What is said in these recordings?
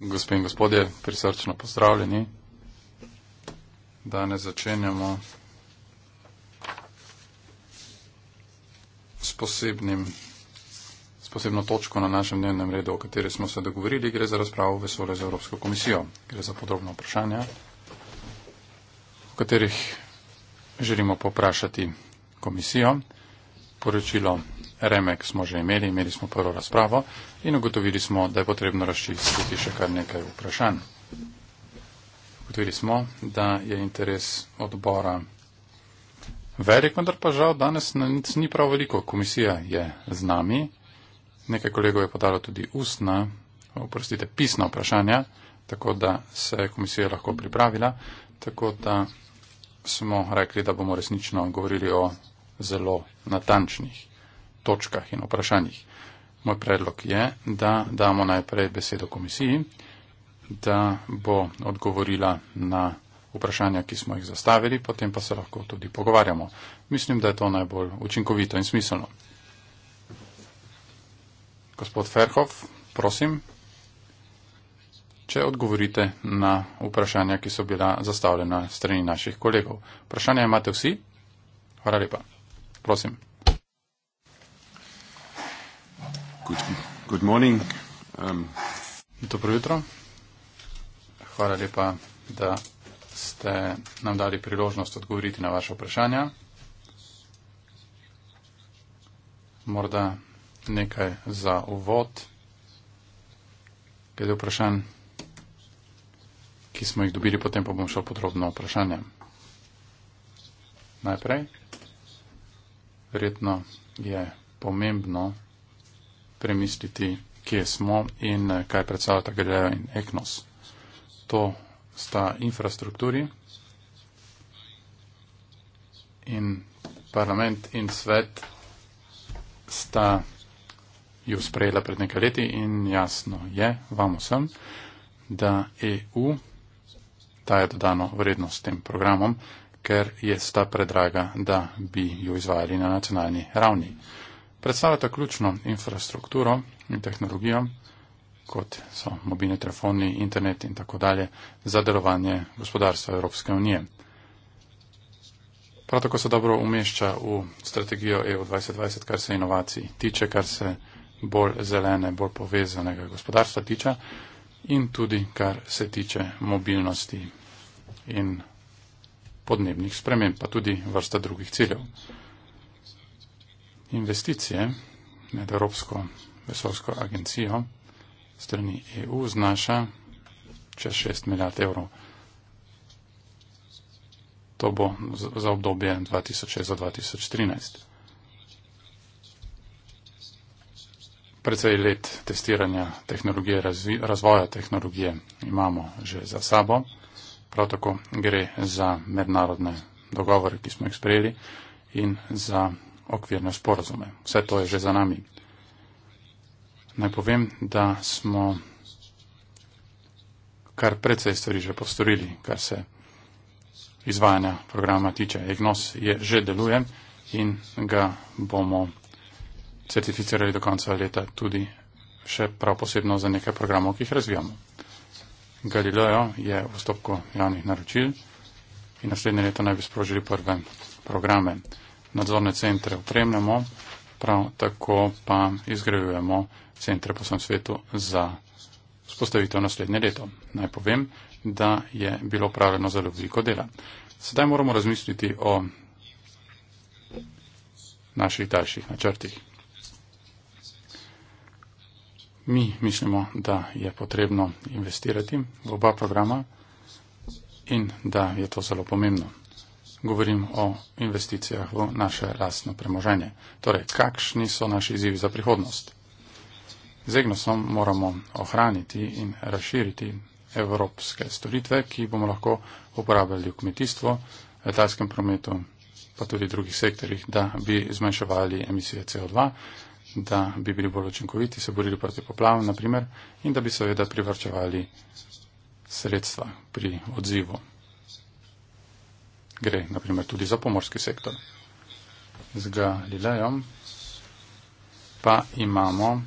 Gospe in gospodje, prisrčno pozdravljeni. Danes začenjamo s, posebnim, s posebno točko na našem dnevnem redu, o kateri smo se dogovorili. Gre za razpravo vesole z Evropsko komisijo. Gre za podrobno vprašanje, o katerih želimo poprašati komisijo. Poročilo remek smo že imeli, imeli smo prvo razpravo in ugotovili smo, da je potrebno razčistiti še kar nekaj vprašanj. Ugotovili smo, da je interes odbora velik, vendar pa žal danes na nic ni prav veliko. Komisija je z nami, nekaj kolegov je podalo tudi ustna, oprostite, pisna vprašanja, tako da se je komisija lahko pripravila, tako da smo rekli, da bomo resnično govorili o zelo natančnih točkah in vprašanjih. Moj predlog je, da damo najprej besedo komisiji, da bo odgovorila na vprašanja, ki smo jih zastavili, potem pa se lahko tudi pogovarjamo. Mislim, da je to najbolj učinkovito in smiselno. Gospod Ferhov, prosim, če odgovorite na vprašanja, ki so bila zastavljena strani naših kolegov. Vprašanja imate vsi? Hvala lepa. Prosim. Good, good morning. Um, Dobro jutro. Hvala lepa, da ste nam dali priložnost odgovoriti na vaše vprašanja. Morda nekaj za uvod, glede vprašanj, ki smo jih dobili, potem pa bom šel podrobno vprašanje. Najprej, verjetno je pomembno, premisliti, kje smo in eh, kaj predstavlja Galileo in Eknos. To sta infrastrukturi in parlament in svet sta jo sprejela pred nekaj leti in jasno je vam vsem, da EU daje dodano vrednost tem programom, ker je sta predraga, da bi jo izvajali na nacionalni ravni predstavljata ključno infrastrukturo in tehnologijo, kot so mobilni telefoni, internet in tako dalje, za delovanje gospodarstva Evropske unije. Prav tako se dobro umešča v strategijo EU 2020, kar se inovacij tiče, kar se bolj zelene, bolj povezanega gospodarstva tiče in tudi kar se tiče mobilnosti in podnebnih sprememb, pa tudi vrsta drugih ciljev. Investicije med Evropsko vesolsko agencijo strani EU znaša čez 6 milijard evrov. To bo za obdobje 2006-2013. Predvsej let testiranja tehnologije, razvoja tehnologije imamo že za sabo. Prav tako gre za mednarodne dogovore, ki smo jih sprejeli in za okvirne sporozume. Vse to je že za nami. Naj povem, da smo kar precej stvari že postorili, kar se izvajanja programa tiče. EGNOS je, že deluje in ga bomo certificirali do konca leta tudi še prav posebno za nekaj programov, ki jih razvijamo. Galileo je v postopku javnih naročil in naslednje leto naj bi sprožili prve programe nadzorne centre opremljamo, prav tako pa izgrajujemo centre po vsem svetu za spostavitev naslednje leto. Naj povem, da je bilo upravljeno zelo veliko dela. Sedaj moramo razmisliti o naših daljših načrtih. Mi mislimo, da je potrebno investirati v oba programa in da je to zelo pomembno govorim o investicijah v naše lastno premoženje. Torej, kakšni so naši izzivi za prihodnost? Z Egnosom moramo ohraniti in razširiti evropske storitve, ki bomo lahko uporabljali v kmetijstvu, letalskem prometu, pa tudi v drugih sektorjih, da bi zmanjševali emisije CO2, da bi bili bolj učinkoviti, se borili proti poplavam, na primer, in da bi seveda privrčevali sredstva pri odzivu gre naprimer tudi za pomorski sektor. Z Galilejem pa imamo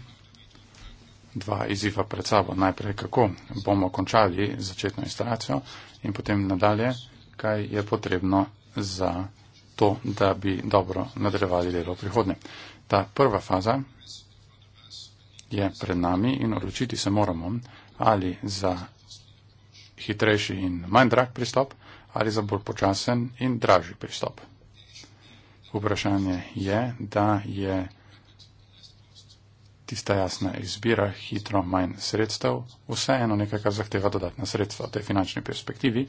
dva izziva pred sabo. Najprej, kako bomo končali začetno instalacijo in potem nadalje, kaj je potrebno za to, da bi dobro nadaljevali delo v prihodnje. Ta prva faza je pred nami in odločiti se moramo ali za hitrejši in manj drag pristop, ali za bolj počasen in dražji pristop. Vprašanje je, da je tista jasna izbira hitro manj sredstev, vseeno nekaj, kar zahteva dodatna sredstva v tej finančni perspektivi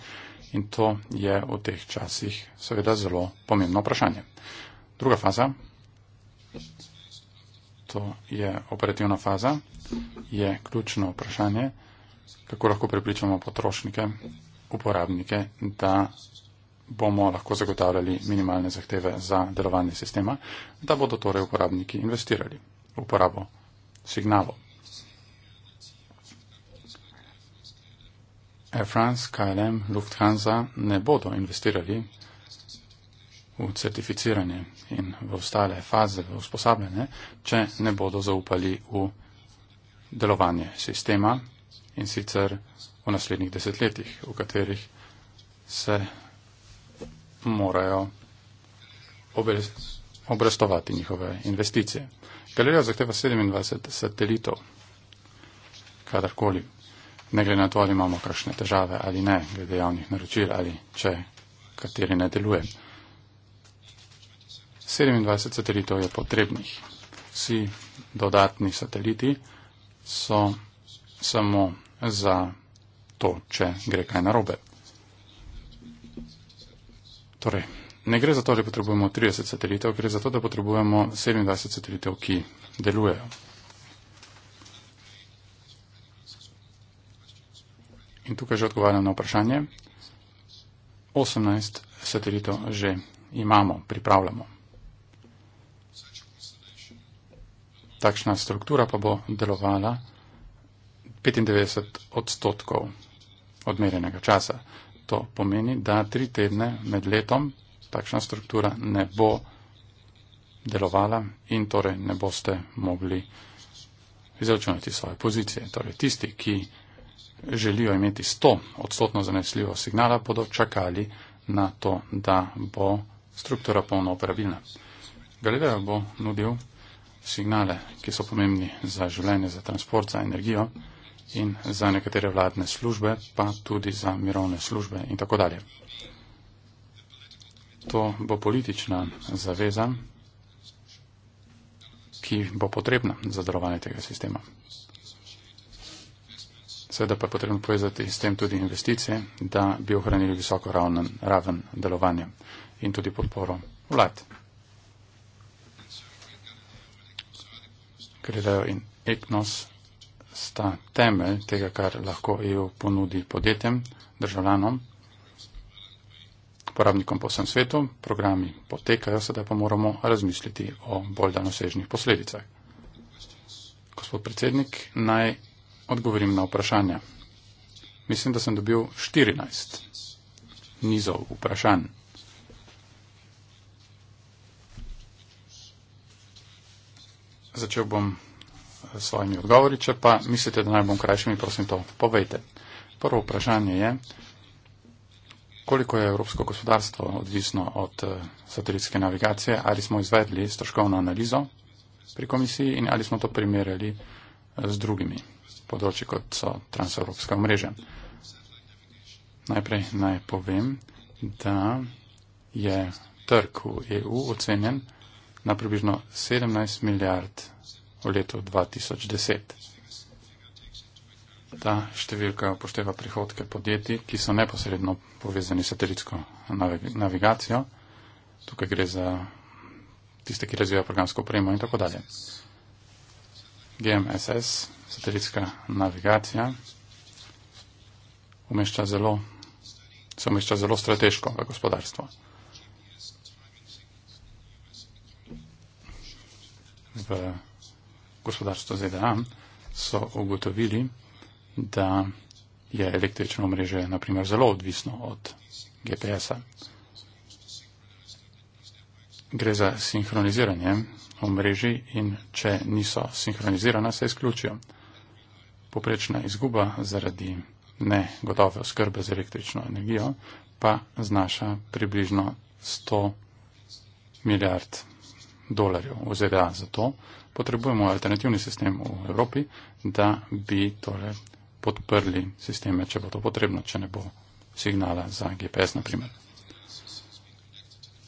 in to je v teh časih seveda zelo pomembno vprašanje. Druga faza, to je operativna faza, je ključno vprašanje, kako lahko pripričamo potrošnike, uporabnike, da bomo lahko zagotavljali minimalne zahteve za delovanje sistema, da bodo torej uporabniki investirali v uporabo signalov. Air France, KLM, Lufthansa ne bodo investirali v certificiranje in v ostale faze, v usposabljanje, če ne bodo zaupali v delovanje sistema in sicer v naslednjih desetletjih, v katerih se morajo obrestovati njihove investicije. Galerija zahteva 27 satelitov, kadarkoli. Ne glede na to, ali imamo kakšne težave ali ne, glede javnih naročil ali če kateri ne deluje. 27 satelitov je potrebnih. Vsi dodatni sateliti so samo za to, če gre kaj narobe. Torej, ne gre za to, da potrebujemo 30 satelitev, gre za to, da potrebujemo 27 satelitev, ki delujejo. In tukaj že odgovarjam na vprašanje. 18 satelitev že imamo, pripravljamo. Takšna struktura pa bo delovala 95 odstotkov odmerjenega časa. To pomeni, da tri tedne med letom takšna struktura ne bo delovala in torej ne boste mogli izračunati svoje pozicije. Torej, tisti, ki želijo imeti 100 odstotno zanesljivo signala, bodo čakali na to, da bo struktura polno uporabilna. Galileo bo nudil signale, ki so pomembni za življenje, za transport, za energijo in za nekatere vladne službe, pa tudi za mirovne službe in tako dalje. To bo politična zaveza, ki bo potrebna za delovanje tega sistema. Seveda pa je potrebno povezati s tem tudi investicije, da bi ohranili visoko raven, raven delovanja in tudi podporo vlad. Gledajo in EKNOS sta temelj tega, kar lahko EU ponudi podjetjem, državljanom, uporabnikom po vsem svetu. Programi potekajo, sedaj pa moramo razmisliti o bolj danosežnih posledicah. Gospod predsednik, naj odgovorim na vprašanja. Mislim, da sem dobil 14 nizov vprašanj. Začel bom s svojimi odgovori, če pa mislite, da naj bom krajši, mi prosim to povejte. Prvo vprašanje je, koliko je evropsko gospodarstvo odvisno od eh, satelitske navigacije, ali smo izvedli stroškovno analizo pri komisiji in ali smo to primerjali eh, z drugimi področji, kot so transevropska mreža. Najprej naj povem, da je trg v EU ocenjen na približno 17 milijard v letu 2010. Ta številka upošteva prihodke podjetij, ki so neposredno povezani s satelitsko navigacijo. Tukaj gre za tiste, ki razvijajo programsko opremo in tako dalje. GMSS, satelitska navigacija, umešča zelo, se umešča zelo strateško v gospodarstvo. V gospodarstvo ZDA so ugotovili, da je električno mreže naprimer zelo odvisno od GPS-a. Gre za sinhroniziranje omrežij in če niso sinhronizirana, se izključijo. Poprečna izguba zaradi negotove oskrbe z električno energijo pa znaša približno 100 milijard dolarjev v ZDA za to, potrebujemo alternativni sistem v Evropi, da bi torej podprli sisteme, če bo to potrebno, če ne bo signala za GPS, na primer.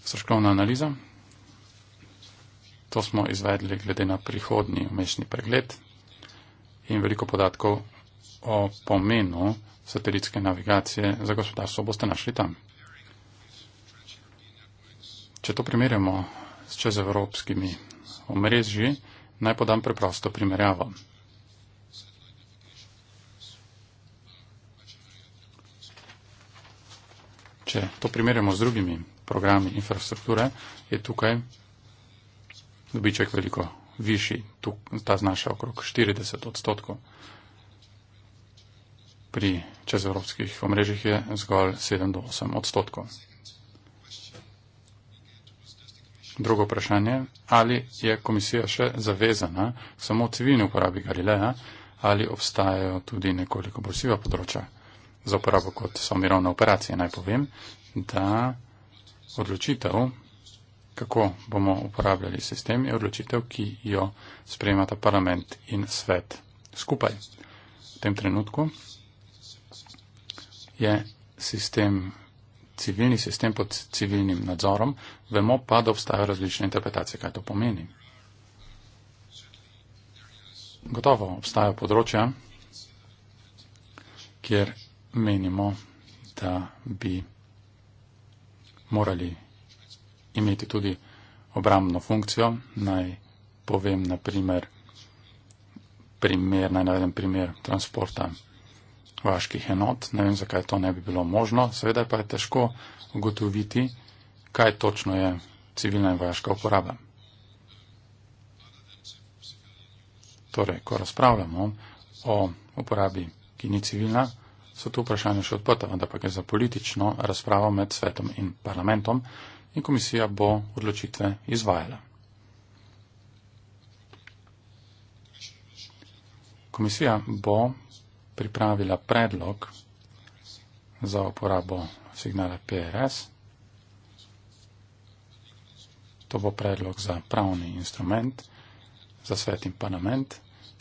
Stroškovna analiza. To smo izvedli glede na prihodni umešni pregled in veliko podatkov o pomenu satelitske navigacije za gospodarstvo boste našli tam. Če to primerjamo s čezevropskimi omrežji, Naj podam preprosto primerjavo. Če to primerjamo z drugimi programi infrastrukture, je tukaj dobiček veliko višji, ta znaša okrog 40 odstotkov. Pri čezevropskih omrežjih je zgolj 7 do 8 odstotkov. Drugo vprašanje, ali je komisija še zavezana samo civilni uporabi Galileja ali obstajajo tudi nekoliko bolj siva področja za uporabo kot so mirovne operacije. Naj povem, da odločitev, kako bomo uporabljali sistem, je odločitev, ki jo sprejemata parlament in svet skupaj. V tem trenutku je sistem civilni sistem pod civilnim nadzorom, vemo pa, da obstajajo različne interpretacije, kaj to pomeni. Gotovo obstajajo področja, kjer menimo, da bi morali imeti tudi obramno funkcijo. Naj povem, na primer, primer, naj navedem primer transporta vaških enot. Ne vem, zakaj to ne bi bilo možno. Seveda pa je težko ugotoviti, kaj točno je civilna in vojaška uporaba. Torej, ko razpravljamo o uporabi, ki ni civilna, so tu vprašanja še odprta, vendar pa gre za politično razpravo med svetom in parlamentom in komisija bo odločitve izvajala. Komisija bo pripravila predlog za uporabo signala PRS. To bo predlog za pravni instrument, za svet in parlament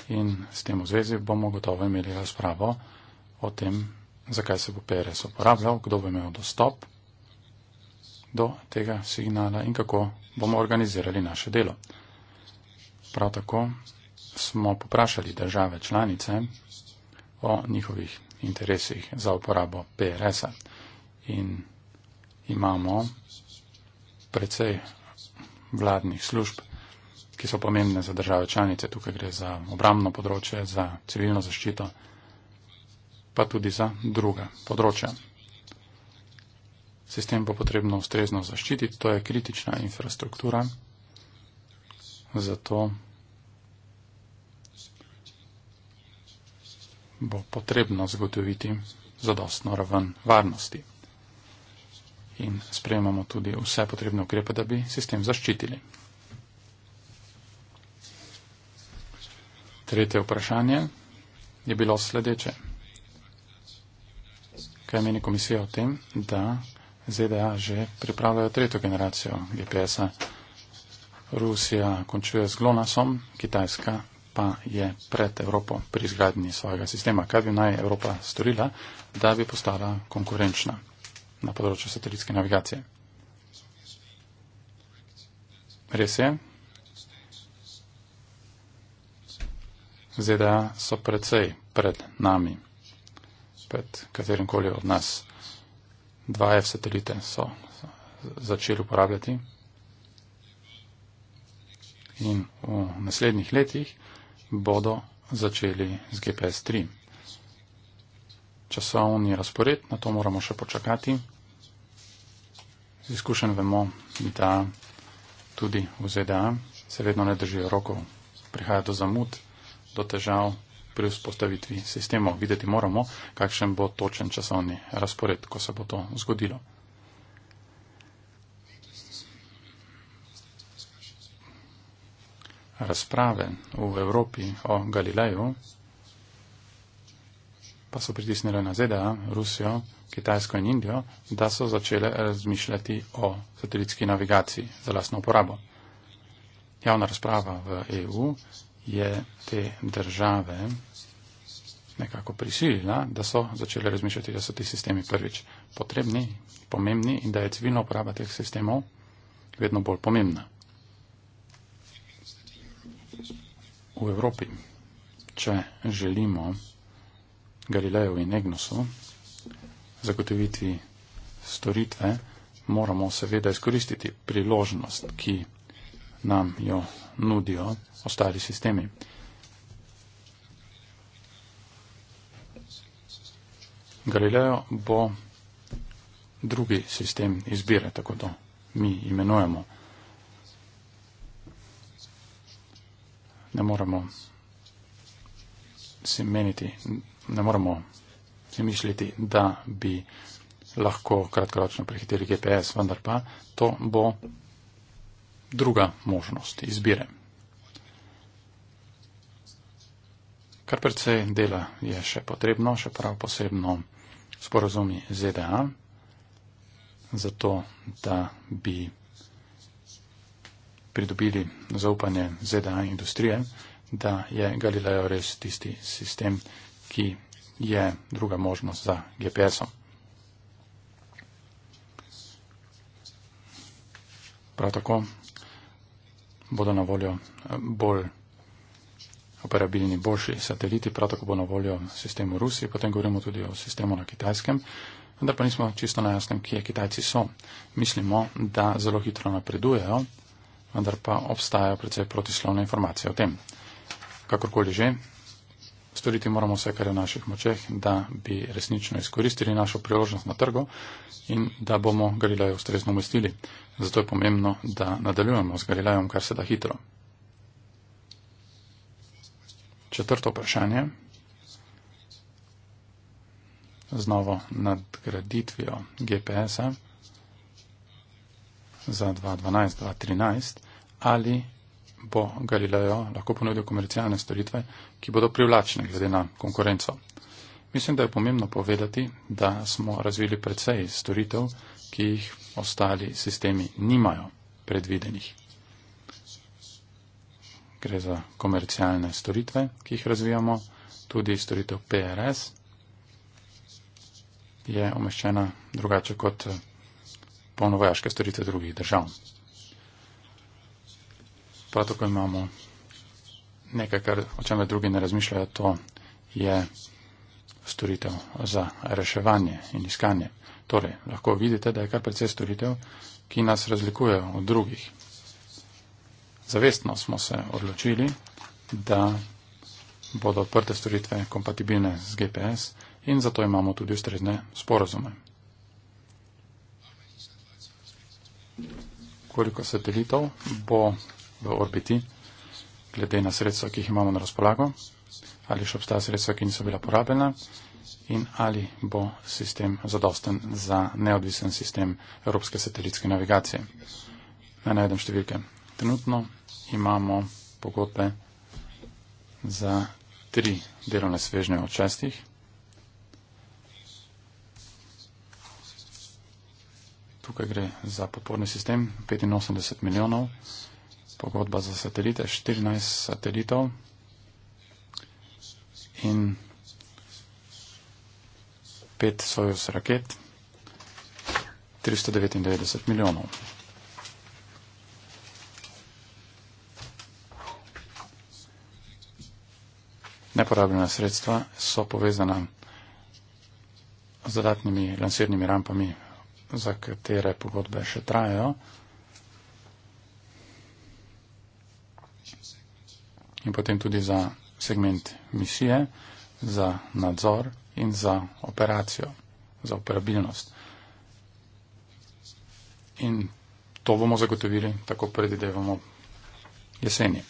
in s tem v zvezi bomo gotovo imeli razpravo o tem, zakaj se bo PRS uporabljal, kdo bo imel dostop do tega signala in kako bomo organizirali naše delo. Prav tako smo poprašali države članice, o njihovih interesih za uporabo PRS-a. In imamo precej vladnih služb, ki so pomembne za države članice. Tukaj gre za obramno področje, za civilno zaščito, pa tudi za druga področja. Sistem bo potrebno ustrezno zaščititi, to je kritična infrastruktura. Zato bo potrebno zagotoviti zadostno raven varnosti. In sprejemamo tudi vse potrebne ukrepe, da bi sistem zaščitili. Tretje vprašanje je bilo sledeče. Kaj meni komisija o tem, da ZDA že pripravljajo tretjo generacijo GPS-a? Rusija končuje z GLONASom, Kitajska pa je pred Evropo pri izgradnji svojega sistema. Kaj bi naj Evropa storila, da bi postala konkurenčna na področju satelitske navigacije? Res je. ZDA e so predvsej pred nami, pred katerim koli od nas. Dva F satelite so začeli uporabljati in v naslednjih letih bodo začeli z GPS-3. Časovni razpored, na to moramo še počakati. Z izkušen vemo, da tudi v ZDA se vedno ne držijo rokov. Prihaja do zamud, do težav pri vzpostavitvi sistemov. Videti moramo, kakšen bo točen časovni razpored, ko se bo to zgodilo. razprave v Evropi o Galileju, pa so pritisnile na ZDA, Rusijo, Kitajsko in Indijo, da so začele razmišljati o satelitski navigaciji za lastno uporabo. Javna razprava v EU je te države nekako prisilila, da so začele razmišljati, da so ti sistemi prvič potrebni, pomembni in da je civilna uporaba teh sistemov vedno bolj pomembna. v Evropi. Če želimo Galileju in Egnosu zagotoviti storitve, moramo seveda izkoristiti priložnost, ki nam jo nudijo ostali sistemi. Galileo bo drugi sistem izbire, tako da mi imenujemo. ne moremo si meniti, ne moremo si misliti, da bi lahko kratkoročno prehiteli GPS, vendar pa to bo druga možnost izbire. Kar precej dela je še potrebno, še prav posebno sporozumi ZDA, zato da bi pridobili zaupanje ZDA industrije, da je Galileo res tisti sistem, ki je druga možnost za GPS-om. Prav tako bodo na voljo eh, bolj operabilni boljši sateliti, prav tako bo na voljo sistem v Rusiji, potem govorimo tudi o sistemu na kitajskem, vendar pa nismo čisto na jasnem, kje Kitajci so. Mislimo, da zelo hitro napredujejo, vendar pa obstajajo precej protislovne informacije o tem. Kakorkoli že, storiti moramo vse, kar je v naših močeh, da bi resnično izkoristili našo priložnost na trgu in da bomo Galileja ustrezno umestili. Zato je pomembno, da nadaljujemo z Galilejem kar se da hitro. Četrto vprašanje. Z novo nadgraditvijo GPS-a za 2012-2013, ali bo Galileo lahko ponudil komercialne storitve, ki bodo privlačne glede na konkurenco. Mislim, da je pomembno povedati, da smo razvili precej storitev, ki jih ostali sistemi nimajo predvidenih. Gre za komercialne storitve, ki jih razvijamo, tudi storitev PRS je omeščena drugače kot polnovojaške storitve drugih držav. Prav tako imamo nekaj, kar, o čem drugi ne razmišljajo, to je storitev za reševanje in iskanje. Torej, lahko vidite, da je kar precej storitev, ki nas razlikuje od drugih. Zavestno smo se odločili, da bodo odprte storitve kompatibilne z GPS in zato imamo tudi ustrezne sporozume. koliko satelitov bo v orbiti, glede na sredstva, ki jih imamo na razpolago, ali še obstaja sredstva, ki niso bila porabljena in ali bo sistem zadosten za neodvisen sistem Evropske satelitske navigacije. Naj najdem številke. Trenutno imamo pogodbe za tri delovne svežnje od šestih. tukaj gre za podporni sistem, 85 milijonov, pogodba za satelite, 14 satelitov in pet Sojus raket, 399 milijonov. Neporabljena sredstva so povezana z dodatnimi lansirnimi rampami za katere pogodbe še trajajo. In potem tudi za segment misije, za nadzor in za operacijo, za operabilnost. In to bomo zagotovili, tako predvidevamo jeseni.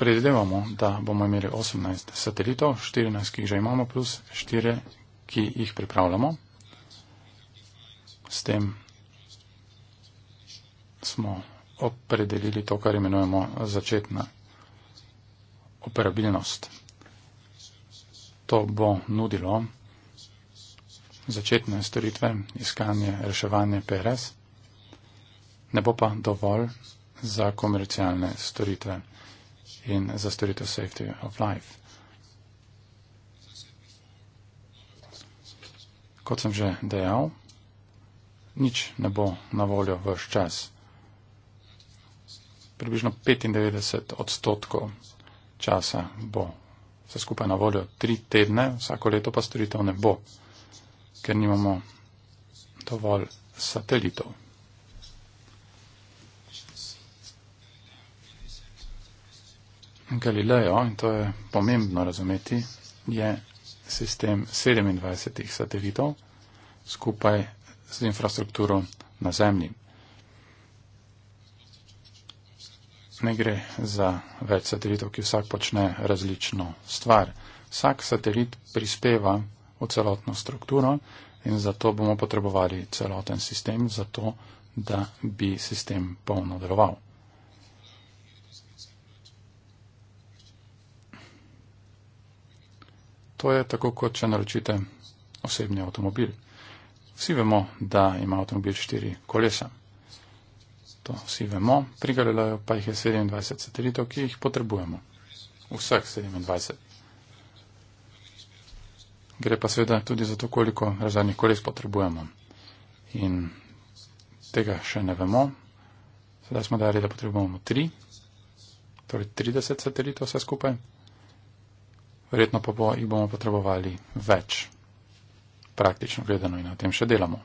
predvidevamo, da bomo imeli 18 satelitov, 14, ki jih že imamo, plus 4, ki jih pripravljamo. S tem smo opredelili to, kar imenujemo začetna operabilnost. To bo nudilo začetne storitve, iskanje, reševanje PRS, ne bo pa dovolj za komercialne storitve in za storitev safety of life. Kot sem že dejal, nič ne bo na voljo vrš čas. Približno 95 odstotkov časa bo vse skupaj na voljo. Tri tedne vsako leto pa storitev ne bo, ker nimamo dovolj satelitov. Galilejo, in to je pomembno razumeti, je sistem 27 satelitov skupaj z infrastrukturo na Zemlji. Ne gre za več satelitov, ki vsak počne različno stvar. Vsak satelit prispeva v celotno strukturo in zato bomo potrebovali celoten sistem, zato da bi sistem polno deloval. To je tako, kot če naročite osebni avtomobil. Vsi vemo, da ima avtomobil štiri kolesa. To vsi vemo, pri Galileju pa jih je 27 satelitov, ki jih potrebujemo. Vseh 27. Gre pa seveda tudi za to, koliko razdanih koles potrebujemo. In tega še ne vemo. Sedaj smo dali, da potrebujemo tri, torej 30 satelitov vse skupaj verjetno pa bo, jih bomo potrebovali več. Praktično gledano in na tem še delamo.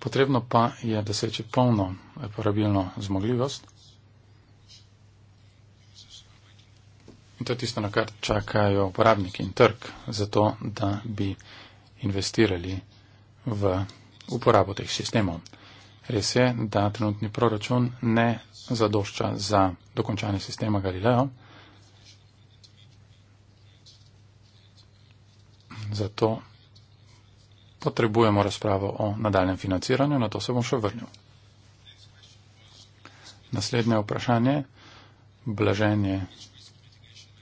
Potrebno pa je doseči polno uporabilno zmogljivost. In to je tisto, na kar čakajo uporabniki in trg, zato da bi investirali v uporabo teh sistemov. Res je, da trenutni proračun ne zadošča za dokončanje sistema Galileo. Zato potrebujemo razpravo o nadaljem financiranju, na to se bom še vrnil. Naslednje vprašanje. Blaženje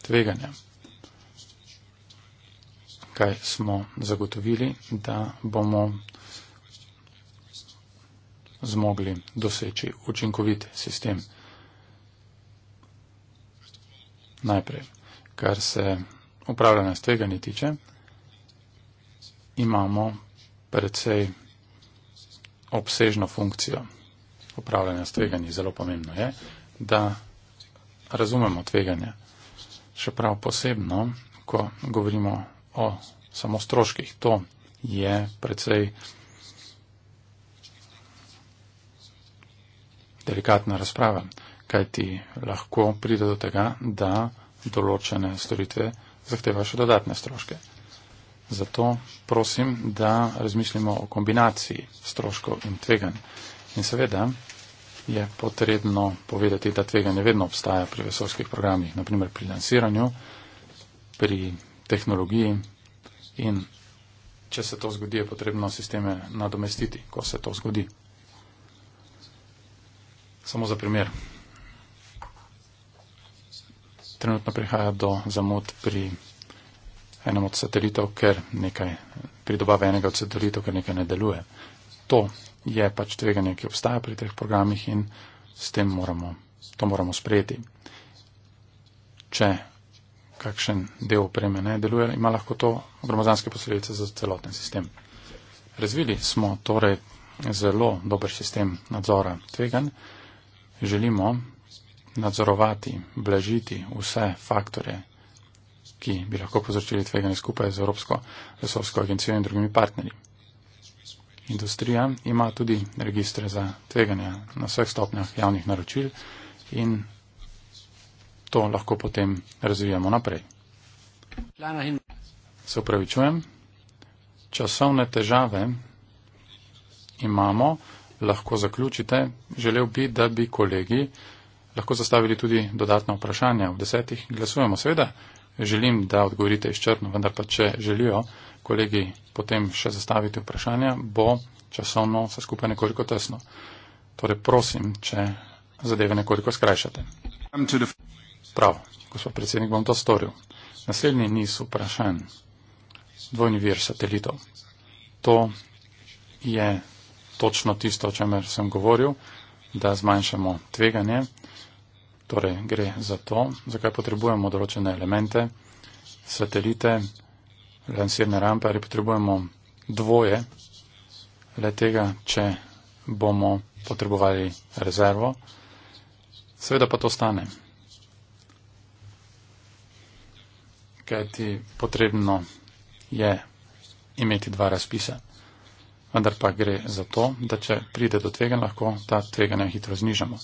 tveganja. Kaj smo zagotovili, da bomo zmogli doseči učinkovit sistem. Najprej, kar se upravljanja s tveganji tiče, imamo predvsej obsežno funkcijo upravljanja s tveganji. Zelo pomembno je, da razumemo tveganja. Še prav posebno, ko govorimo o samo stroških, to je predvsej delikatna razprava, kajti lahko pride do tega, da določene storitve zahteva še dodatne stroške. Zato prosim, da razmislimo o kombinaciji stroškov in tvegan. In seveda je potrebno povedati, da tveganje vedno obstaja pri vesolskih programih, naprimer pri lansiranju, pri tehnologiji in če se to zgodi, je potrebno sisteme nadomestiti, ko se to zgodi. Samo za primer. Trenutno prihaja do zamot pri enem od satelitov, ker nekaj, pri dobave enega od satelitov, ker nekaj ne deluje. To je pač tveganje, ki obstaja pri teh programih in s tem moramo, to moramo sprejeti. Če kakšen del opreme ne deluje, ima lahko to gromozanske posledice za celoten sistem. Razvili smo torej zelo dober sistem nadzora tveganj želimo nadzorovati, blažiti vse faktore, ki bi lahko povzročili tveganje skupaj z Evropsko vesolsko agencijo in drugimi partnerji. Industrija ima tudi registre za tveganja na vseh stopnjah javnih naročil in to lahko potem razvijamo naprej. Se upravičujem, časovne težave imamo, lahko zaključite. Želel bi, da bi kolegi lahko zastavili tudi dodatna vprašanja. V desetih glasujemo, seveda. Želim, da odgovorite izčrpno, vendar pa, če želijo kolegi potem še zastaviti vprašanja, bo časovno vse skupaj nekoliko tesno. Torej, prosim, če zadeve nekoliko skrajšate. Prav, gospod predsednik, bom to storil. Naslednji niz vprašanj. Dvojni vir satelitov. To je točno tisto, o čemer sem govoril, da zmanjšamo tveganje. Torej gre za to, zakaj potrebujemo določene elemente, satelite, lansirne rampe ali potrebujemo dvoje le tega, če bomo potrebovali rezervo. Seveda pa to stane. Kaj ti potrebno je imeti dva razpisa? vendar pa gre za to, da če pride do tvegan, lahko ta tveganja hitro znižamo.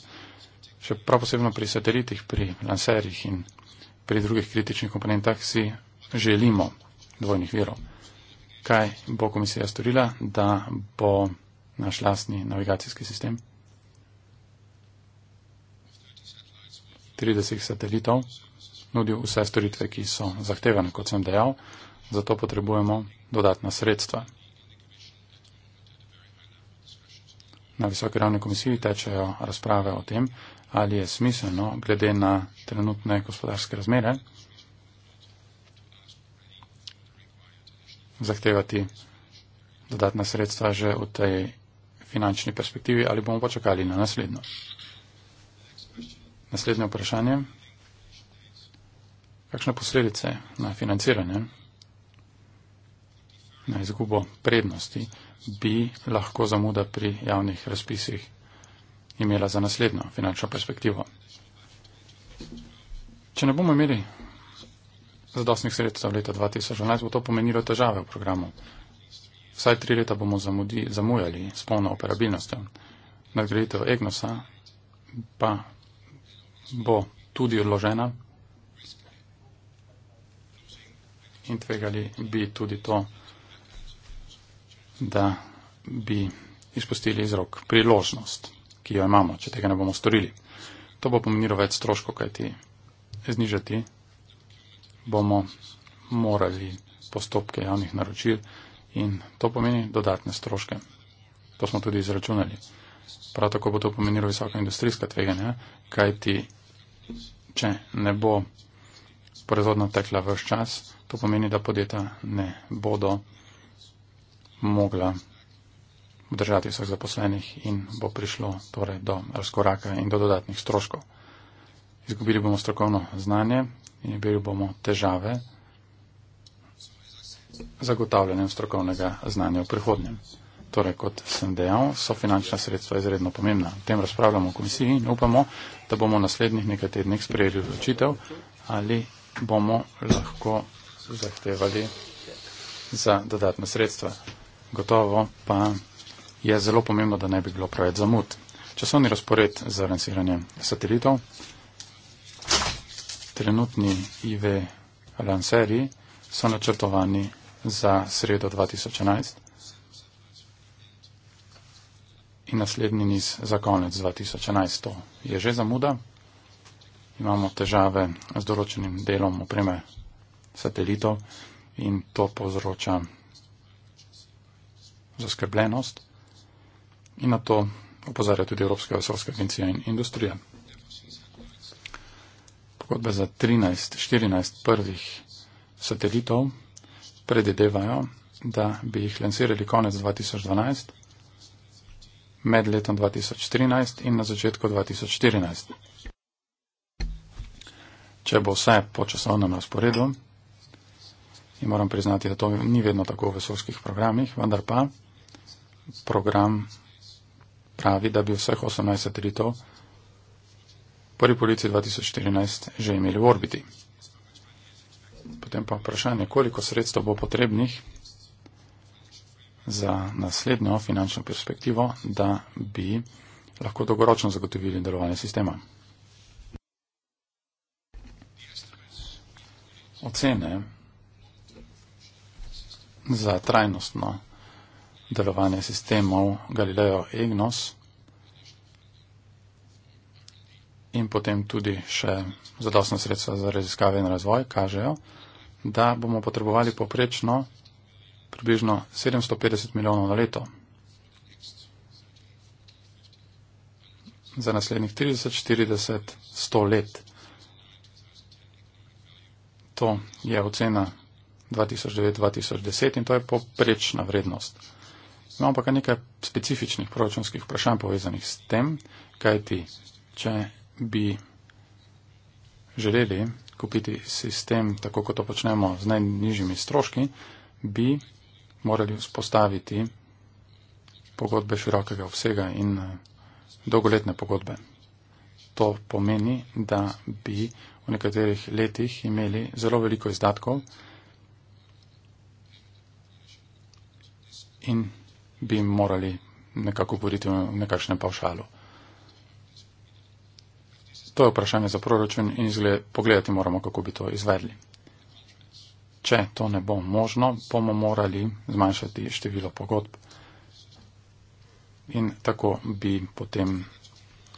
Še prav posebno pri satelitih, pri lanserjih in pri drugih kritičnih komponentah si želimo dvojnih virov. Kaj bo komisija storila, da bo naš lastni navigacijski sistem 30 satelitov nudil vse storitve, ki so zahtevane, kot sem dejal, zato potrebujemo dodatna sredstva. na visoki ravni komisiji tečejo razprave o tem, ali je smiselno, glede na trenutne gospodarske razmere, zahtevati dodatna sredstva že v tej finančni perspektivi ali bomo počakali na naslednjo. Naslednje vprašanje. Kakšne posledice na financiranje na izgubo prednosti, bi lahko zamuda pri javnih razpisih imela za naslednjo finančno perspektivo. Če ne bomo imeli zadostnih sredstev leta 2011, bo to pomenilo težave v programu. Vsaj tri leta bomo zamudi, zamujali s polno operabilnostjo. Nadgraditev EGNOSA pa bo tudi odložena in tvegali bi tudi to da bi izpustili iz rok priložnost, ki jo imamo, če tega ne bomo storili. To bo pomenilo več stroškov, kajti znižati bomo morali postopke javnih naročil in to pomeni dodatne stroške. To smo tudi izračunali. Prav tako bo to pomenilo visoka industrijska tveganja, kajti če ne bo proizvodna tekla vse čas, to pomeni, da podjeta ne bodo mogla držati vseh zaposlenih in bo prišlo torej do razkoraka in do dodatnih stroškov. Izgubili bomo strokovno znanje in imeli bomo težave zagotavljanjem strokovnega znanja v prihodnjem. Torej, kot sem dejal, so finančna sredstva izredno pomembna. O tem razpravljamo v komisiji in upamo, da bomo naslednjih nekaj tednih sprejeli odločitev, ali bomo lahko zahtevali za dodatne sredstva. Gotovo pa je zelo pomembno, da ne bi bilo preveč zamud. Časovni razpored za lansiranje satelitov. Trenutni IV lanserji so načrtovani za sredo 2011 in naslednji niz za konec 2011. To je že zamuda. Imamo težave z določenim delom opreme satelitov in to povzroča zaskrbljenost in na to opozarja tudi Evropska vesolska agencija in industrija. Pogodbe za 13-14 prvih satelitov predidevajo, da bi jih lansirali konec 2012, med letom 2013 in na začetku 2014. Če bo vse po časovnem razporedu, in moram priznati, da to ni vedno tako v vesolskih programih, vendar pa program pravi, da bi vseh 18 satelitov prvi polici 2014 že imeli v orbiti. Potem pa vprašanje, koliko sredstev bo potrebnih za naslednjo finančno perspektivo, da bi lahko dolgoročno zagotovili delovanje sistema. Ocene za trajnostno delovanje sistemov Galileo Egnos in potem tudi še zadostno sredstvo za raziskave in razvoj kažejo, da bomo potrebovali poprečno približno 750 milijonov na leto. za naslednjih 30, 40, 100 let. To je ocena 2009-2010 in to je poprečna vrednost. Imamo pa nekaj specifičnih proračunskih vprašanj povezanih s tem, kaj ti, če bi želeli kupiti sistem, tako kot to počnemo z najnižjimi stroški, bi morali vzpostaviti pogodbe širokega obsega in eh, dolgoletne pogodbe. To pomeni, da bi v nekaterih letih imeli zelo veliko izdatkov in bi jim morali nekako govoriti v nekakšnem pavšalu. To je vprašanje za proračun in izgled, pogledati moramo, kako bi to izvedli. Če to ne bo možno, bomo morali zmanjšati število pogodb in tako bi potem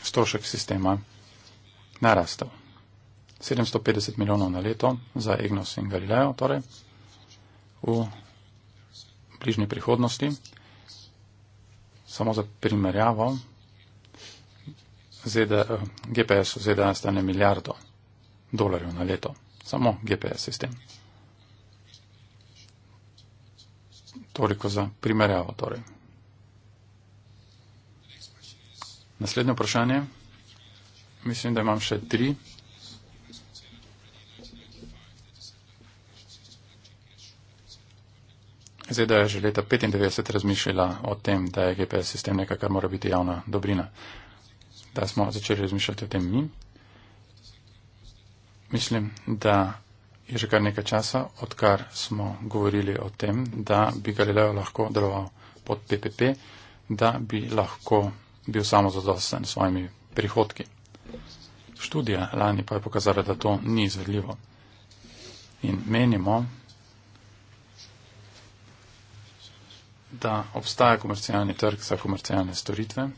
strošek sistema narastel. 750 milijonov na leto za Egnos in Galileo, torej v bližnji prihodnosti samo za primerjavo, ZDA, eh, GPS v ZDA stane milijardo dolarjev na leto. Samo GPS sistem. Toliko za primerjavo torej. Naslednje vprašanje. Mislim, da imam še tri. Zdaj, da je že leta 95 razmišljala o tem, da je GPS sistem nekaj, kar mora biti javna dobrina. Da smo začeli razmišljati o tem mi. Mislim, da je že kar nekaj časa, odkar smo govorili o tem, da bi Galileo lahko deloval pod PPP, da bi lahko bil samozadosten s svojimi prihodki. Študija lani pa je pokazala, da to ni izvedljivo. In menimo, da obstaja komercialni trg za komercialne storitve.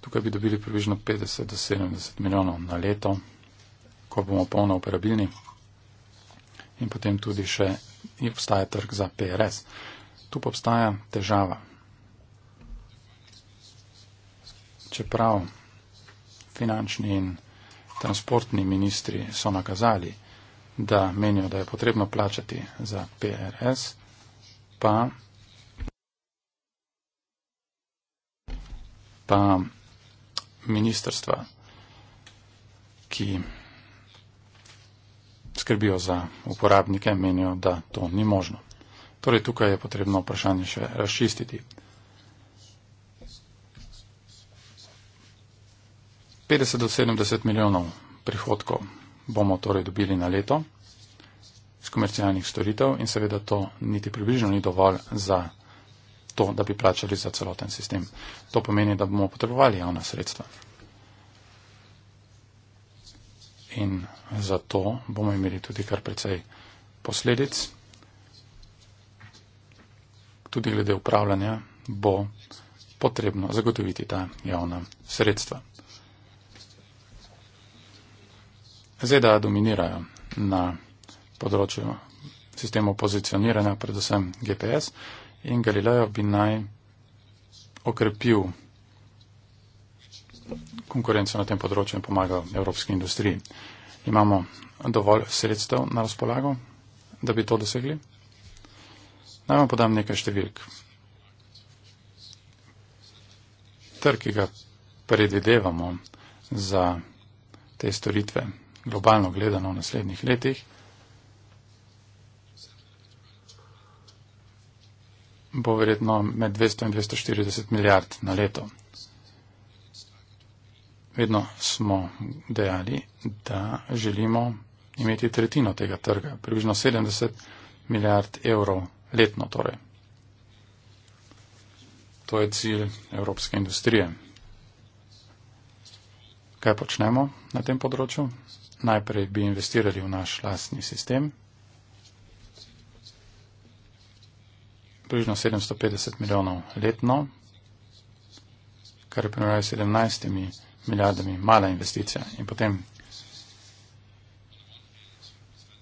Tukaj bi dobili približno 50 do 70 milijonov na leto, ko bomo polno uporabilni. In potem tudi še obstaja trg za PRS. Tu pa obstaja težava. Čeprav finančni in transportni ministri so nakazali, da menijo, da je potrebno plačati za PRS, pa, pa ministrstva, ki skrbijo za uporabnike, menijo, da to ni možno. Torej, tukaj je potrebno vprašanje še razčistiti. 50 do 70 milijonov prihodkov bomo torej dobili na leto iz komercialnih storitev in seveda to niti približno ni dovolj za to, da bi plačali za celoten sistem. To pomeni, da bomo potrebovali javna sredstva. In zato bomo imeli tudi kar precej posledic. Tudi glede upravljanja bo potrebno zagotoviti ta javna sredstva. ZDA dominirajo na področju sistemov pozicioniranja, predvsem GPS, in Galileo bi naj okrepil konkurenco na tem področju in pomagal evropski industriji. Imamo dovolj sredstev na razpolago, da bi to dosegli? Naj vam podam nekaj številk. Trg, ki ga predvidevamo za te storitve globalno gledano v naslednjih letih, bo verjetno med 200 in 240 milijard na leto. Vedno smo dejali, da želimo imeti tretjino tega trga, približno 70 milijard evrov letno torej. To je cilj evropske industrije. Kaj počnemo na tem področju? Najprej bi investirali v naš lastni sistem. približno 750 milijonov letno, kar je primerjavo s 17 milijardami mala investicija. In potem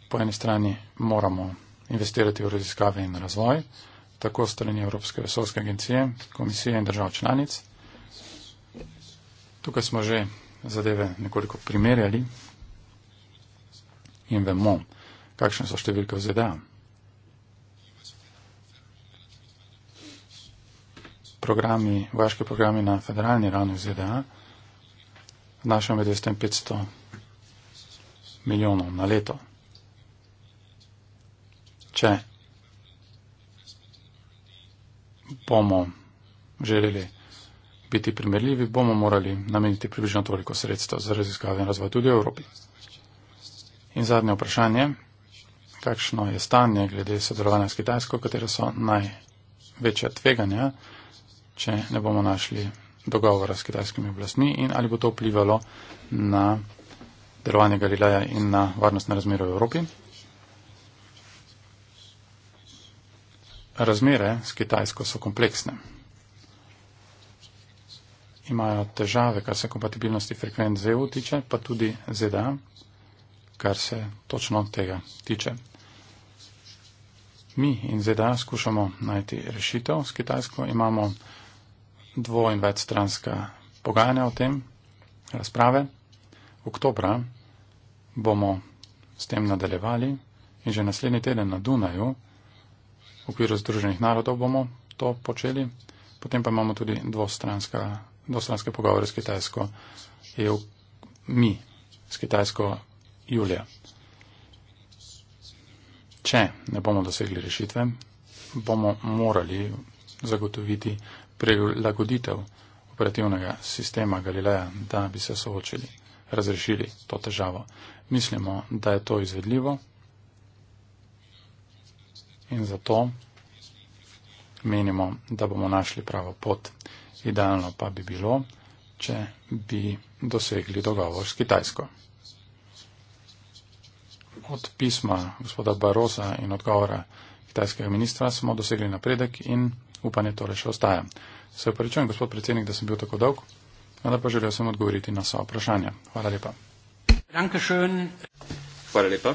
po eni strani moramo investirati v raziskave in razvoj, tako strani Evropske vesolske agencije, komisije in držav članic. Tukaj smo že zadeve nekoliko primerjali in vemo, kakšne so številke v ZDA. programi, vaški programi na federalni ravni v ZDA znašajo med 200 in 500 milijonov na leto. Če bomo želeli biti primerljivi, bomo morali nameniti približno toliko sredstev za raziskave in razvoj tudi v Evropi. In zadnje vprašanje, kakšno je stanje glede sodelovanja s Kitajsko, katero so največja tveganja če ne bomo našli dogovora s kitajskimi oblastmi in ali bo to vplivalo na delovanje Galileja in na varnostne razmere v Evropi. Razmere s Kitajsko so kompleksne. Imajo težave, kar se kompatibilnosti frekvent z EU tiče, pa tudi ZDA, kar se točno tega tiče. Mi in ZDA skušamo najti rešitev s Kitajsko. Imamo dvo- in večstranska pogajanja o tem, razprave. Oktobra bomo s tem nadaljevali in že naslednji teden na Dunaju v okviru Združenih narodov bomo to počeli. Potem pa imamo tudi dvostranske pogovore s Kitajsko EU, mi, s Kitajsko Julija. Če ne bomo dosegli rešitve, bomo morali zagotoviti prilagoditev operativnega sistema Galileja, da bi se soočili, razrešili to težavo. Mislimo, da je to izvedljivo in zato menimo, da bomo našli pravo pot. Idealno pa bi bilo, če bi dosegli dogovor s Kitajsko. Od pisma gospoda Barosa in odgovora kitajskega ministra smo dosegli napredek in upanje torej še ostaja. Se upravičujem, gospod predsednik, da sem bil tako dolg, vendar pa želel sem odgovoriti na sva vprašanja. Hvala lepa. Dankeschön. Hvala lepa.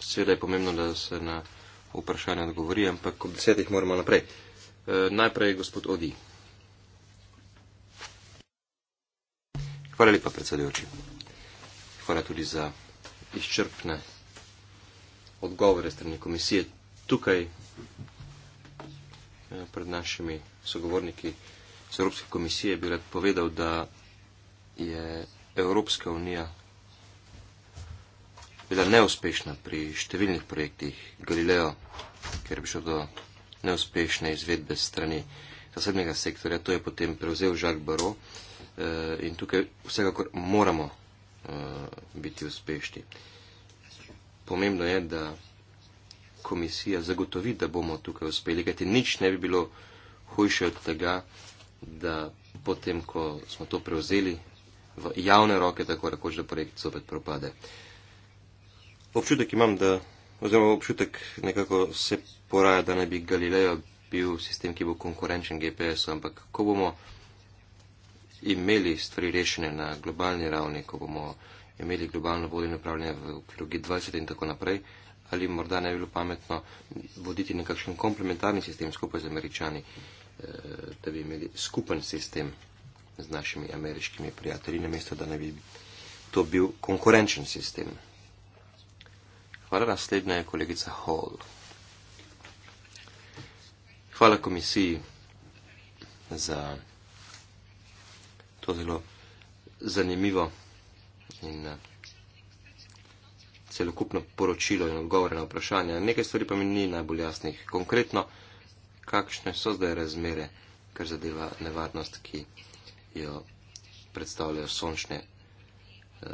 Seveda je pomembno, da se na vprašanje odgovori, ampak ob desetih moramo naprej. E, najprej gospod Odi. Hvala lepa, predsedujoči. Hvala tudi za izčrpne odgovore strani komisije. Tukaj Eh, pred našimi sogovorniki z Evropske komisije bi rad povedal, da je Evropska unija bila neuspešna pri številnih projektih Galileo, ker bi šlo do neuspešne izvedbe strani zasebnega sektorja. To je potem prevzel Jacques Baro eh, in tukaj vsekakor moramo eh, biti uspešni. Pomembno je, da komisija zagotovi, da bomo tukaj uspeli, kajti nič ne bi bilo hujše od tega, da potem, ko smo to prevzeli v javne roke, tako rekoč, da projekt zopet propade. Občutek imam, da, oziroma občutek nekako se poraja, da ne bi Galileo bil sistem, ki bo konkurenčen GPS-u, ampak ko bomo imeli stvari rešene na globalni ravni, ko bomo imeli globalno vodenje upravljanja v okviru G20 in tako naprej, ali morda ne bi bilo pametno voditi nekakšen komplementarni sistem skupaj z američani, eh, da bi imeli skupen sistem z našimi ameriškimi prijatelji, namesto da ne bi to bil konkurenčen sistem. Hvala, naslednja je kolegica Hall. Hvala komisiji za to zelo zanimivo in. Uh, celokupno poročilo in odgovore na vprašanja. Nekaj stvari pa mi ni najbolj jasnih. Konkretno, kakšne so zdaj razmere, kar zadeva nevarnost, ki jo predstavljajo sončne eh,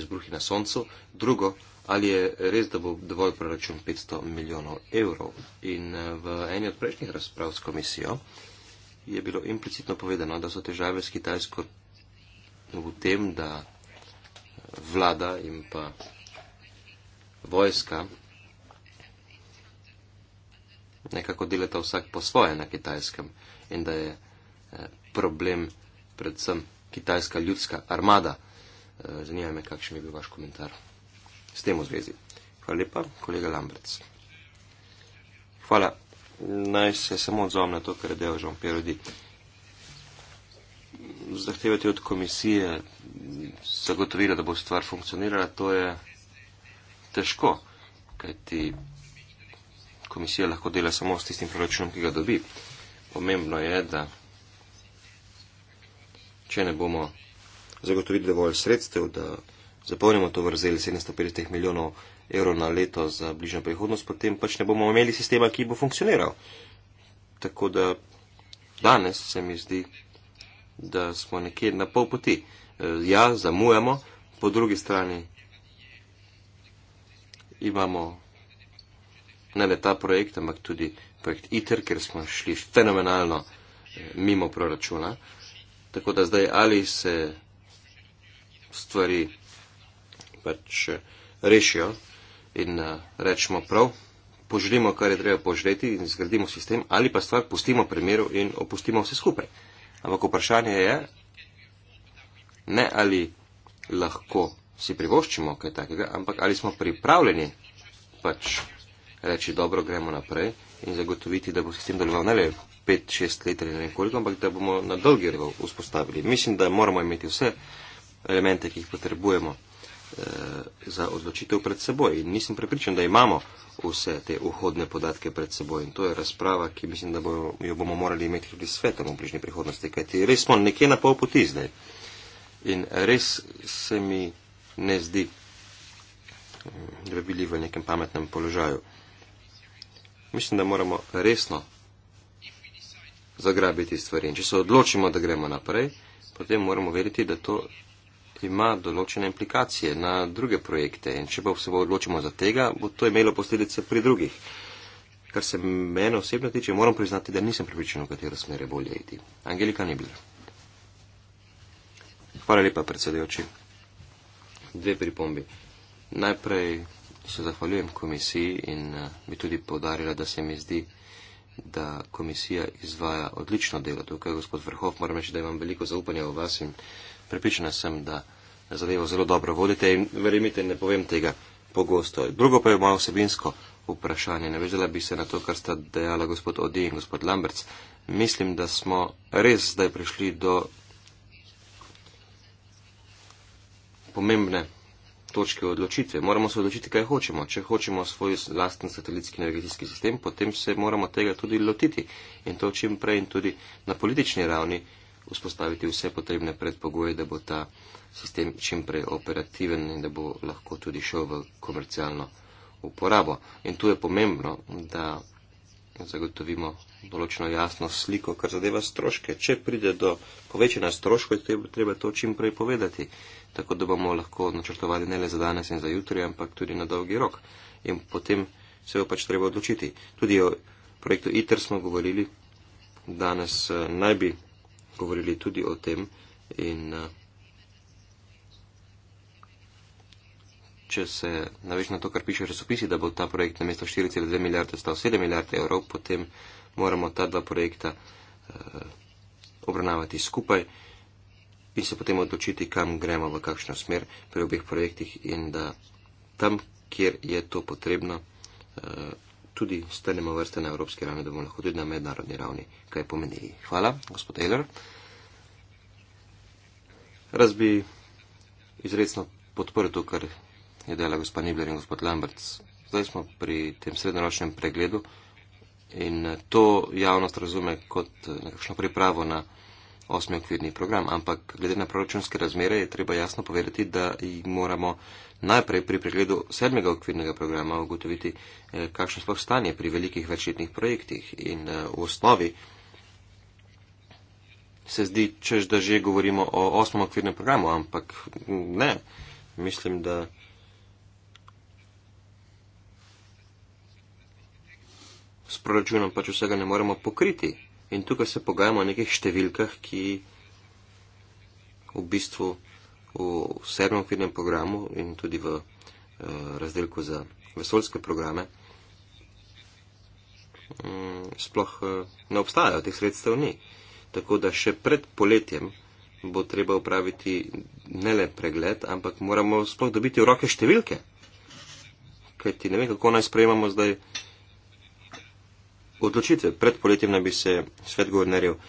izbruhi na soncu. Drugo, ali je res, da bo dovolj proračun 500 milijonov evrov. In eh, v eni od prejšnjih razprav s komisijo je bilo implicitno povedano, da so težave s Kitajsko v tem, da eh, vlada in pa vojska nekako delata vsak po svoje na kitajskem in da je eh, problem predvsem kitajska ljudska armada. Eh, zanima me, kakšen je bil vaš komentar s tem v zvezi. Hvala lepa, kolega Lambrec. Hvala. Naj se samo odzovem na to, kar je delal Žan Pierodi. Zahtevati od komisije zagotovila, da bo stvar funkcionirala, to je težko, kajti komisija lahko dela samo s tistim proračunom, ki ga dobi. Pomembno je, da če ne bomo zagotovili dovolj sredstev, da zapolnimo to vrzeli 750 milijonov evrov na leto za bližnjo prihodnost, potem pač ne bomo imeli sistema, ki bo funkcioniral. Tako da danes se mi zdi, da smo nekje na pol poti. Eh, ja, zamujamo, po drugi strani imamo ne le ta projekt, ampak tudi projekt ITER, ker smo šli fenomenalno eh, mimo proračuna. Tako da zdaj ali se stvari pač eh, rešijo in eh, rečemo prav, poželimo, kar je treba požreti in zgradimo sistem, ali pa stvar pustimo pri miru in opustimo vse skupaj. Ampak vprašanje je, ne ali lahko si privoščimo kaj takega, ampak ali smo pripravljeni pač reči, dobro, gremo naprej in zagotoviti, da bo se s tem deloval ne le 5-6 let ali nekoliko, ampak da bomo na dolgi rok vzpostavili. Mislim, da moramo imeti vse elemente, ki jih potrebujemo eh, za odločitev pred seboj. In nisem prepričan, da imamo vse te vhodne podatke pred seboj. In to je razprava, ki mislim, da bo, jo bomo morali imeti tudi svetom v bližnji prihodnosti, kajti res smo nekje na pol poti zdaj. In res se mi ne zdi, da bi bili v nekem pametnem položaju. Mislim, da moramo resno zagrabiti stvari. In če se odločimo, da gremo naprej, potem moramo veriti, da to ima določene implikacije na druge projekte. In če pa se bo odločimo za tega, bo to imelo posledice pri drugih. Kar se mene osebno tiče, moram priznati, da nisem pripričan, v katero smer je bolje iti. Angelika ni bila. Hvala lepa, predsedujoči dve pripombi. Najprej se zahvaljujem komisiji in eh, bi tudi podarila, da se mi zdi, da komisija izvaja odlično delo. Tukaj, gospod Vrhov, moram reči, da imam veliko zaupanja v vas in prepričana sem, da zadevo zelo dobro vodite in verjemite, ne povem tega pogosto. Drugo pa je moje osebinsko vprašanje. Navezala bi se na to, kar sta dejala gospod Odi in gospod Lamberts. Mislim, da smo res zdaj prišli do pomembne točke odločitve. Moramo se odločiti, kaj hočemo. Če hočemo svoj lasten satelitski navigacijski sistem, potem se moramo tega tudi lotiti in to čim prej in tudi na politični ravni vzpostaviti vse potrebne predpogoje, da bo ta sistem čim prej operativen in da bo lahko tudi šel v komercialno uporabo. In tu je pomembno, da zagotovimo določeno jasno sliko, kar zadeva stroške. Če pride do povečanja stroškov, je treba to čim prej povedati tako da bomo lahko načrtovali ne le za danes in za jutri, ampak tudi na dolgi rok. In potem se jo pač treba odločiti. Tudi o projektu ITER smo govorili, danes eh, naj bi govorili tudi o tem. In eh, če se naveš na to, kar piše v resopisi, da bo ta projekt na mesto 4,2 milijarde stal 7 milijarde evrov, potem moramo ta dva projekta eh, obravnavati skupaj in se potem odločiti, kam gremo, v kakšno smer pri obeh projektih in da tam, kjer je to potrebno, eh, tudi strnemo vrste na evropski ravni, da bomo lahko tudi na mednarodni ravni kaj pomenili. Hvala, gospod Taylor. Raz bi izredno podprl to, kar je dela gospod Nibler in gospod Lambert. Zdaj smo pri tem srednjeročnem pregledu in to javnost razume kot eh, nekakšno pripravo na osmi okvirni program, ampak glede na proračunske razmere je treba jasno povedati, da jih moramo najprej pri pregledu sedmega okvirnega programa ugotoviti, eh, kakšno sploh stanje pri velikih večletnih projektih in eh, v osnovi se zdi, čež da že govorimo o osmem okvirnem programu, ampak mm, ne, mislim, da. S proračunom pač vsega ne moremo pokriti. In tukaj se pogajamo o nekih številkah, ki v bistvu v sedmem filmem programu in tudi v eh, razdelku za vesoljske programe mm, sploh eh, ne obstajajo, teh sredstev ni. Tako da še pred poletjem bo treba upraviti ne le pregled, ampak moramo sploh dobiti v roke številke. Kajti ne vem, kako naj sprejemamo zdaj odločitve. Pred poletjem naj bi se svet guvernerjev eh,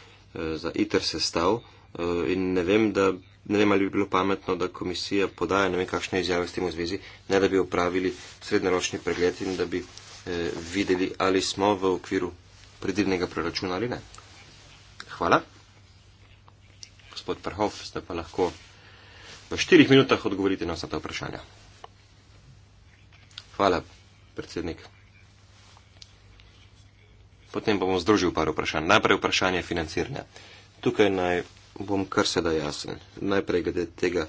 za ITER sestav eh, in ne vem, da, ne vem, ali bi bilo pametno, da komisija podaja ne vem, kakšne izjave s tem v zvezi, ne da bi upravili srednjeročni pregled in da bi eh, videli, ali smo v okviru predivnega proračuna ali ne. Hvala. Gospod Prhov, ste pa lahko v štirih minutah odgovorite na vsa ta vprašanja. Hvala, predsednik. Potem bom združil par vprašanj. Najprej vprašanje financiranja. Tukaj naj bom kar se da jasen. Najprej glede tega,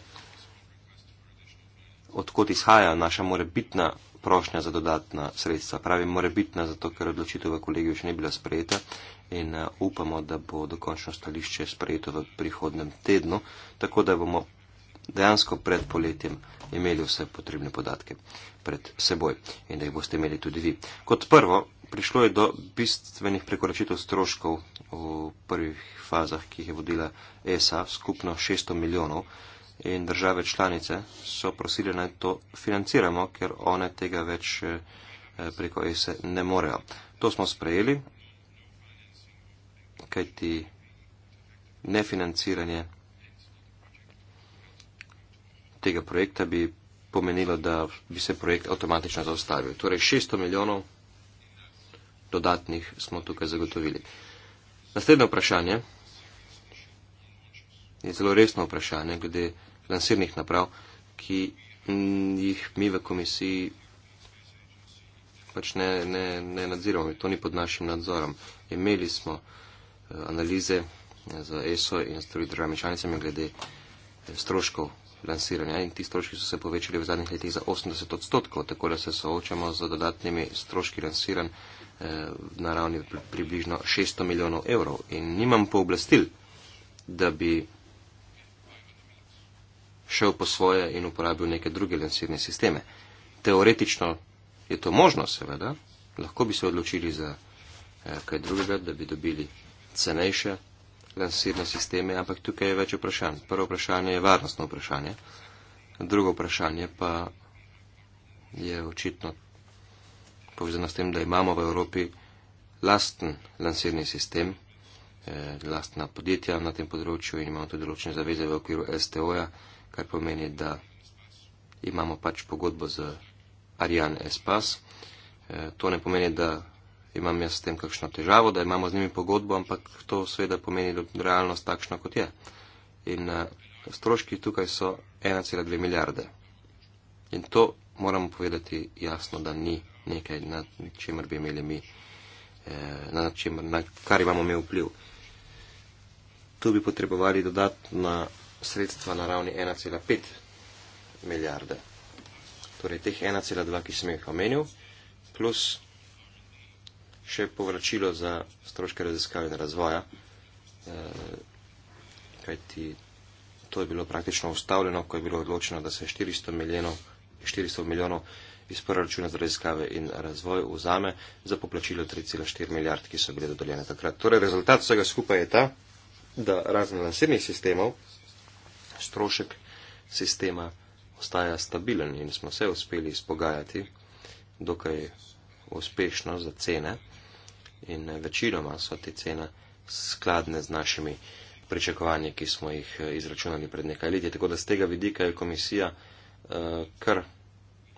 odkot izhaja naša morebitna prošnja za dodatna sredstva. Pravim morebitna, zato ker odločitev v kolegiju še ni bila sprejeta in eh, upamo, da bo dokončno stališče sprejeto v prihodnem tednu, tako da bomo dejansko pred poletjem imeli vse potrebne podatke pred seboj in da jih boste imeli tudi vi. Kot prvo, prišlo je do bistvenih prekoračitev stroškov v prvih fazah, ki jih je vodila ESA, skupno 600 milijonov. In države članice so prosili, naj to financiramo, ker one tega več eh, preko ESA ne morejo. To smo sprejeli, kajti nefinanciranje tega projekta bi pomenilo, da bi se projekt avtomatično zaustavil. Torej 600 milijonov dodatnih smo tukaj zagotovili. Naslednje vprašanje je zelo resno vprašanje glede lansirnih naprav, ki jih mi v komisiji pač ne, ne, ne nadziramo. To ni pod našim nadzorom. Imeli smo eh, analize eh, z ESO in s drugimi državami članicami glede eh, stroškov lansiranja in ti stroški so se povečali v zadnjih letih za 80 odstotkov, tako da se soočamo z dodatnimi stroški lansiranja. Eh, na ravni približno 600 milijonov evrov. In nimam pooblastil, da bi šel po svoje in uporabil neke druge lansirne sisteme. Teoretično je to možno, seveda. Lahko bi se odločili za eh, kaj drugega, da bi dobili cenejše lansirne sisteme, ampak tukaj je več vprašanj. Prvo vprašanje je varnostno vprašanje, drugo vprašanje pa je očitno povezana s tem, da imamo v Evropi lasten lansirni sistem, eh, lastna podjetja na tem področju in imamo tudi določene zaveze v okviru STO-ja, kar pomeni, da imamo pač pogodbo z Arjan Espas. Eh, to ne pomeni, da imam jaz s tem kakšno težavo, da imamo z njimi pogodbo, ampak to seveda pomeni realnost takšna, kot je. In eh, stroški tukaj so 1,2 milijarde. In to moramo povedati jasno, da ni nekaj, na čemer bi imeli mi, eh, na, čemer, na kar imamo mi vpliv. Tu bi potrebovali dodatna sredstva na ravni 1,5 milijarde. Torej, teh 1,2, ki sem jih omenil, plus še povračilo za stroške raziskave in razvoja, eh, kajti to je bilo praktično ustavljeno, ko je bilo odločeno, da se 400 milijonov, 400 milijonov iz proračuna za raziskave in razvoj vzame za poplačilo 3,4 milijard, ki so bile dodeljene takrat. Torej, rezultat vsega skupaj je ta, da razen lansirnih sistemov, strošek sistema ostaja stabilen in smo se uspeli izpogajati dokaj uspešno za cene in večinoma so te cene skladne z našimi pričakovanji, ki smo jih eh, izračunali pred nekaj leti. Tako da z tega vidika je komisija uh, kar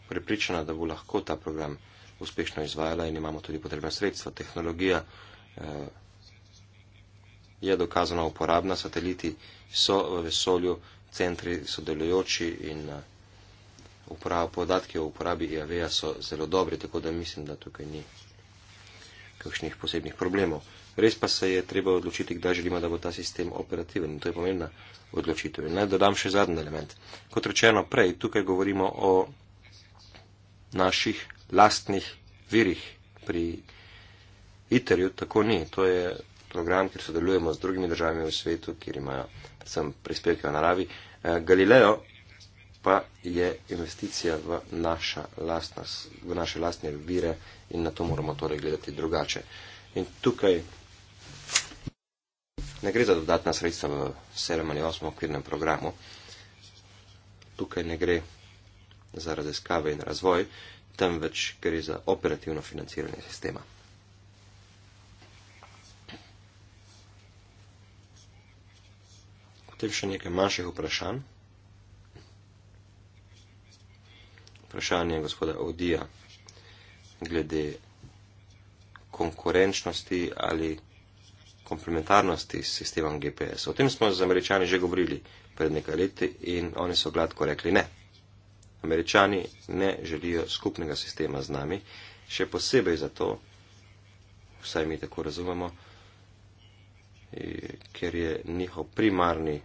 prepričana, da bo lahko ta program uspešno izvajala in imamo tudi potrebna sredstva. Tehnologija eh, je dokazano uporabna, sateliti so v vesolju, centri so delujoči in eh, uporabo, podatki o uporabi IAV-ja so zelo dobri, tako da mislim, da tukaj ni kakšnih posebnih problemov. Res pa se je treba odločiti, kdaj želimo, da bo ta sistem operativen in to je pomembna odločitev. In naj dodam še zadnji element. Kot rečeno prej, tukaj govorimo o naših lastnih virih. Pri ITER-ju tako ni. To je program, kjer sodelujemo z drugimi državami v svetu, kjer imajo predvsem prispevke v naravi. Eh, Galileo pa je investicija v, naša lastna, v naše lastne vire in na to moramo torej gledati drugače. In tukaj ne gre za dodatna sredstva v 7 ali 8 okvirnem programu. Tukaj ne gre za raziskave in razvoj, temveč gre za operativno financiranje sistema. Potem še nekaj manjših vprašanj. Vprašanje gospoda Odija glede konkurenčnosti ali komplementarnosti s sistemom GPS. O tem smo z američani že govorili pred nekaj leti in oni so gladko rekli ne. Američani ne želijo skupnega sistema z nami, še posebej zato, vsaj mi tako razumemo, eh, ker je njihov primarni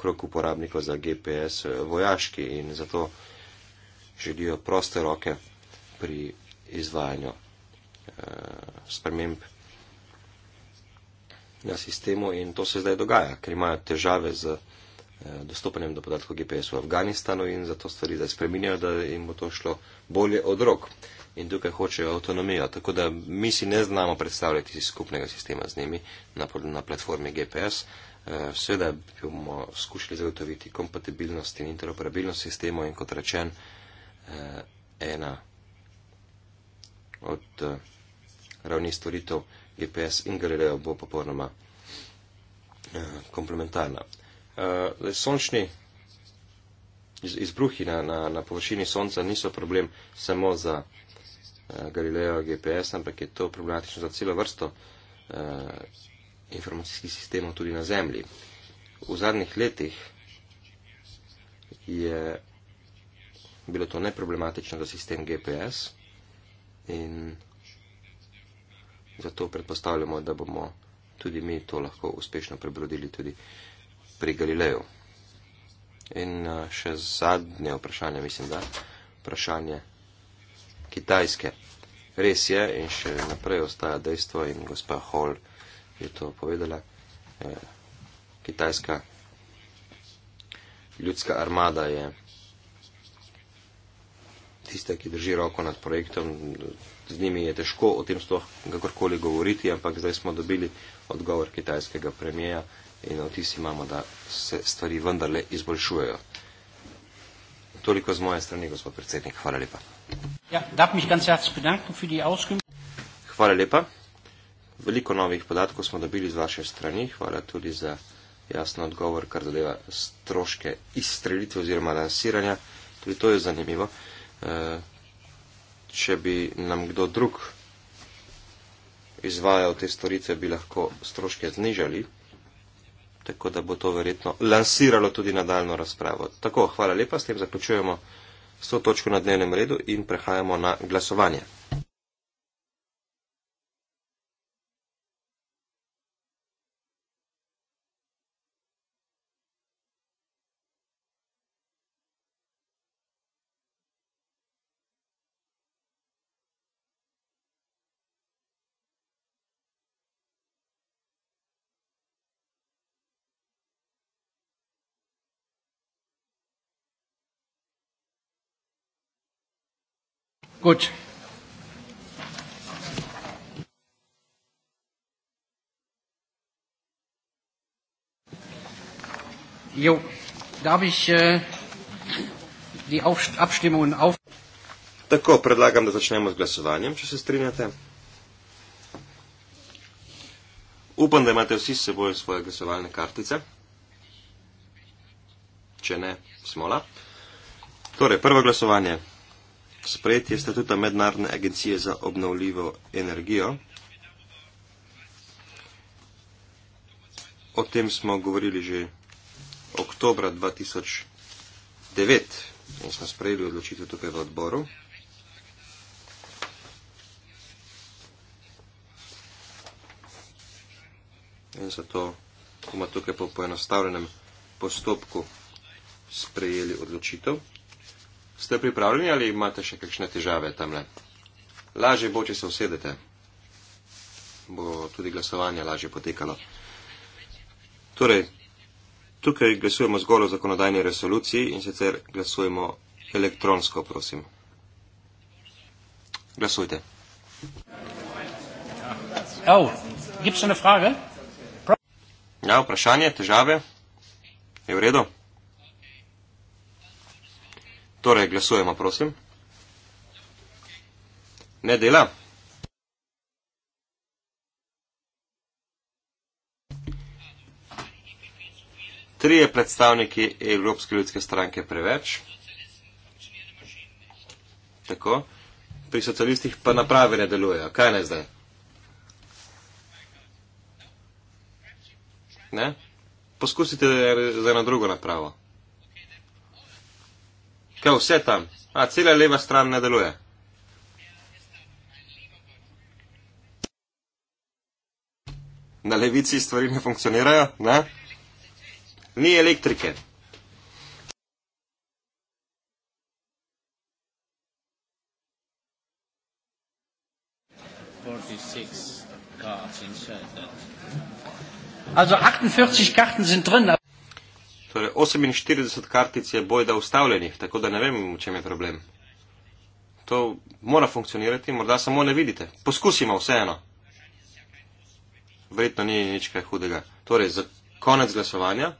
krok uporabnikov za GPS eh, vojaški in zato želijo proste roke pri izvajanju eh, sprememb na sistemu in to se zdaj dogaja, ker imajo težave z. Eh, dostopanjem do podatkov GPS v Afganistanu in zato stvari zdaj spreminjajo, da jim bo to šlo bolje od rok. In tukaj hočejo avtonomijo, tako da mi si ne znamo predstavljati skupnega sistema z njimi na, na platformi GPS. Eh, seveda bomo skušali zagotoviti kompatibilnost in interoperabilnost sistemov in kot rečen, eh, ena od ravni storitev GPS in Galileo bo popolnoma komplementarna uh, sončni iz, izbruhi na, na, na površini Sonca niso problem samo za uh, Galileo GPS, ampak je to problematično za celo vrsto uh, informacijskih sistemov tudi na Zemlji. V zadnjih letih je bilo to neproblematično za sistem GPS in zato predpostavljamo, da bomo tudi mi to lahko uspešno prebrodili tudi uh, pri Galileju. In eh, še zadnje vprašanje, mislim, da vprašanje Kitajske. Res je in še naprej ostaja dejstvo in gospa Hall je to povedala. Eh, kitajska ljudska armada je tista, ki drži roko nad projektom. Z njimi je težko o tem sploh kakorkoli govoriti, ampak zdaj smo dobili odgovor kitajskega premijeja in vtis imamo, da se stvari vendarle izboljšujejo. Toliko z moje strani, gospod predsednik. Hvala lepa. Ja, Hvala lepa. Veliko novih podatkov smo dobili z vaše strani. Hvala tudi za jasen odgovor, kar zadeva stroške izstrelitve oziroma lansiranja. Tudi to je zanimivo. Eh, če bi nam kdo drug izvajal te storitve, bi lahko stroške znižali tako da bo to verjetno lansiralo tudi nadaljno razpravo. Tako, hvala lepa, s tem zaključujemo s to točko na dnevnem redu in prehajamo na glasovanje. Gut. Jo, darf ich äh, die Auf Abstimmung auf. Tako, predlagam, da začnemo z glasovanjem, če se strinjate. Upam, da imate vsi s seboj svoje glasovalne kartice. Če ne, smola. Torej, prvo glasovanje sprejetje statuta Mednarodne agencije za obnovljivo energijo. O tem smo govorili že oktobra 2009 in smo sprejeli odločitev tukaj v odboru. In zato bomo tukaj po poenostavljenem postopku sprejeli odločitev. Ste pripravljeni ali imate še kakšne težave tamle? Lažje bo, če se usedete. Bo tudi glasovanje lažje potekalo. Torej, tukaj glasujemo zgolj o zakonodajni resoluciji in sicer glasujemo elektronsko, prosim. Glasujte. Oh, ja, vprašanje, težave. Je v redu? Torej, glasujemo, prosim. Ne dela. Trije predstavniki Evropske ljudske stranke preveč. Tako. Pri socialistih pa naprave ne delujejo. Kaj ne zdaj? Ne? Poskusite za eno drugo napravo. Kaj vse tam? A cela leva stran ne deluje. Na levici stvari ne funkcionirajo, ne? Ni elektrike. Also 48 Karten sind drin. Torej, 48 kartic je bojda ustavljenih, tako da ne vem, v čem je problem. To mora funkcionirati, morda samo ne vidite. Poskusimo vseeno. Verjetno ni nič kaj hudega. Torej, za konec glasovanja,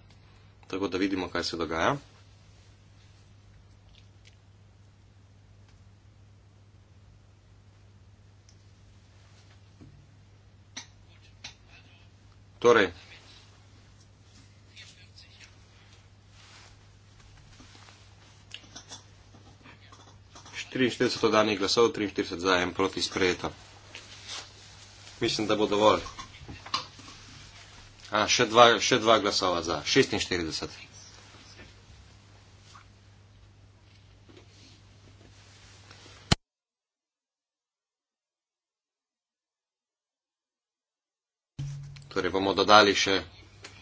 tako da vidimo, kaj se dogaja. Torej, 43 danih glasov, 43 za en proti sprejeta. Mislim, da bo dovolj. A, še dva, še dva glasova za, 46. Torej bomo dodali še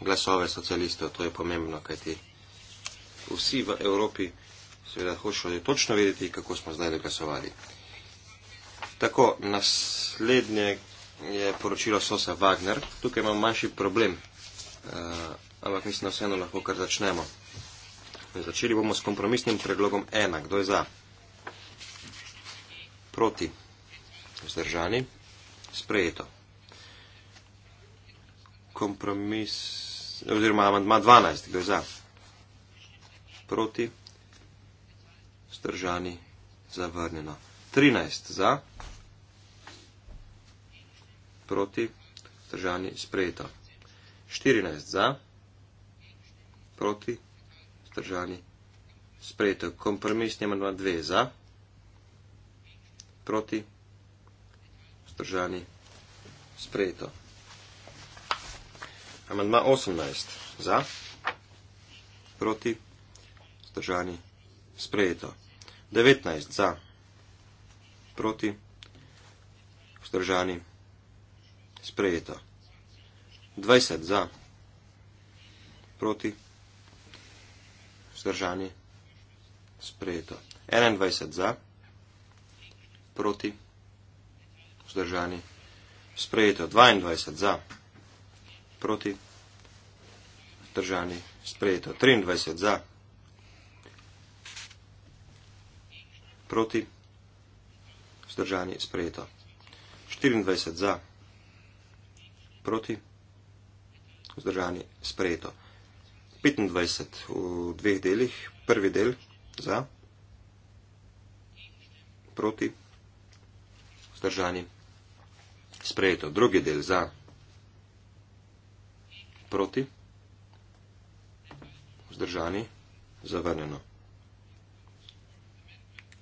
glasove socialistov, to je pomembno, kajti vsi v Evropi Seveda hočemo točno vedeti, kako smo zdaj glasovali. Tako, naslednje je poročilo Sosa Wagner. Tukaj imamo manjši problem, uh, ampak mislim, da vseeno lahko kar začnemo. Začeli bomo s kompromisnim predlogom 1. Kdo je za? Proti. Zdržani. Sprejeto. Kompromis. Oziroma, amandma 12. Kdo je za? Proti vzdržani, zavrnjeno. 13 za, proti, vzdržani, sprejeto. 14 za, proti, vzdržani, sprejeto. Kompromis njema dva dve za, proti, vzdržani, sprejeto. Amandma 18 za, proti, vzdržani, sprejeto. 19 za, proti, vzdržani, sprejeta. 20 za, proti, vzdržani, sprejeta. 21 za, proti, vzdržani, sprejeta. 22 za, proti, vzdržani, sprejeta. 23 za, proti, proti, vzdržani, sprejeto. 24 za, proti, vzdržani, sprejeto. 25 v dveh delih, prvi del za, proti, vzdržani, sprejeto. Drugi del za, proti, vzdržani, zavrnjeno.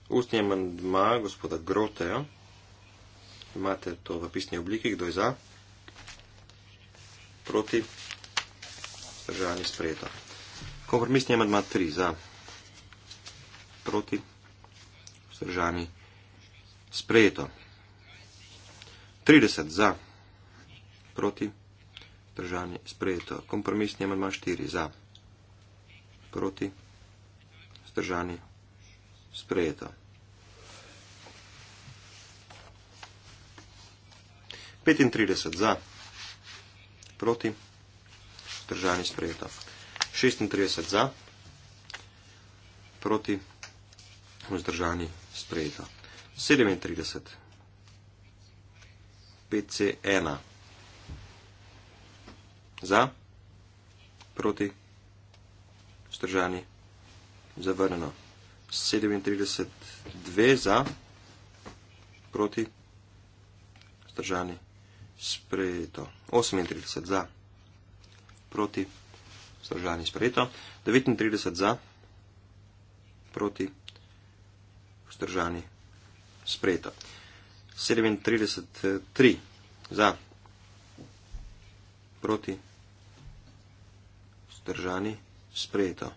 Ustni amandma gospoda Groteja. Imate to v pisni obliki, kdo je za? Proti? Zdržanje sprejeto. Kompromisni amandma 3 za? Proti? Zdržanje sprejeto. 30 za? Proti? Zdržanje sprejeto. Kompromisni amandma 4 za? Proti? Zdržanje sprejeto. Petintrideset za, proti, vzdržani sprejeto. Šestintrideset za, proti, vzdržani sprejeto. Sedemintrideset, PC ena, za, proti, vzdržani, zavrnjeno. 37 za, proti, stržani, sprejeto. 38 za, proti, stržani, sprejeto. 39 za, proti, stržani, sprejeto. 37 za, proti, stržani, sprejeto.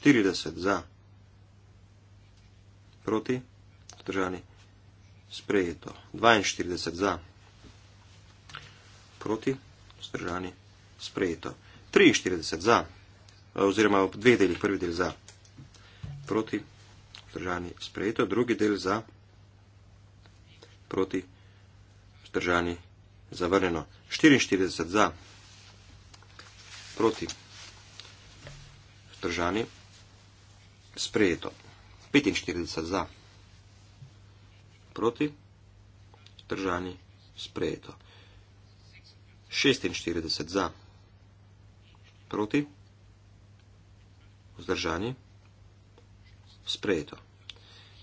40 za, proti, vzdržani, sprejeto, 42 za, proti, vzdržani, sprejeto, 43 za, oziroma v dveh delih, prvi del za, proti, vzdržani, sprejeto, drugi del za, proti, vzdržani, zavrneno, 44 za, proti, vzdržani, sprejeto, sprejeto. 45 za, proti, držani, sprejeto. 46 za, proti, vzdržani, sprejeto.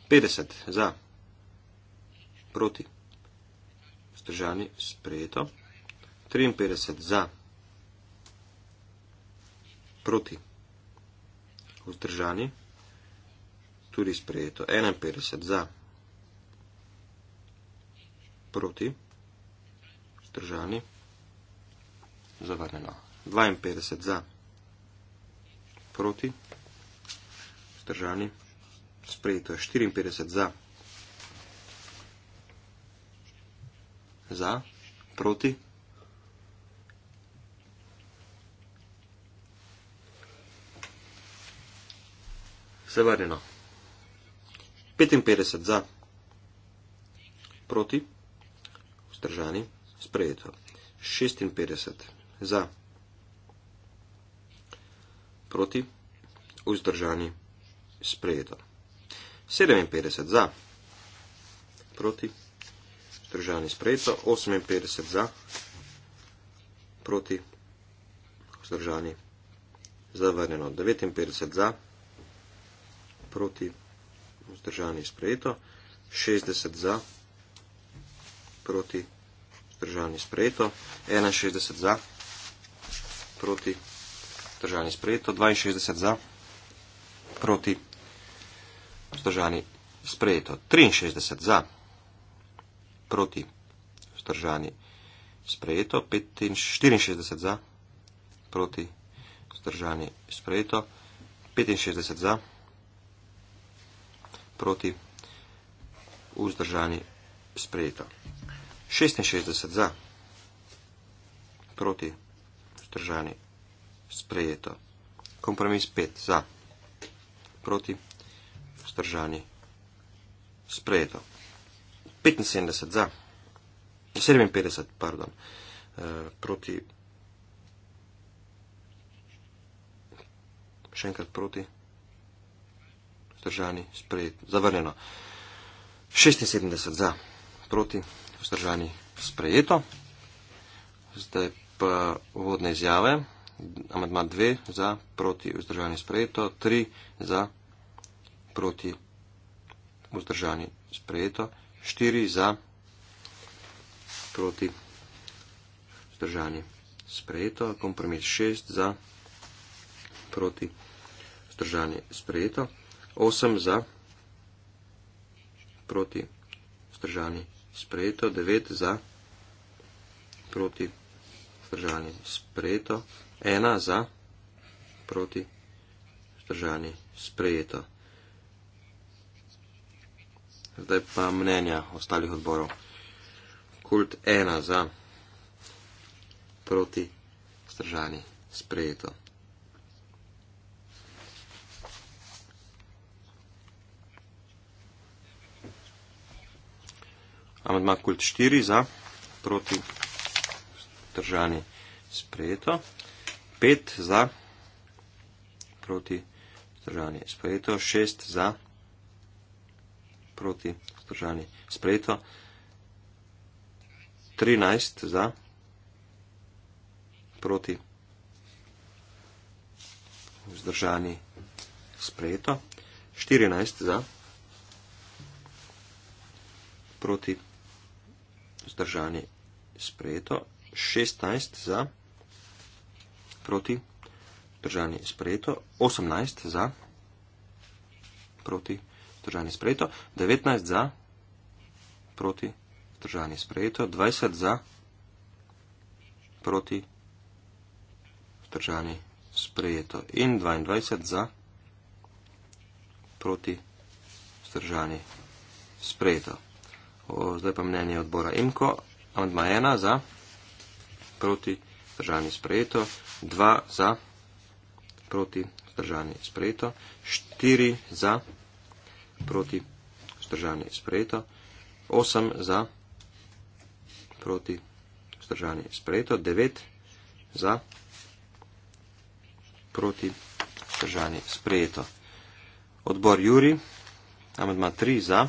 50 za, proti, vzdržani, sprejeto. 53 za, proti, vzdržani, sprejeto tudi sprejeto. 51 za, proti, zdržani, zavrnjeno. 52 za, proti, zdržani, sprejeto. 54 za, za, proti. 是吧，领导？55 za, proti, vzdržani, sprejeto. 56 za, proti, vzdržani, sprejeto. 57 za, proti, vzdržani, sprejeto. 58 za, proti, vzdržani, zavrnjeno. 59 za, proti, vzdržani vzdržani sprejeto, 60 za, proti vzdržani sprejeto, 61 za, proti vzdržani sprejeto, 62 za, proti vzdržani sprejeto, 63 za, proti vzdržani sprejeto, 64 za, proti vzdržani sprejeto, 65 za, proti vzdržani sprejeto, proti, vzdržani sprejeto. 66 za, proti, vzdržani sprejeto. Kompromis 5 za, proti, vzdržani sprejeto. 75 za, 57, pardon, eh, proti, še enkrat proti, vzdržani, sprejet, zavrnjeno. 76 za, proti, vzdržani, sprejeto. Zdaj pa uvodne izjave. Amadma 2 za, proti, vzdržani, sprejeto. 3 za, proti, vzdržani, sprejeto. 4 za, proti, vzdržani, sprejeto. Kompromis 6 za, proti, vzdržani, sprejeto. 8 za, proti vzdržani sprejeto, 9 za, proti vzdržani sprejeto, 1 za, proti vzdržani sprejeto. Zdaj pa mnenja ostalih odborov. Kult 1 za, proti vzdržani sprejeto. Amandma kult 4 za, proti držanje sprejeto. 5 za, proti držanje sprejeto. 6 za, proti držanje sprejeto. 13 za, proti vzdržani sprejeto, 14 za, proti vzdržanje sprejeto, 16 za proti vzdržanje sprejeto, 18 za proti vzdržanje sprejeto, 19 za proti vzdržanje sprejeto, 20 za proti vzdržanje sprejeto in 22 za proti vzdržanje sprejeto. Zdaj pa mnenje odbora Imko. Amandma 1 za, proti, zdržani sprejeto. 2 za, proti, zdržani sprejeto. 4 za, proti, zdržani sprejeto. 8 za, proti, zdržani sprejeto. 9 za, proti, zdržani sprejeto. Odbor Juri, amandma 3 za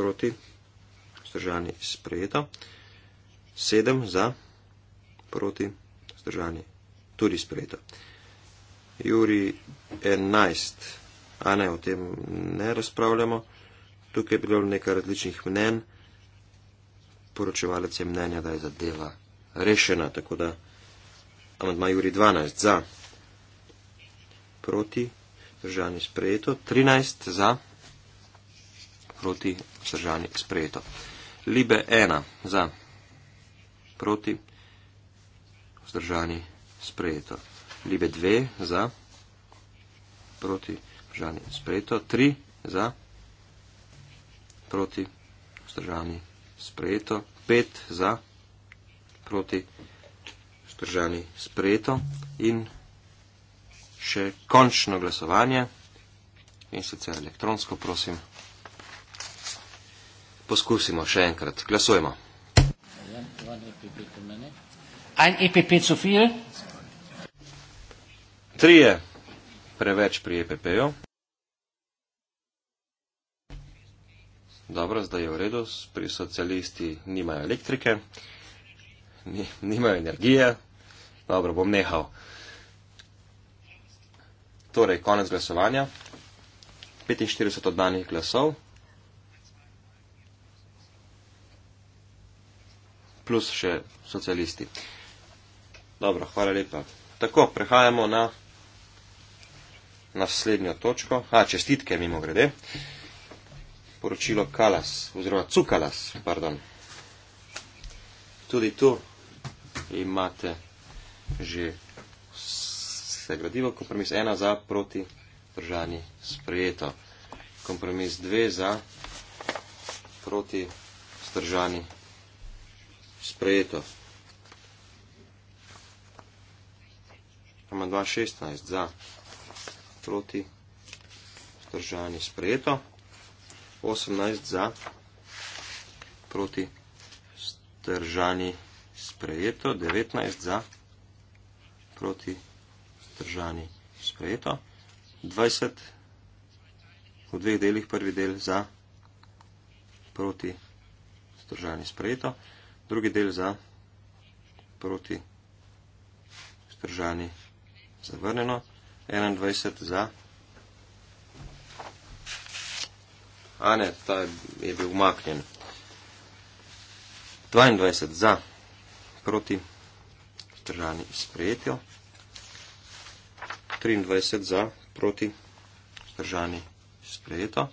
proti, vzdržani sprejeta, 7 za, proti, vzdržani tudi sprejeta. Juri 11, a ne, o tem ne razpravljamo, tukaj je bilo nekaj različnih mnen, poročevalec je mnenja, da je zadeva rešena, tako da amandma Juri 12 za, proti, vzdržani sprejeto, 13 za, proti, proti vzdržanje sprejeto. Libe 1 za proti vzdržanje sprejeto. Libe 2 za proti vzdržanje sprejeto. 3 za proti vzdržanje sprejeto. 5 za proti vzdržanje sprejeto. In še končno glasovanje. In sicer elektronsko, prosim poskusimo še enkrat. Glasujemo. En EPP zu viel. Tri je preveč pri EPP-ju. Dobro, zdaj je v redu. Pri socialisti nimajo elektrike, nimajo energije. Dobro, bom nehal. Torej, konec glasovanja. 45 oddanih glasov. plus še socialisti. Dobro, hvala lepa. Tako, prehajamo na naslednjo točko. A, čestitke mimo grede. Poročilo Kalas, oziroma Cukalas, pardon. Tudi tu imate že vse gradivo. Kompromis 1 za proti držani sprejeto. Kompromis 2 za proti. Stržani sprejeto. Amandma 16 za proti vzdržani sprejeto. 18 za proti vzdržani sprejeto. 19 za proti vzdržani sprejeto. 20 v dveh delih prvi del za proti vzdržani sprejeto drugi del za, proti, stržani, zavrnjeno, 21 za, a ne, ta je bil umaknjen, 22 za, proti, stržani, sprejetjo, 23 za, proti, stržani, sprejeto,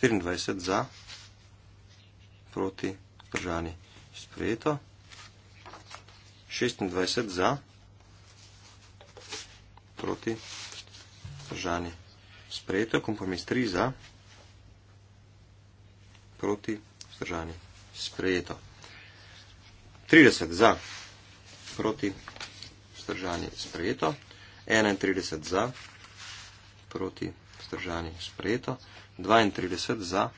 24 za, proti, stržani, sprejeto, sprejeto. 26 za, proti, zdržani. Sprejeto, kompromis 3 za, proti, zdržani. Sprejeto. 30 za, proti, zdržani. Sprejeto. 31 za, proti, zdržani. Sprejeto. 32 za,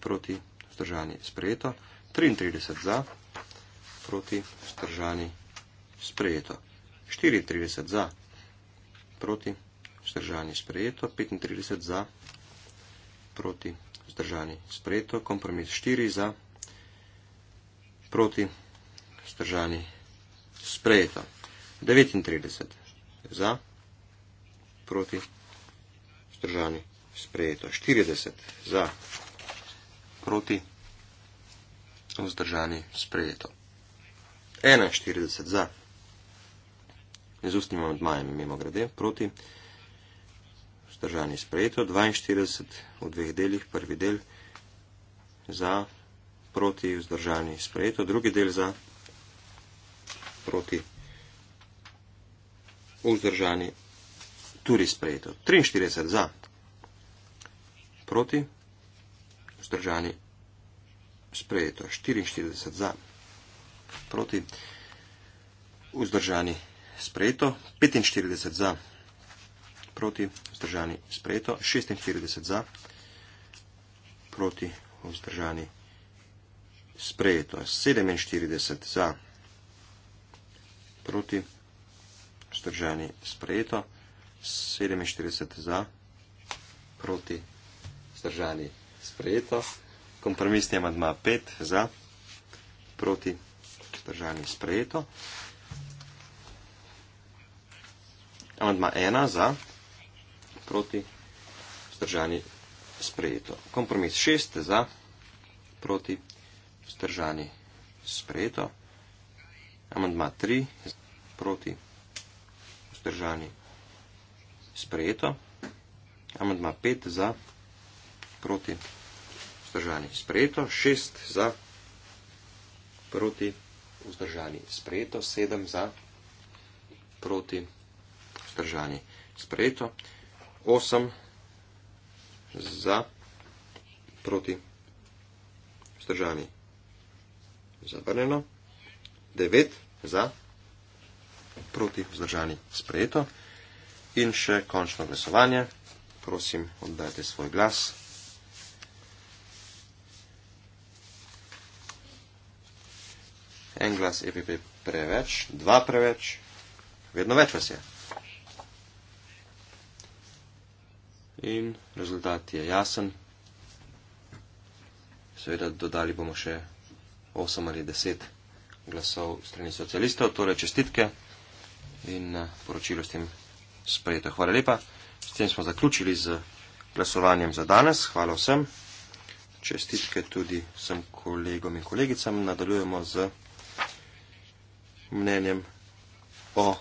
proti, zdržani. Sprejeto. 33 za, proti, vzdržani, sprejeto. 34 za, proti, vzdržani, sprejeto. 35 za, proti, vzdržani, sprejeto. Kompromis 4 za, proti, vzdržani, sprejeto. 39 za, proti, vzdržani, sprejeto. 40 za, proti, vzdržani, sprejeto soglasno vzdržani sprejeto. 41 za. Z ustnim odmajem mimo grede proti. Vzdržani sprejeto. 42 v dveh delih. Prvi del za proti vzdržani sprejeto. Drugi del za proti vzdržani tudi sprejeto. 43 za proti vzdržani sprejeto sprejeto 44 za, proti vzdržani sprejeto 45 za, proti vzdržani sprejeto 46 za, proti vzdržani sprejeto 47 za, proti vzdržani sprejeto 47 za, proti vzdržani sprejeto kompromisni amadma 5 za, proti, vzdržanje sprejeto. Amadma 1 za, proti, vzdržanje sprejeto. Kompromis 6 za, proti, vzdržanje sprejeto. Amadma 3 proti, vzdržanje sprejeto. Amadma 5 za, proti, vzdržanje sprejeto vzdržani sprejeto, šest za proti vzdržani sprejeto, sedem za proti vzdržani sprejeto, osem za proti vzdržani zavrnjeno, devet za proti vzdržani sprejeto in še končno glasovanje. Prosim, oddajte svoj glas. en glas EPP preveč, dva preveč, vedno več vas je. In rezultat je jasen. Seveda dodali bomo še 8 ali 10 glasov strani socialistov, torej čestitke in eh, poročilo s tem sprejeto. Hvala lepa. S tem smo zaključili z glasovanjem za danes. Hvala vsem. Čestitke tudi vsem kolegom in kolegicam. Nadaljujemo z mnenjem o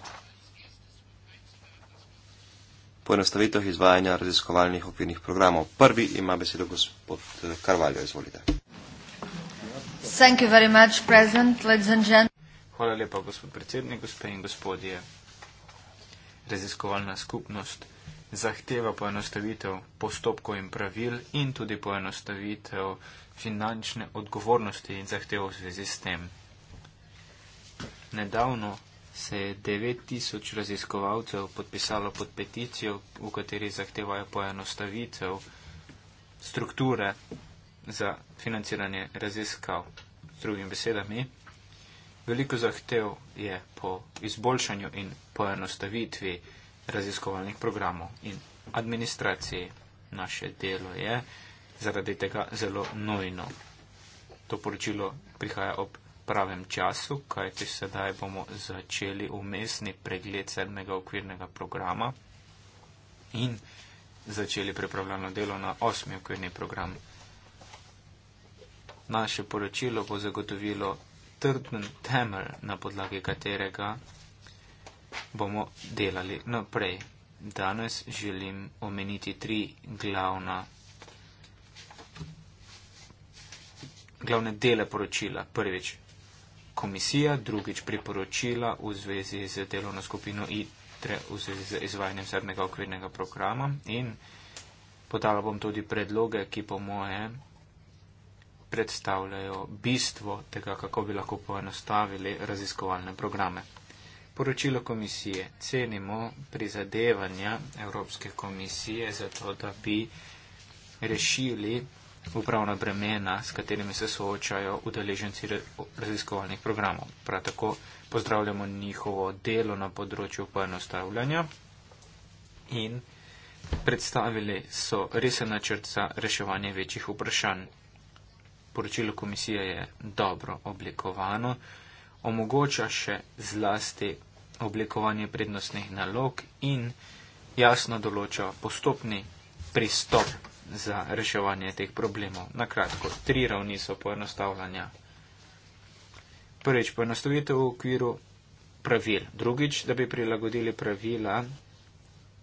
poenostavitev izvajanja raziskovalnih okvirnih programov. Prvi ima besedo gospod Karvaljo, izvolite. Thank you very much, President, ladies and gentlemen. Hvala lepa, gospod predsednik, gospe in gospodje. Raziskovalna skupnost zahteva poenostavitev postopkov in pravil in tudi poenostavitev finančne odgovornosti in zahtev v zvezi s tem. Nedavno se je 9000 raziskovalcev podpisalo pod peticijo, v kateri zahtevajo poenostavitev strukture za financiranje raziskav. Z drugim besedami, veliko zahtev je po izboljšanju in poenostavitvi raziskovalnih programov in administraciji. Naše delo je zaradi tega zelo nojno. To poročilo prihaja ob pravem času, kajti sedaj bomo začeli umestni pregled sedmega okvirnega programa in začeli pripravljeno delo na osmi okvirni program. Naše poročilo bo zagotovilo trden temelj, na podlagi katerega bomo delali naprej. Danes želim omeniti tri glavna. Glavne dele poročila. Prvič, komisija drugič priporočila v zvezi z delovno skupino ITRE v zvezi z izvajanjem sedmega okvirnega programa in podala bom tudi predloge, ki po moje predstavljajo bistvo tega, kako bi lahko poenostavili raziskovalne programe. Poročilo komisije. Cenimo prizadevanja Evropske komisije za to, da bi rešili upravna bremena, s katerimi se soočajo udeleženci raziskovalnih programov. Prav tako pozdravljamo njihovo delo na področju poenostavljanja in predstavili so resen načrt za reševanje večjih vprašanj. Poročilo komisije je dobro oblikovano, omogoča še zlasti oblikovanje prednostnih nalog in jasno določa postopni pristop k za reševanje teh problemov. Na kratko, tri ravni so poenostavljanja. Prvič, poenostavitev v okviru pravil. Drugič, da bi prilagodili pravila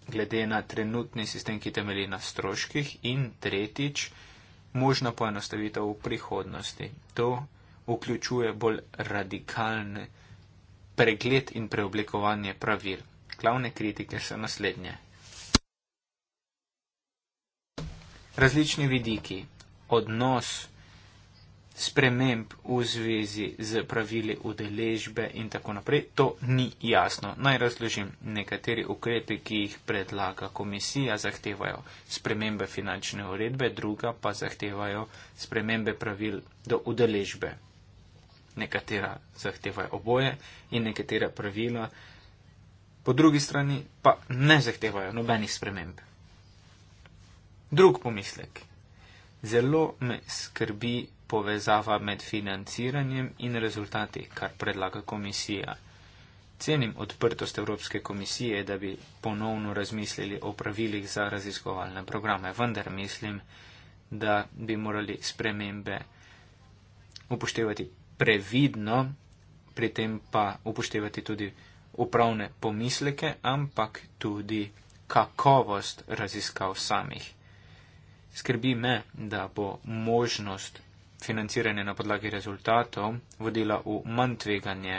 glede na trenutni sistem, ki temelji na stroških. In tretjič, možna poenostavitev v prihodnosti. To vključuje bolj radikalne pregled in preoblikovanje pravil. Glavne kritike so naslednje. različni vidiki, odnos, sprememb v zvezi z pravili udeležbe in tako naprej, to ni jasno. Naj razložim, nekateri ukrepi, ki jih predlaga komisija, zahtevajo spremembe finančne uredbe, druga pa zahtevajo spremembe pravil do udeležbe. Nekatera zahtevajo oboje in nekatera pravila po drugi strani pa ne zahtevajo nobenih sprememb. Drug pomislek. Zelo me skrbi povezava med financiranjem in rezultati, kar predlaga komisija. Cenim odprtost Evropske komisije, da bi ponovno razmislili o pravilih za raziskovalne programe, vendar mislim, da bi morali spremembe upoštevati previdno, pri tem pa upoštevati tudi upravne pomisleke, ampak tudi kakovost raziskav samih. Skrbi me, da bo možnost financiranja na podlagi rezultatov vodila v manj tveganje,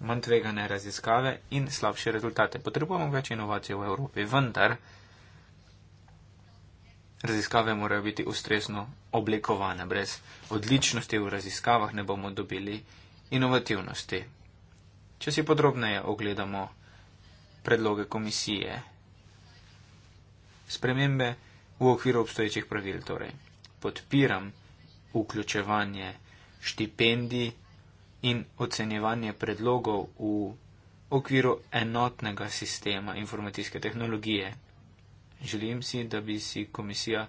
manj tvegane raziskave in slabše rezultate. Potrebujemo več inovacij v Evropi, vendar raziskave morajo biti ustrezno oblikovane. Brez odličnosti v raziskavah ne bomo dobili inovativnosti. Če si podrobneje ogledamo predloge komisije, spremembe v okviru obstoječih pravil. Torej, podpiram vključevanje štipendij in ocenjevanje predlogov v okviru enotnega sistema informacijske tehnologije. Želim si, da bi si komisija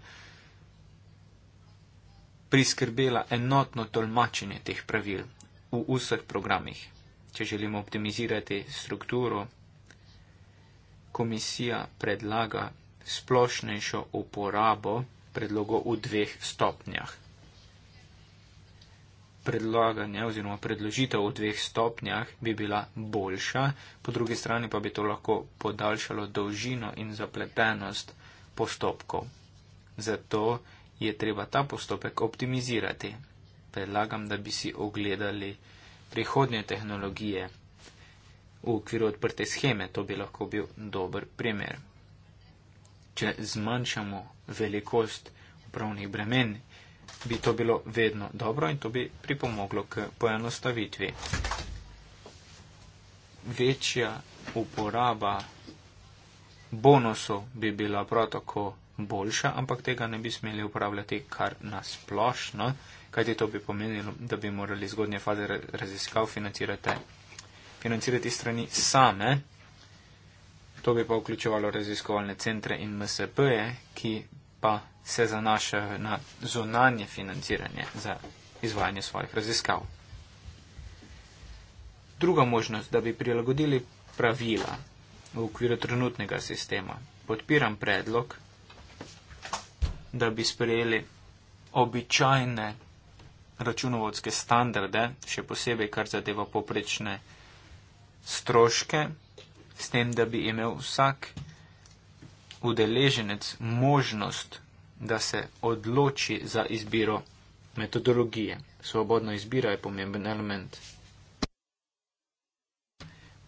priskrbela enotno tolmačenje teh pravil v vseh programih. Če želimo optimizirati strukturo, komisija predlaga splošnejšo uporabo predlogov v dveh stopnjah. Predlaganje oziroma predložitev v dveh stopnjah bi bila boljša, po drugi strani pa bi to lahko podaljšalo dolžino in zapletenost postopkov. Zato je treba ta postopek optimizirati. Predlagam, da bi si ogledali prihodnje tehnologije v okviru odprte scheme. To bi lahko bil dober primer če zmanjšamo velikost upravnih bremen, bi to bilo vedno dobro in to bi pripomoglo k poenostavitvi. Večja uporaba bonusov bi bila prav tako boljša, ampak tega ne bi smeli uporabljati kar nasplošno, kajti to bi pomenilo, da bi morali zgodnje faze raziskav financirati strani same. To bi pa vključevalo raziskovalne centre in MSP-je, ki pa se zanašajo na zunanje financiranje za izvajanje svojih raziskav. Druga možnost, da bi prilagodili pravila v okviru trenutnega sistema. Podpiram predlog, da bi sprejeli običajne računovodske standarde, še posebej kar zadeva poprečne stroške s tem, da bi imel vsak udeleženec možnost, da se odloči za izbiro metodologije. Svobodna izbira je pomemben element.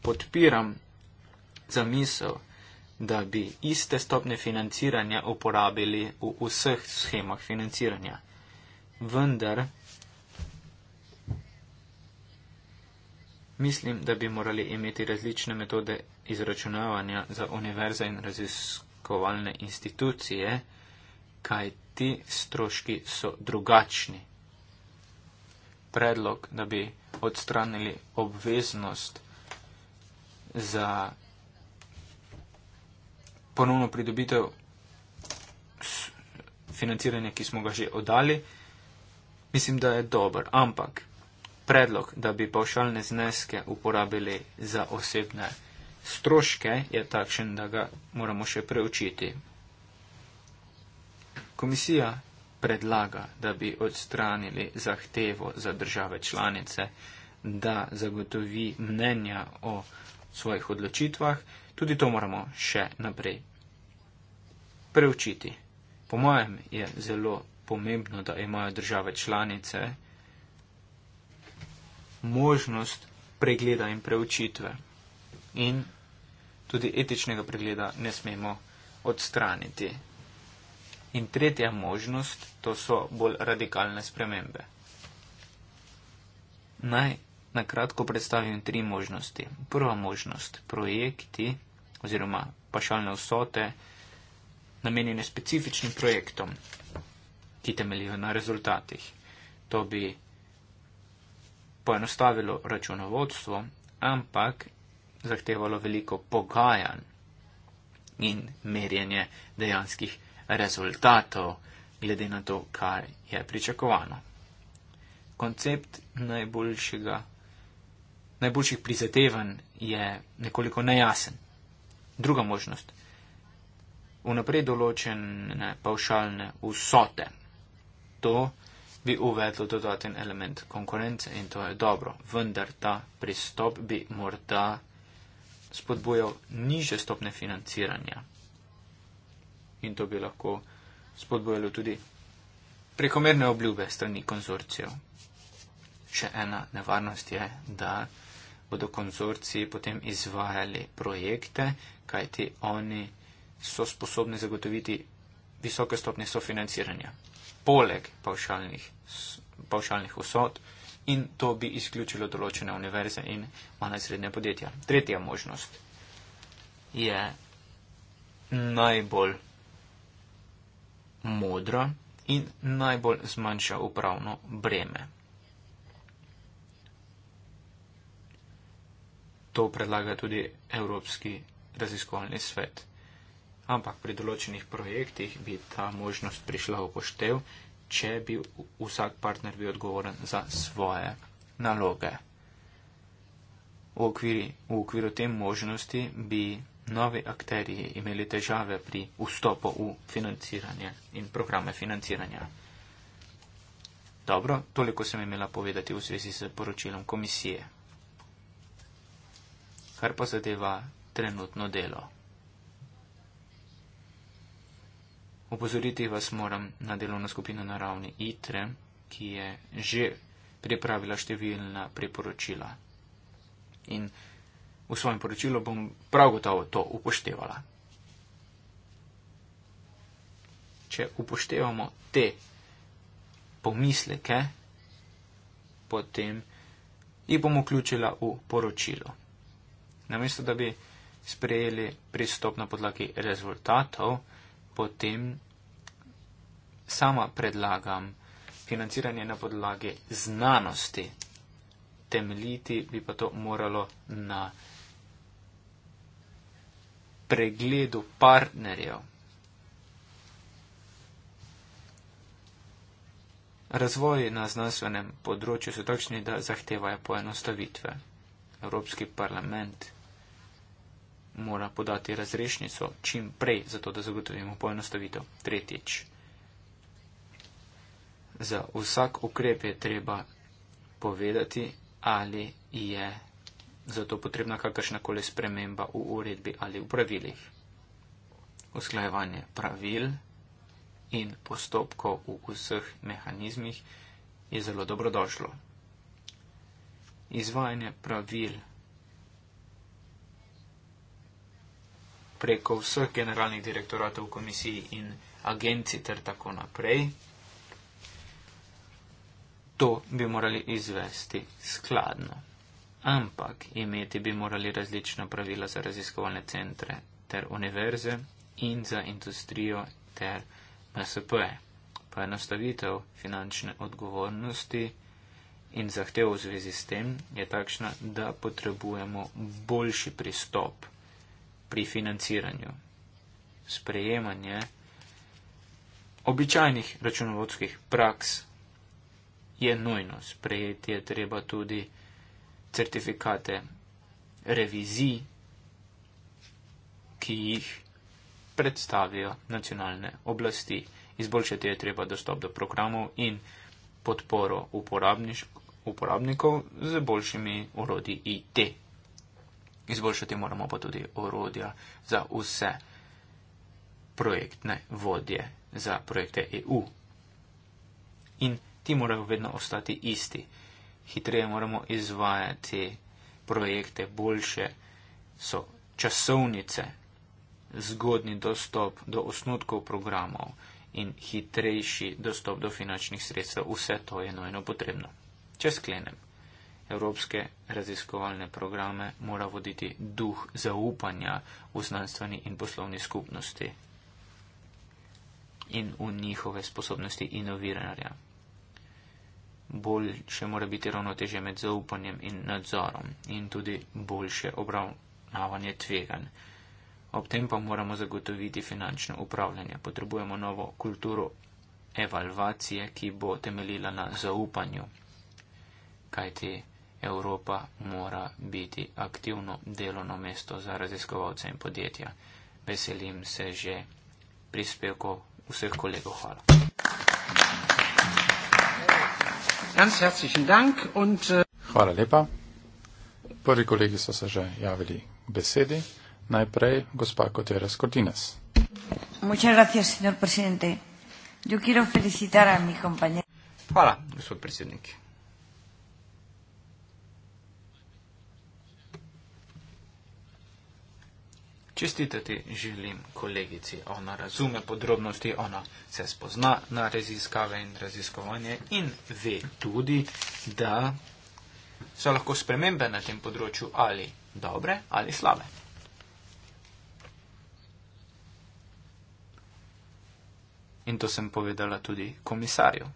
Podpiram zamisel, da bi iste stopne financiranja uporabili v vseh schemah financiranja. Vendar Mislim, da bi morali imeti različne metode izračunavanja za univerze in raziskovalne institucije, kaj ti stroški so drugačni. Predlog, da bi odstranili obveznost za ponovno pridobitev financiranja, ki smo ga že oddali, mislim, da je dober, ampak predlog, da bi pavšalne zneske uporabili za osebne stroške, je takšen, da ga moramo še preučiti. Komisija predlaga, da bi odstranili zahtevo za države članice, da zagotovi mnenja o svojih odločitvah, tudi to moramo še naprej preučiti. Po mojem je zelo pomembno, da imajo države članice, možnost pregleda in preučitve. In tudi etičnega pregleda ne smemo odstraniti. In tretja možnost, to so bolj radikalne spremembe. Naj na kratko predstavim tri možnosti. Prva možnost, projekti oziroma pašalne vsote, namenjene specifičnim projektom, ki temeljijo na rezultatih. To bi poenostavilo računovodstvo, ampak zahtevalo veliko pogajanj in merjenje dejanskih rezultatov, glede na to, kaj je pričakovano. Koncept najboljšega, najboljših prizadevanj je nekoliko nejasen. Druga možnost. Vnaprej določene paušalne vsote. To bi uvedlo dodaten element konkurence in to je dobro, vendar ta pristop bi morda spodbujal niže stopne financiranja. In to bi lahko spodbujalo tudi prekomerne obljube strani konzorcijev. Še ena nevarnost je, da bodo konzorciji potem izvajali projekte, kajti oni so sposobni zagotoviti visoke stopne sofinanciranja poleg pavšalnih, pavšalnih usod in to bi izključilo določene univerze in manj srednje podjetja. Tretja možnost je najbolj modra in najbolj zmanjša upravno breme. To predlaga tudi Evropski raziskovalni svet ampak pri določenih projektih bi ta možnost prišla v poštev, če bi vsak partner bil odgovoren za svoje naloge. V, okviri, v okviru te možnosti bi novi akteri imeli težave pri vstopu v financiranje in programe financiranja. Dobro, toliko sem imela povedati v zvezi s poročilom komisije. Kar pa zadeva trenutno delo. Opozoriti vas moram na delovno skupino na ravni ITRE, ki je že pripravila številna priporočila. In v svojem poročilu bom prav gotovo to upoštevala. Če upoštevamo te pomisleke, potem jih bom vključila v poročilo. Namesto da bi sprejeli pristop na podlagi rezultatov, potem sama predlagam financiranje na podlagi znanosti. Temeljiti bi pa to moralo na pregledu partnerjev. Razvoji na znanstvenem področju so takšni, da zahtevajo poenostavitve. Evropski parlament mora podati razrešnico čim prej, zato da zagotovimo poenostavitev. Tretjič. Za vsak ukrep je treba povedati, ali je zato potrebna kakršnakoli sprememba v uredbi ali v pravilih. Usklajevanje pravil in postopkov v vseh mehanizmih je zelo dobrodošlo. Izvajanje pravil preko vseh generalnih direktoratov komisij in agencij ter tako naprej. To bi morali izvesti skladno. Ampak imeti bi morali različna pravila za raziskovalne centre ter univerze in za industrijo ter MSP. Poenostavitev finančne odgovornosti in zahtev v zvezi s tem je takšna, da potrebujemo boljši pristop pri financiranju. Sprejemanje običajnih računovodskih praks je nujno. Sprejeti je treba tudi certifikate revizij, ki jih predstavijo nacionalne oblasti. Izboljšati je treba dostop do programov in podporo uporabnikov z boljšimi orodji IT. Izboljšati moramo pa tudi orodja za vse projektne vodje, za projekte EU. In ti morajo vedno ostati isti. Hitreje moramo izvajati projekte, boljše so časovnice, zgodni dostop do osnutkov programov in hitrejši dostop do finančnih sredstev. Vse to je nojno potrebno. Če sklenem evropske raziskovalne programe mora voditi duh zaupanja v znanstveni in poslovni skupnosti in v njihove sposobnosti inoviranja. Boljše mora biti ravnoteže med zaupanjem in nadzorom in tudi boljše obravnavanje tveganj. Ob tem pa moramo zagotoviti finančno upravljanje. Potrebujemo novo kulturo evalvacije, ki bo temeljila na zaupanju. Kajti Evropa mora biti aktivno delovno mesto za raziskovalce in podjetja. Veselim se že prispevkov vseh kolegov. Hvala. Äh, Hvala lepa. Prvi kolegi so se že javili k besedi. Najprej gospa Kotera Skortines. Hvala, gospod predsednik. Čestitati želim kolegici, ona razume podrobnosti, ona se spozna na raziskave in raziskovanje in ve tudi, da so lahko spremembe na tem področju ali dobre ali slabe. In to sem povedala tudi komisarju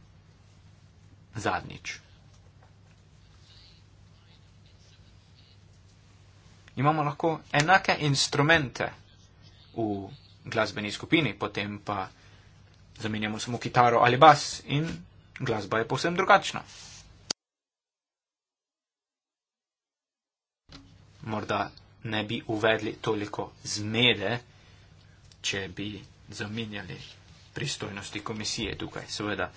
zadnjič. imamo lahko enake instrumente v glasbeni skupini, potem pa zamenjamo samo kitaro ali bas in glasba je povsem drugačna. Morda ne bi uvedli toliko zmede, če bi zamenjali pristojnosti komisije tukaj. Seveda,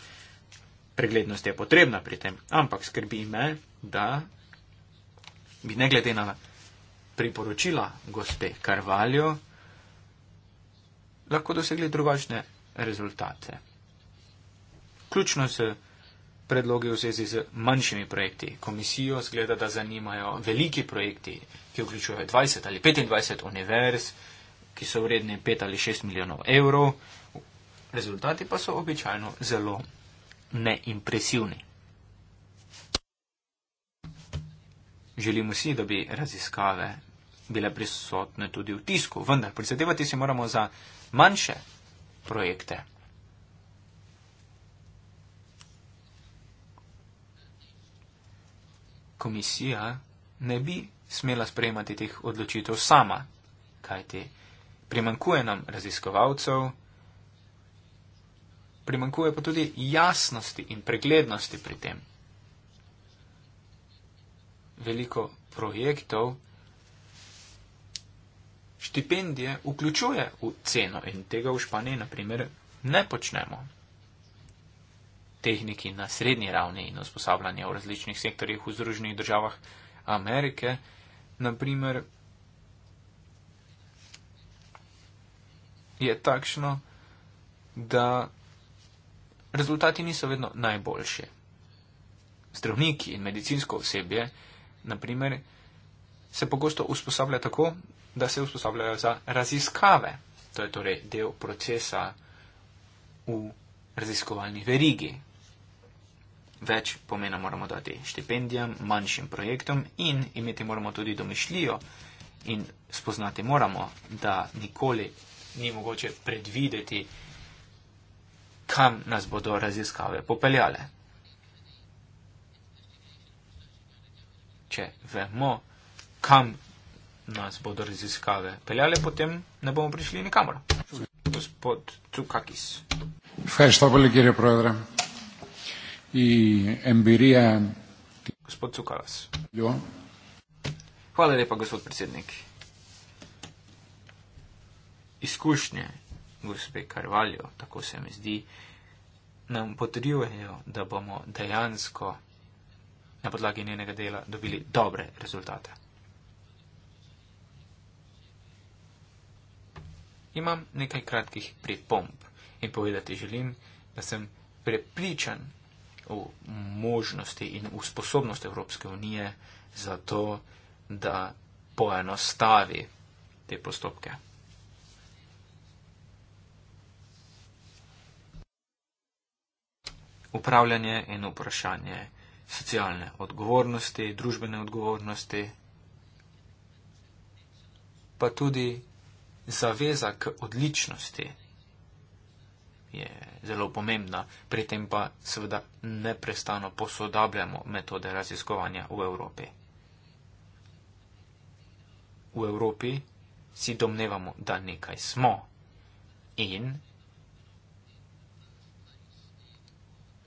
preglednost je potrebna pri tem, ampak skrbi me, da bi ne glede na priporočila gospe Karvaljo, lahko dosegli drugačne rezultate. Ključno se predloge v zvezi z manjšimi projekti. Komisijo zgleda, da zanimajo veliki projekti, ki vključujejo 20 ali 25 univerz, ki so vredni 5 ali 6 milijonov evrov. Rezultati pa so običajno zelo neimpresivni. Želimo si, da bi raziskave bile prisotne tudi v tisku. Vendar prizadevati se moramo za manjše projekte. Komisija ne bi smela sprejemati teh odločitev sama, kajti primankuje nam raziskovalcev, primankuje pa tudi jasnosti in preglednosti pri tem. Veliko projektov štipendije vključuje v ceno in tega v Španiji naprimer ne počnemo. Tehniki na srednji ravni in usposabljanje v različnih sektorjih v Združenih državah Amerike, naprimer, je takšno, da rezultati niso vedno najboljši. Zdravniki in medicinsko osebje, naprimer, se pogosto usposablja tako, da se usposabljajo za raziskave. To je torej del procesa v raziskovalni verigi. Več pomena moramo dati štipendijam, manjšim projektom in imeti moramo tudi domišljijo in spoznati moramo, da nikoli ni mogoče predvideti, kam nas bodo raziskave popeljale. Če vemo, kam nas bodo raziskave peljale, potem ne bomo prišli nikamor. Gospod Tukakis. Gospod Tukakis. Hvala lepa, gospod predsednik. Izkušnje gospe Karvaljo, tako se mi zdi, nam potrjujejo, da bomo dejansko na podlagi njenega dela dobili dobre rezultate. imam nekaj kratkih pripomb in povedati želim, da sem prepričan o možnosti in v sposobnost Evropske unije za to, da poenostavi te postopke. Upravljanje in vprašanje socialne odgovornosti, družbene odgovornosti, pa tudi zaveza k odličnosti je zelo pomembna, pri tem pa seveda neprestano posodabljamo metode raziskovanja v Evropi. V Evropi si domnevamo, da nekaj smo in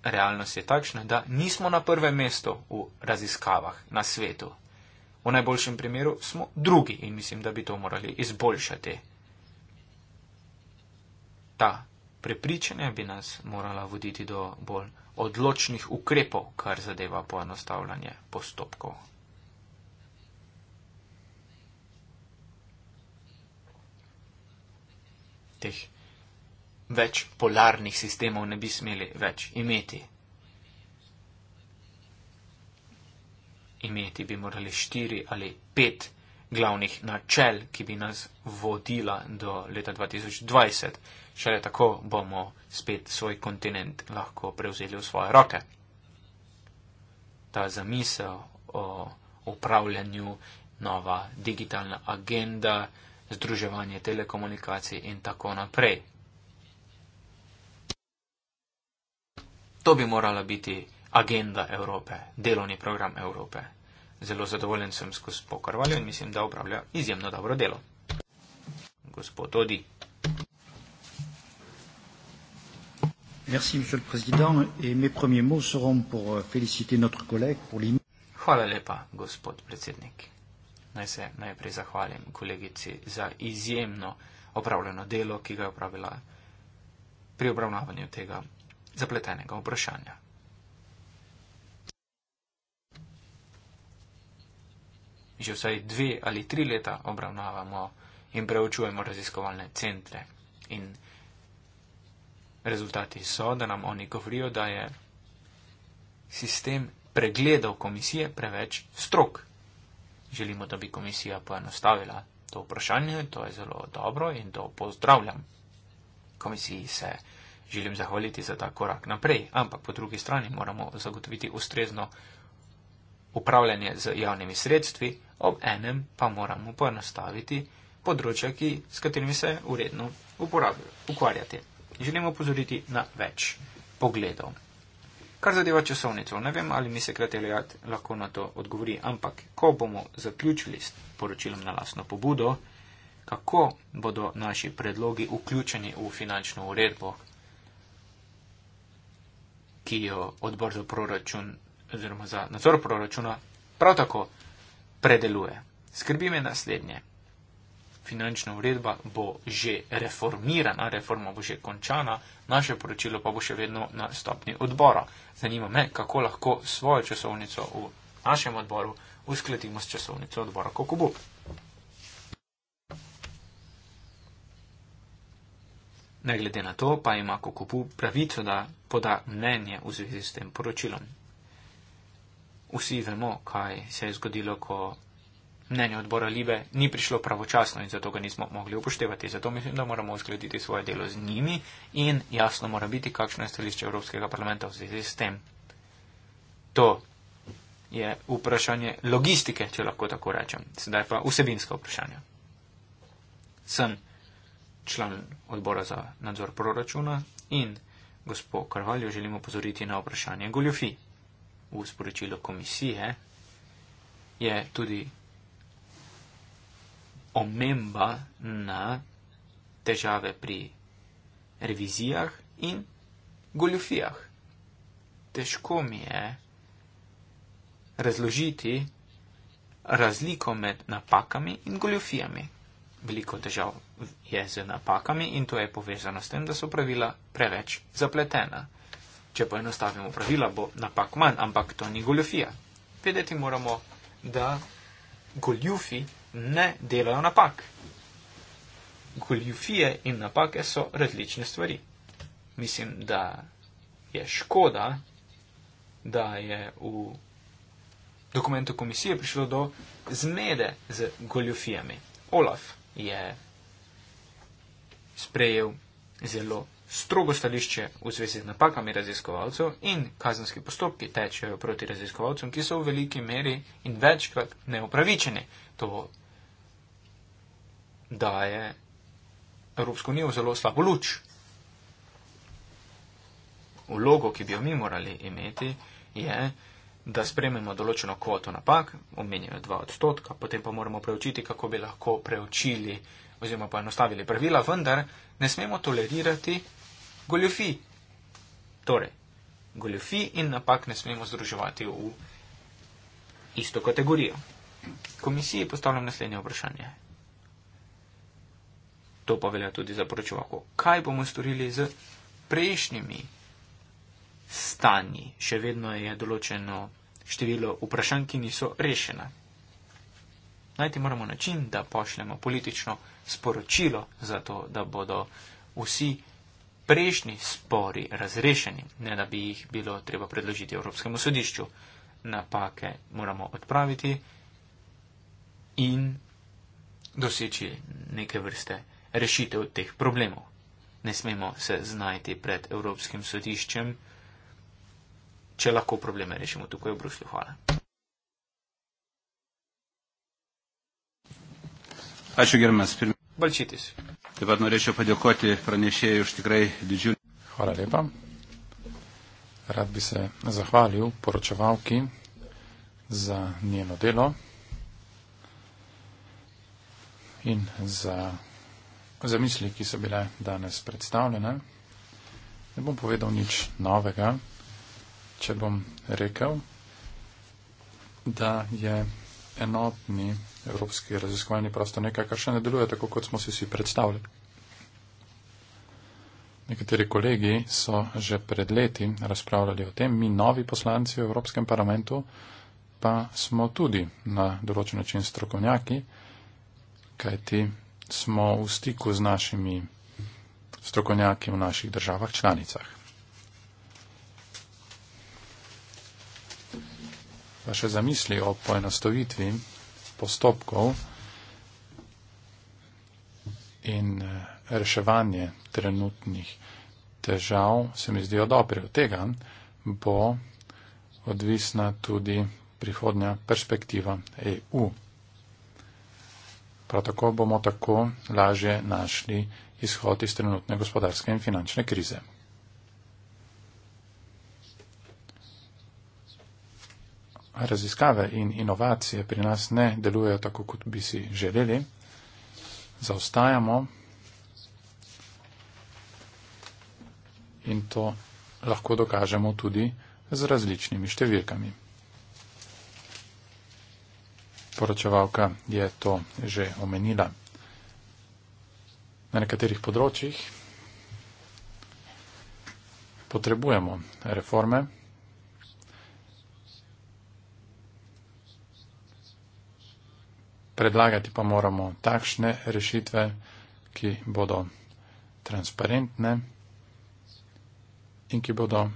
realnost je takšna, da nismo na prvem mestu v raziskavah na svetu. V najboljšem primeru smo drugi in mislim, da bi to morali izboljšati ta prepričanja bi nas morala voditi do bolj odločnih ukrepov, kar zadeva poenostavljanje postopkov. Teh več polarnih sistemov ne bi smeli več imeti. Imeti bi morali štiri ali pet glavnih načel, ki bi nas vodila do leta 2020. Šele tako bomo spet svoj kontinent lahko prevzeli v svoje roke. Ta zamisel o upravljanju, nova digitalna agenda, združevanje telekomunikacij in tako naprej. To bi morala biti agenda Evrope, delovni program Evrope. Zelo zadovoljen sem s gospodom Karvaljem in mislim, da upravlja izjemno dobro delo. Gospod Odi. Merci, Monsieur le Président. Et mes premiers mots seront pour euh, féliciter notre collègue pour l'immense. Hvala lepa, gospod predsednik. Naj se najprej zahvalim kolegici za izjemno opravljeno delo, ki ga je opravila pri obravnavanju tega zapletenega vprašanja. Že vsaj dve ali tri leta obravnavamo in preučujemo raziskovalne centre in raziskovalne rezultati so, da nam oni govorijo, da je sistem pregledov komisije preveč strok. Želimo, da bi komisija poenostavila to vprašanje, to je zelo dobro in to pozdravljam. Komisiji se želim zahvaliti za ta korak naprej, ampak po drugi strani moramo zagotoviti ustrezno upravljanje z javnimi sredstvi, ob enem pa moramo poenostaviti področja, s katerimi se uredno ukvarjate želimo opozoriti na več pogledov. Kar zadeva časovnico, ne vem, ali mi sekretarijat lahko na to odgovori, ampak ko bomo zaključili s poročilom na lasno pobudo, kako bodo naši predlogi vključeni v finančno uredbo, ki jo odbor za proračun oziroma za nadzor proračuna prav tako predeluje. Skrbi me naslednje finančna uredba bo že reformirana, reforma bo že končana, naše poročilo pa bo še vedno na stopni odbora. Zanima me, kako lahko svojo časovnico v našem odboru uskladimo s časovnico odbora Kokobu. Ne glede na to, pa ima Kokobu pravico, da poda mnenje v zvezi s tem poročilom. Vsi vemo, kaj se je zgodilo, ko mnenje odbora Libe ni prišlo pravočasno in zato ga nismo mogli upoštevati. Zato mislim, da moramo uskladiti svoje delo z njimi in jasno mora biti, kakšno je stališče Evropskega parlamenta v zvezi s tem. To je vprašanje logistike, če lahko tako rečem. Sedaj pa vsebinska vprašanja. Sem član odbora za nadzor proračuna in gospod Karvaljo želimo pozoriti na vprašanje goljofi. V sporočilu komisije je tudi omemba na težave pri revizijah in goljufijah. Težko mi je razložiti razliko med napakami in goljufijami. Veliko težav je z napakami in to je povezano s tem, da so pravila preveč zapletena. Če poenostavimo pravila, bo napak manj, ampak to ni goljufija. Vedeti moramo, da goljufi ne delajo napak. Goljufije in napake so različne stvari. Mislim, da je škoda, da je v dokumentu komisije prišlo do zmede z goljufijami. Olaf je sprejel zelo strogo stališče v zvezi z napakami raziskovalcev in kazenski postopki tečejo proti raziskovalcem, ki so v veliki meri in večkrat neupravičeni. To daje Evropsko unijo zelo slabo luč. Vlogo, ki bi jo mi morali imeti, je, da sprememo določeno kvoto napak, omenjajo 2 odstotka, potem pa moramo preučiti, kako bi lahko preučili oziroma poenostavili pravila, vendar ne smemo tolerirati goljofi. Torej, goljofi in napak ne smemo združevati v isto kategorijo. Komisiji postavljam naslednje vprašanje. To pa velja tudi za poročevalko. Kaj bomo storili z prejšnjimi stanji? Še vedno je določeno število vprašanj, ki niso rešena. Najti moramo način, da pošljemo politično sporočilo za to, da bodo vsi prejšnji spori razrešeni, ne da bi jih bilo treba predložiti Evropskemu sodišču. Napake moramo odpraviti in doseči neke vrste rešitev teh problemov. Ne smemo se znajti pred Evropskim sodiščem, če lahko probleme rešimo tukaj v Bruslju. Hvala. Hvala balčytis. Taip pat norėčiau padėkoti pranešėjui už tikrai didžiulį. Hvala lepa. Rad bi se zahvalil poročevalki za njeno delo in za, za misli, ki so bile danes predstavljene. Ne bom povedal nič novega, če bom rekel, da je enotni evropski raziskovalni prostor nekaj, kar še ne deluje tako, kot smo si vsi predstavljali. Nekateri kolegi so že pred leti razpravljali o tem, mi novi poslanci v Evropskem parlamentu pa smo tudi na določen način strokovnjaki, kajti smo v stiku z našimi strokovnjaki v naših državah članicah. Pa še zamisli o poenostavitvi postopkov in eh, reševanje trenutnih težav se mi zdijo dobre. Od tega bo odvisna tudi prihodnja perspektiva EU. Prav tako bomo tako lažje našli izhod iz trenutne gospodarske in finančne krize. raziskave in inovacije pri nas ne delujejo tako, kot bi si želeli, zaostajamo in to lahko dokažemo tudi z različnimi številkami. Poročevalka je to že omenila. Na nekaterih področjih potrebujemo reforme. predlagati pa moramo takšne rešitve, ki bodo transparentne in ki bodo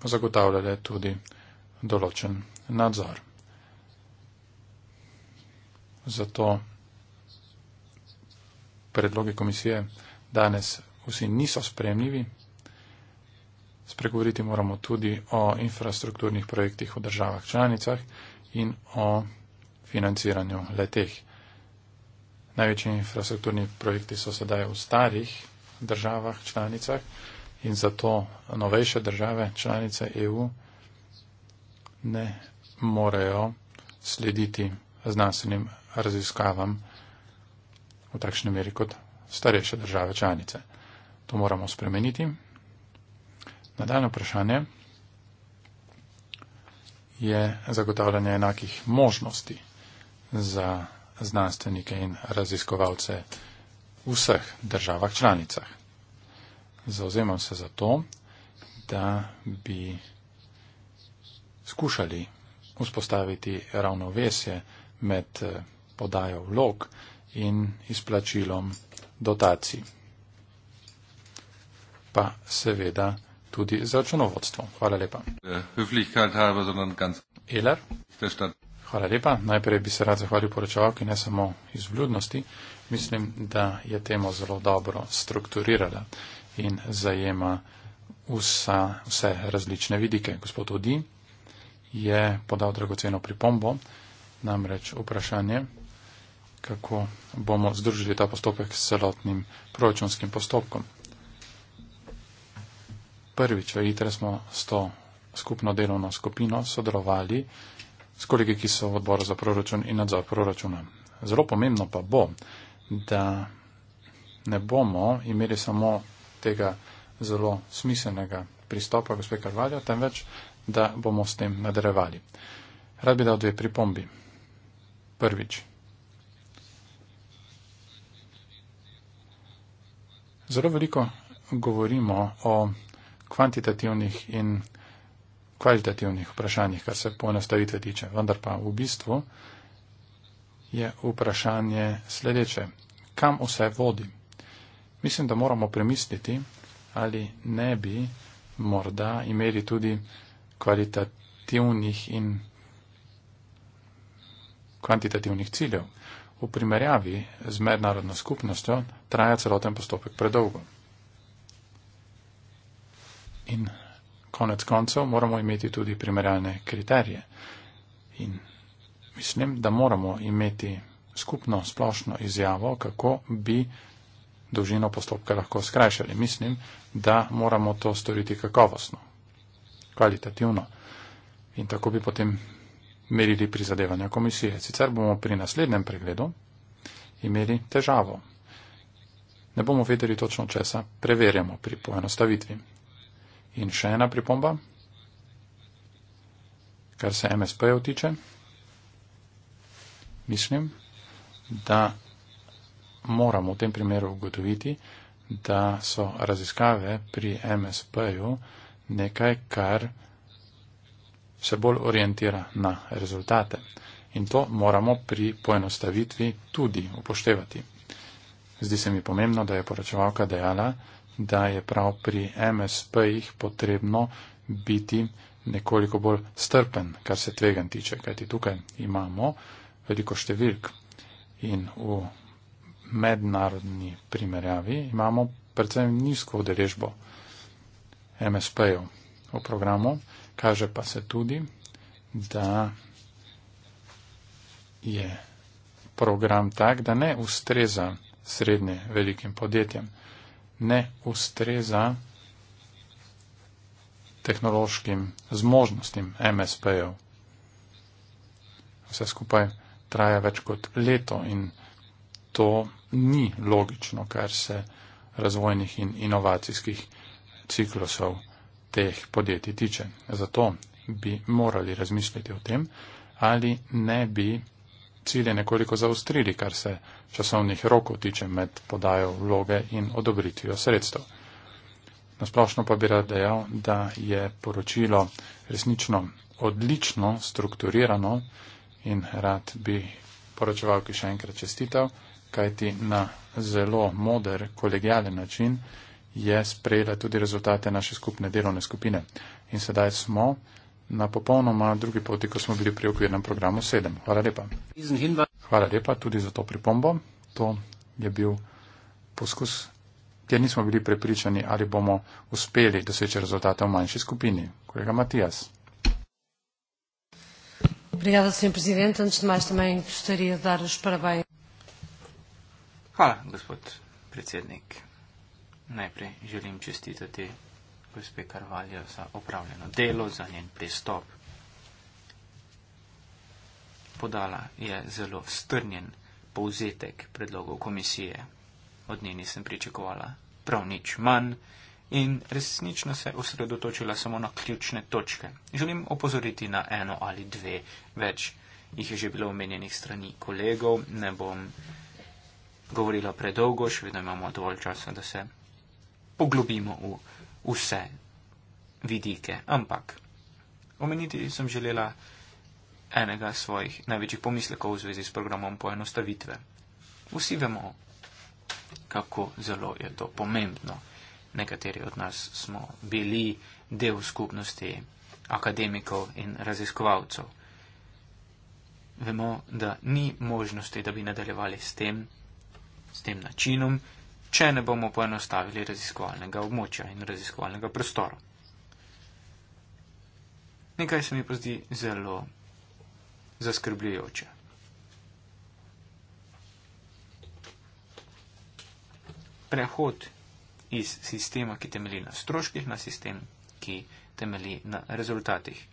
zagotavljale tudi določen nadzor. Zato predloge komisije danes vsi niso spremljivi. Spregovoriti moramo tudi o infrastrukturnih projektih v državah članicah in o financiranju leteh. Največji infrastrukturni projekti so sedaj v starih državah, članicah in zato novejše države, članice EU ne morejo slediti znanstvenim raziskavam v takšni meri kot starejše države članice. To moramo spremeniti. Nadaljno vprašanje je zagotavljanje enakih možnosti za znanstvenike in raziskovalce v vseh državah članicah. Zauzemam se za to, da bi skušali vzpostaviti ravnovesje med eh, podajo vlog in izplačilom dotacij. Pa seveda tudi za računovodstvo. Hvala lepa. Eh, Eler? Hvala lepa. Najprej bi se rad zahvalil poročevalki, ne samo iz vljudnosti. Mislim, da je temo zelo dobro strukturirala in zajema vsa, vse različne vidike. Gospod Odi je podal dragoceno pripombo, namreč vprašanje, kako bomo združili ta postopek s celotnim proračunskim postopkom. Prvič v ITRE smo s to skupno delovno skupino sodelovali s kolegi, ki so v odboru za proračun in nadzor proračuna. Zelo pomembno pa bo, da ne bomo imeli samo tega zelo smiselnega pristopa gospe Karvalja, temveč, da bomo s tem nadarevali. Rad bi dal dve pripombi. Prvič. Zelo veliko govorimo o kvantitativnih in kvalitativnih vprašanjih, kar se poenostavitve tiče. Vendar pa v bistvu je vprašanje sledeče. Kam vse vodi? Mislim, da moramo premisliti, ali ne bi morda imeli tudi kvalitativnih in kvantitativnih ciljev. V primerjavi z mednarodno skupnostjo traja celoten postopek predolgo. In konec koncev moramo imeti tudi primerjalne kriterije. In mislim, da moramo imeti skupno splošno izjavo, kako bi dolžino postopka lahko skrajšali. Mislim, da moramo to storiti kakovostno, kvalitativno. In tako bi potem merili prizadevanja komisije. Sicer bomo pri naslednjem pregledu imeli težavo. Ne bomo vedeli točno, česa preverjamo pri poenostavitvi. In še ena pripomba, kar se MSP-ja vtiče. Mislim, da moramo v tem primeru ugotoviti, da so raziskave pri MSP-ju nekaj, kar se bolj orientira na rezultate. In to moramo pri poenostavitvi tudi upoštevati. Zdi se mi pomembno, da je poročevalka dejala, da je prav pri MSP-jih potrebno biti nekoliko bolj strpen, kar se tvegan tiče, kajti tukaj imamo veliko številk in v mednarodni primerjavi imamo predvsem nizko udeležbo MSP-jev v programu, kaže pa se tudi, da je program tak, da ne ustreza srednje velikim podjetjem ne ustreza tehnološkim zmožnostim MSP-jev. Vse skupaj traja več kot leto in to ni logično, kar se razvojnih in inovacijskih ciklusov teh podjetij tiče. Zato bi morali razmisliti o tem, ali ne bi cilje nekoliko zaustrili, kar se časovnih rokov tiče med podajo vloge in odobritvijo sredstev. Nasplošno pa bi rad dejal, da je poročilo resnično odlično strukturirano in rad bi poročevalki še enkrat čestitev, kajti na zelo moder, kolegijalen način je sprejela tudi rezultate naše skupne delovne skupine. In sedaj smo na popolnoma drugi poti, ko smo bili pri okvirnem programu 7. Hvala lepa. Hvala lepa tudi za to pripombo. To je bil poskus, kjer nismo bili prepričani, ali bomo uspeli doseči rezultate v manjši skupini. Kolega Matijas. Obrigada, sem prezident, če imaš tam in gostarijo, daraš prva. Hvala, gospod predsednik. Najprej želim čestitati gospe Karvalja za opravljeno delo, za njen pristop. Podala je zelo strnjen povzetek predlogov komisije. Od njeni sem pričakovala prav nič manj in resnično se osredotočila samo na ključne točke. Želim opozoriti na eno ali dve, več jih je že bilo omenjenih strani kolegov, ne bom govorila predolgo, še vedno imamo dovolj časa, da se poglobimo v vse vidike, ampak omeniti sem želela enega svojih največjih pomislekov v zvezi s programom poenostavitve. Vsi vemo, kako zelo je to pomembno. Nekateri od nas smo bili del skupnosti akademikov in raziskovalcev. Vemo, da ni možnosti, da bi nadaljevali s tem, s tem načinom, če ne bomo poenostavili raziskovalnega območja in raziskovalnega prostora. Nekaj se mi pa zdi zelo zaskrbljujoče. Prehod iz sistema, ki temelji na stroških, na sistem, ki temelji na rezultatih.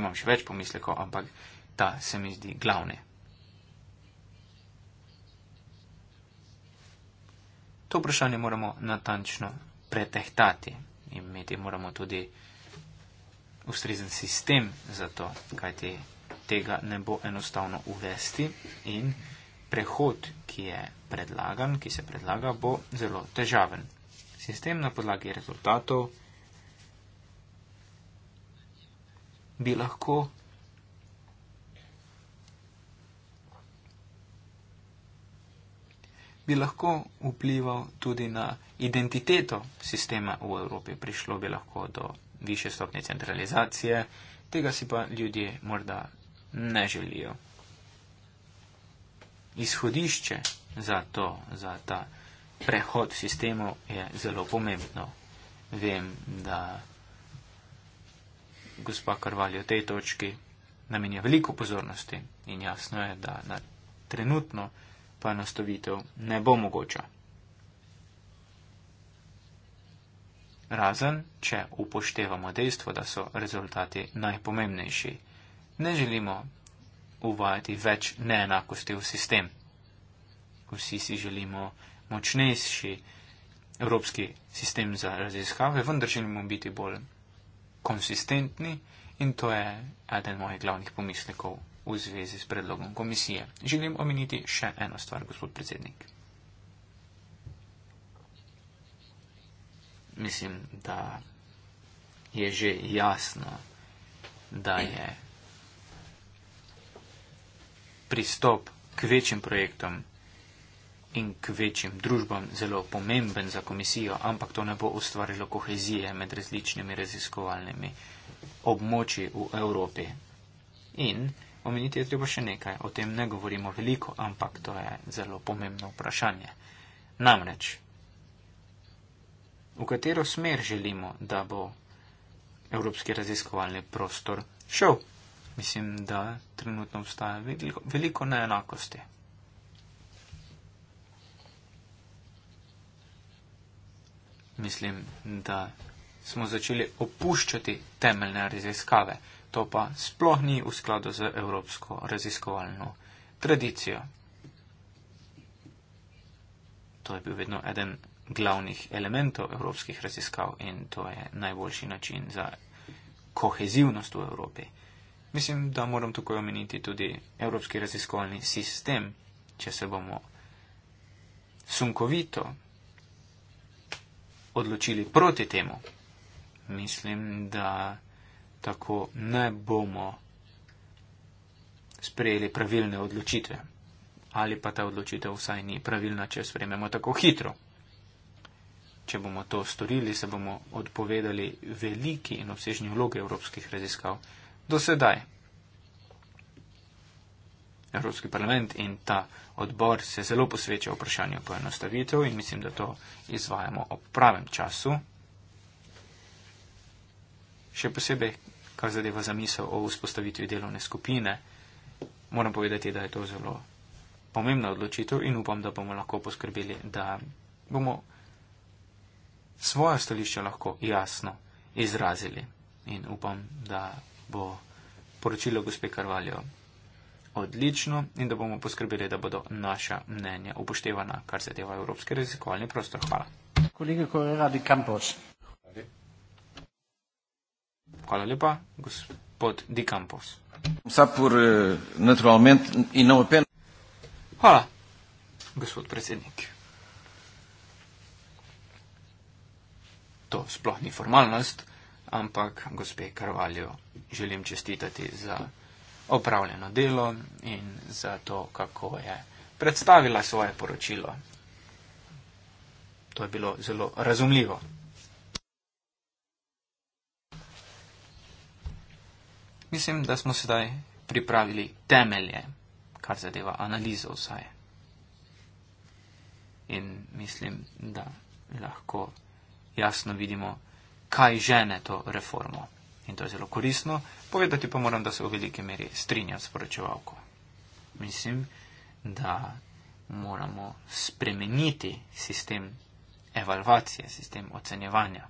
Imam še več pomislekov, ampak ta se mi zdi glavne. To vprašanje moramo natančno pretehtati in imeti moramo tudi ustrezen sistem za to, kajti tega ne bo enostavno uvesti in prehod, ki je predlagan, ki se predlaga, bo zelo težaven. Sistem na podlagi rezultatov bi lahko bi lahko vplival tudi na identiteto sistema v Evropi. Prišlo bi lahko do više stopnje centralizacije, tega si pa ljudje morda ne želijo. Izhodišče za to, za ta prehod sistemov je zelo pomembno. Vem, da gospa Karvalijo tej točki namenja veliko pozornosti in jasno je, da na trenutno poenostavitev ne bo mogoča. Razen, če upoštevamo dejstvo, da so rezultati najpomembnejši, ne želimo uvajati več neenakosti v sistem. Vsi si želimo močnejši evropski sistem za raziskave, vendar želimo biti bolj konsistentni in to je eden mojih glavnih pomislekov v zvezi s predlogom komisije. Želim omeniti še eno stvar, gospod predsednik. Mislim, da je že jasno, da je pristop k večjim projektom in k večjim družbam zelo pomemben za komisijo, ampak to ne bo ustvarilo kohezije med različnimi raziskovalnimi območji v Evropi. In omeniti je treba še nekaj, o tem ne govorimo veliko, ampak to je zelo pomembno vprašanje. Namreč, v katero smer želimo, da bo evropski raziskovalni prostor šel? Mislim, da trenutno obstaja veliko, veliko neenakosti. Mislim, da smo začeli opuščati temeljne raziskave to pa sploh ni v skladu z evropsko raziskovalno tradicijo. To je bil vedno eden glavnih elementov evropskih raziskav in to je najboljši način za kohezivnost v Evropi. Mislim, da moram tukaj omeniti tudi evropski raziskovalni sistem, če se bomo sunkovito odločili proti temu. Mislim, da tako ne bomo sprejeli pravilne odločitve. Ali pa ta odločitev vsaj ni pravilna, če jo sprememo tako hitro. Če bomo to storili, se bomo odpovedali veliki in obsežni vlogi evropskih raziskav do sedaj. Evropski parlament in ta odbor se zelo posvečajo vprašanju poenostavitev in mislim, da to izvajamo ob pravem času. Še posebej, kar zadeva zamisel o vzpostavitvi delovne skupine. Moram povedati, da je to zelo pomembna odločitev in upam, da bomo lahko poskrbeli, da bomo svoje stališče lahko jasno izrazili. In upam, da bo poročilo gospe Karvaljo odlično in da bomo poskrbeli, da bodo naša mnenja upoštevana, kar zadeva evropski raziskovalni prostor. Hvala. Kolega, ko je radi kampus. Hvala lepa, gospod Di Campos. Por, in eh, e open... Hvala, gospod predsednik. To sploh ni formalnost, ampak gospe Karvaljo želim čestitati za opravljeno delo in za to, kako je predstavila svoje poročilo. To je bilo zelo razumljivo. mislim, da smo sedaj pripravili temelje, kar zadeva analizo vsaj. In mislim, da lahko jasno vidimo, kaj žene to reformo. In to je zelo korisno. Povedati pa moram, da se v veliki meri strinjam s poročevalko. Mislim, da moramo spremeniti sistem evalvacije, sistem ocenjevanja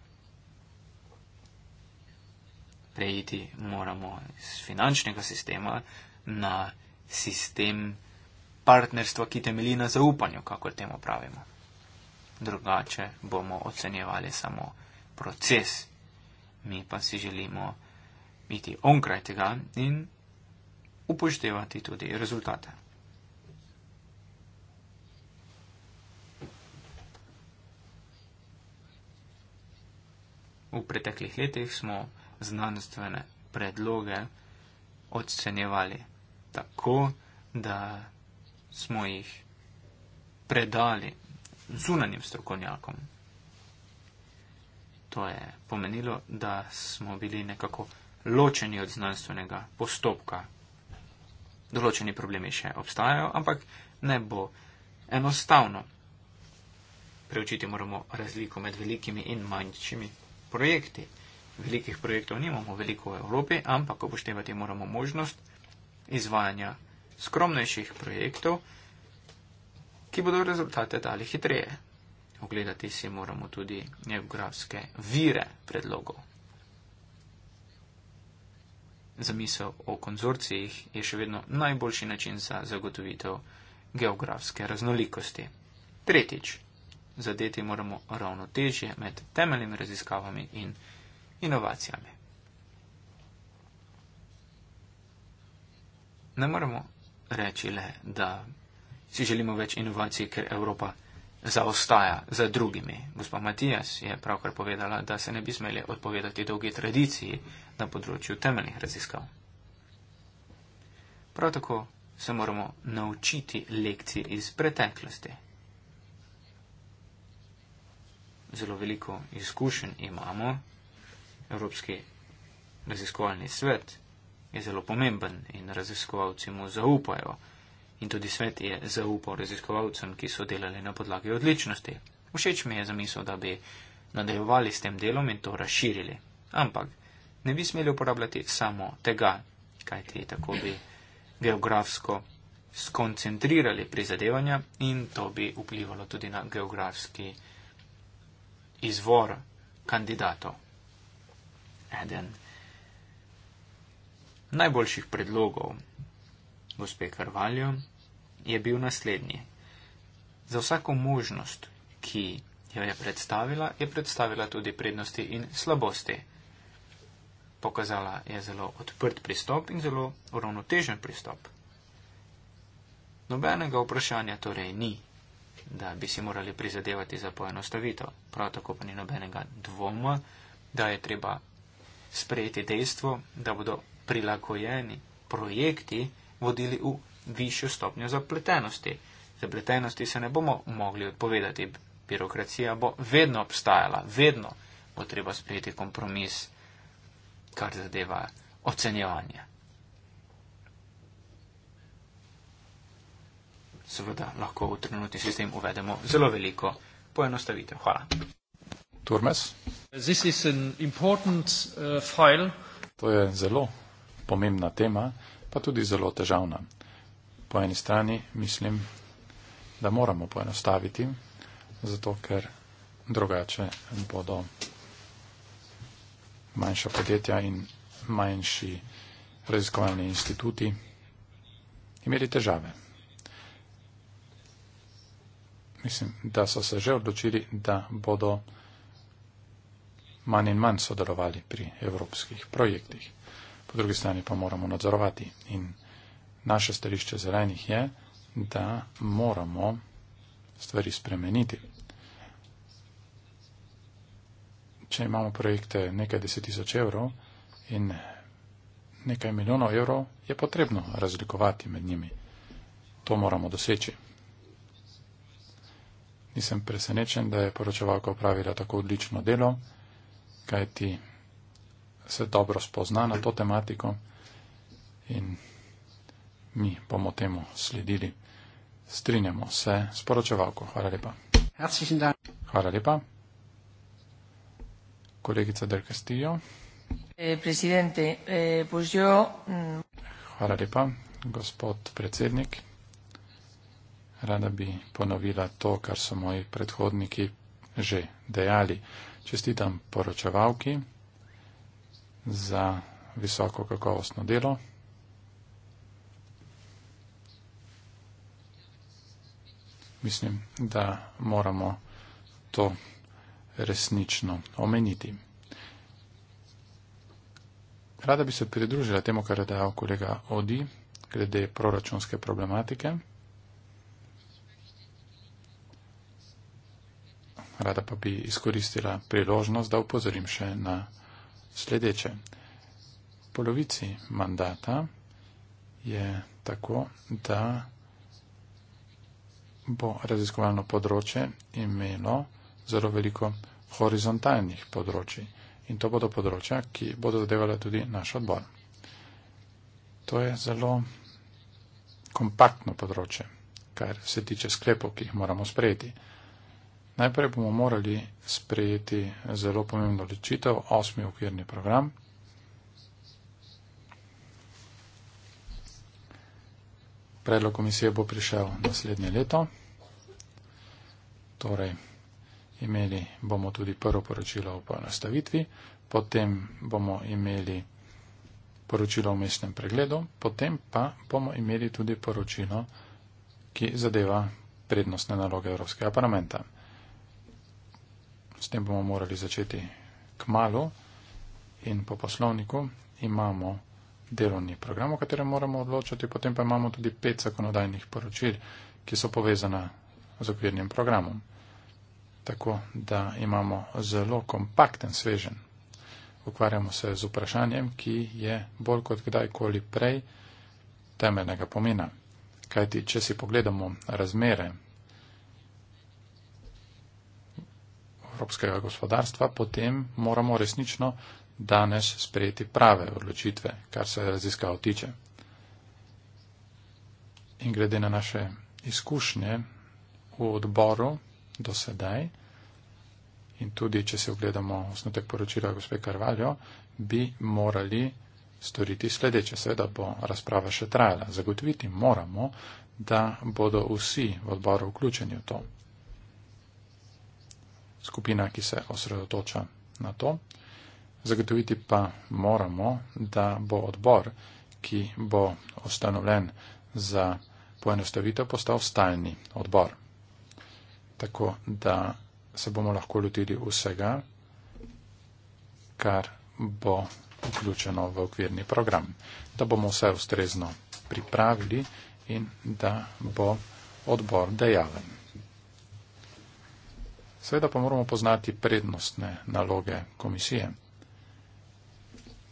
preiti moramo iz finančnega sistema na sistem partnerstva, ki temelji na zaupanju, kako temu pravimo. Drugače bomo ocenjevali samo proces, mi pa si želimo biti onkraj tega in upoštevati tudi rezultate. V preteklih letih smo znanstvene predloge ocenjevali tako, da smo jih predali zunanjim strokovnjakom. To je pomenilo, da smo bili nekako ločeni od znanstvenega postopka. Določeni problemi še obstajajo, ampak ne bo enostavno. Preučiti moramo razliko med velikimi in manjšimi projekti velikih projektov nimamo veliko v Evropi, ampak upoštevati moramo možnost izvajanja skromnejših projektov, ki bodo rezultate dali hitreje. Ogledati si moramo tudi geografske vire predlogov. Zamisel o konzorcijih je še vedno najboljši način za zagotovitev geografske raznolikosti. Tretjič, zadeti moramo ravnotežje med temeljnimi raziskavami in raziskavami inovacijami. Ne moremo reči le, da si želimo več inovacij, ker Evropa zaostaja za drugimi. Gospa Matijas je pravkar povedala, da se ne bi smeli odpovedati dolgi tradiciji na področju temeljnih raziskav. Prav tako se moramo naučiti lekcije iz preteklosti. Zelo veliko izkušenj imamo, Evropski raziskovalni svet je zelo pomemben in raziskovalci mu zaupajo. In tudi svet je zaupal raziskovalcem, ki so delali na podlagi odličnosti. Všeč mi je zamisel, da bi nadaljevali s tem delom in to razširili. Ampak ne bi smeli uporabljati samo tega, kajti tako bi geografsko skoncentrirali prizadevanja in to bi vplivalo tudi na geografski izvor kandidatov eden najboljših predlogov gospe Karvaljo je bil naslednji. Za vsako možnost, ki jo je predstavila, je predstavila tudi prednosti in slabosti. Pokazala je zelo odprt pristop in zelo uravnotežen pristop. Nobenega vprašanja torej ni, da bi si morali prizadevati za poenostavitev, prav tako pa ni nobenega dvoma, da je treba sprejeti dejstvo, da bodo prilagojeni projekti vodili v višjo stopnjo zapletenosti. Zapletenosti se ne bomo mogli odpovedati. Birokracija bo vedno obstajala, vedno bo treba sprejeti kompromis, kar zadeva ocenjevanje. Seveda lahko v trenutni sistem uvedemo zelo veliko poenostavitev. Hvala. Turmes. This is an important uh, file. To je zelo pomembna tema, pa tudi zelo težavna. Po eni strani mislim, da moramo poenostaviti, zato ker drugače bodo manjša podjetja in manjši raziskovalni instituti imeli težave. Mislim, da so se že odločili, da bodo manj in manj sodelovali pri evropskih projektih. Po drugi strani pa moramo nadzorovati in naše stališče zelenih je, da moramo stvari spremeniti. Če imamo projekte nekaj deset tisoč evrov in nekaj milijonov evrov, je potrebno razlikovati med njimi. To moramo doseči. Nisem presenečen, da je poročevalka upravila tako odlično delo kajti se dobro spozna na to tematiko in mi bomo temu sledili. Strinjamo se s poročevalko. Hvala lepa. Hvala lepa. Kolegica Del Castillo. Eh, eh, mm, Hvala lepa, gospod predsednik. Rada bi ponovila to, kar so moji predhodniki že dejali. Čestitam poročevalki za visoko kakovostno delo. Mislim, da moramo to resnično omeniti. Rada bi se pridružila temu, kar je dejal kolega Odi, glede proračunske problematike. rada pa bi izkoristila priložnost, da upozorim še na sledeče. Polovici mandata je tako, da bo raziskovalno področje imelo zelo veliko horizontalnih področji in to bodo področja, ki bodo zadevala tudi naš odbor. To je zelo kompaktno področje, kar se tiče sklepov, ki jih moramo sprejeti. Najprej bomo morali sprejeti zelo pomembno ličitev, osmi okvirni program. Predlog komisije bo prišel naslednje leto. Torej, imeli bomo tudi prvo poročilo o poenostavitvi, potem bomo imeli poročilo o mestnem pregledu, potem pa bomo imeli tudi poročilo, ki zadeva prednostne naloge Evropskega parlamenta s tem bomo morali začeti k malu in po poslovniku imamo delovni program, o katerem moramo odločati, potem pa imamo tudi pet zakonodajnih poročil, ki so povezana z okvirnim programom. Tako da imamo zelo kompakten svežen. Ukvarjamo se z vprašanjem, ki je bolj kot kdajkoli prej temeljnega pomena. Kajti, če si pogledamo razmere evropskega gospodarstva, potem moramo resnično danes sprejeti prave odločitve, kar se raziskav tiče. In glede na naše izkušnje v odboru do sedaj, in tudi če se ogledamo osnotek poročila gospe Karvaljo, bi morali storiti sledeče. Seveda bo razprava še trajala. Zagotoviti moramo, da bodo vsi v odboru vključeni v to skupina, ki se osredotoča na to. Zagotoviti pa moramo, da bo odbor, ki bo ustanovljen za poenostavitev, postal stalni odbor. Tako da se bomo lahko lotili vsega, kar bo vključeno v okvirni program. Da bomo vse ustrezno pripravili in da bo odbor dejaven. Seveda pa moramo poznati prednostne naloge komisije.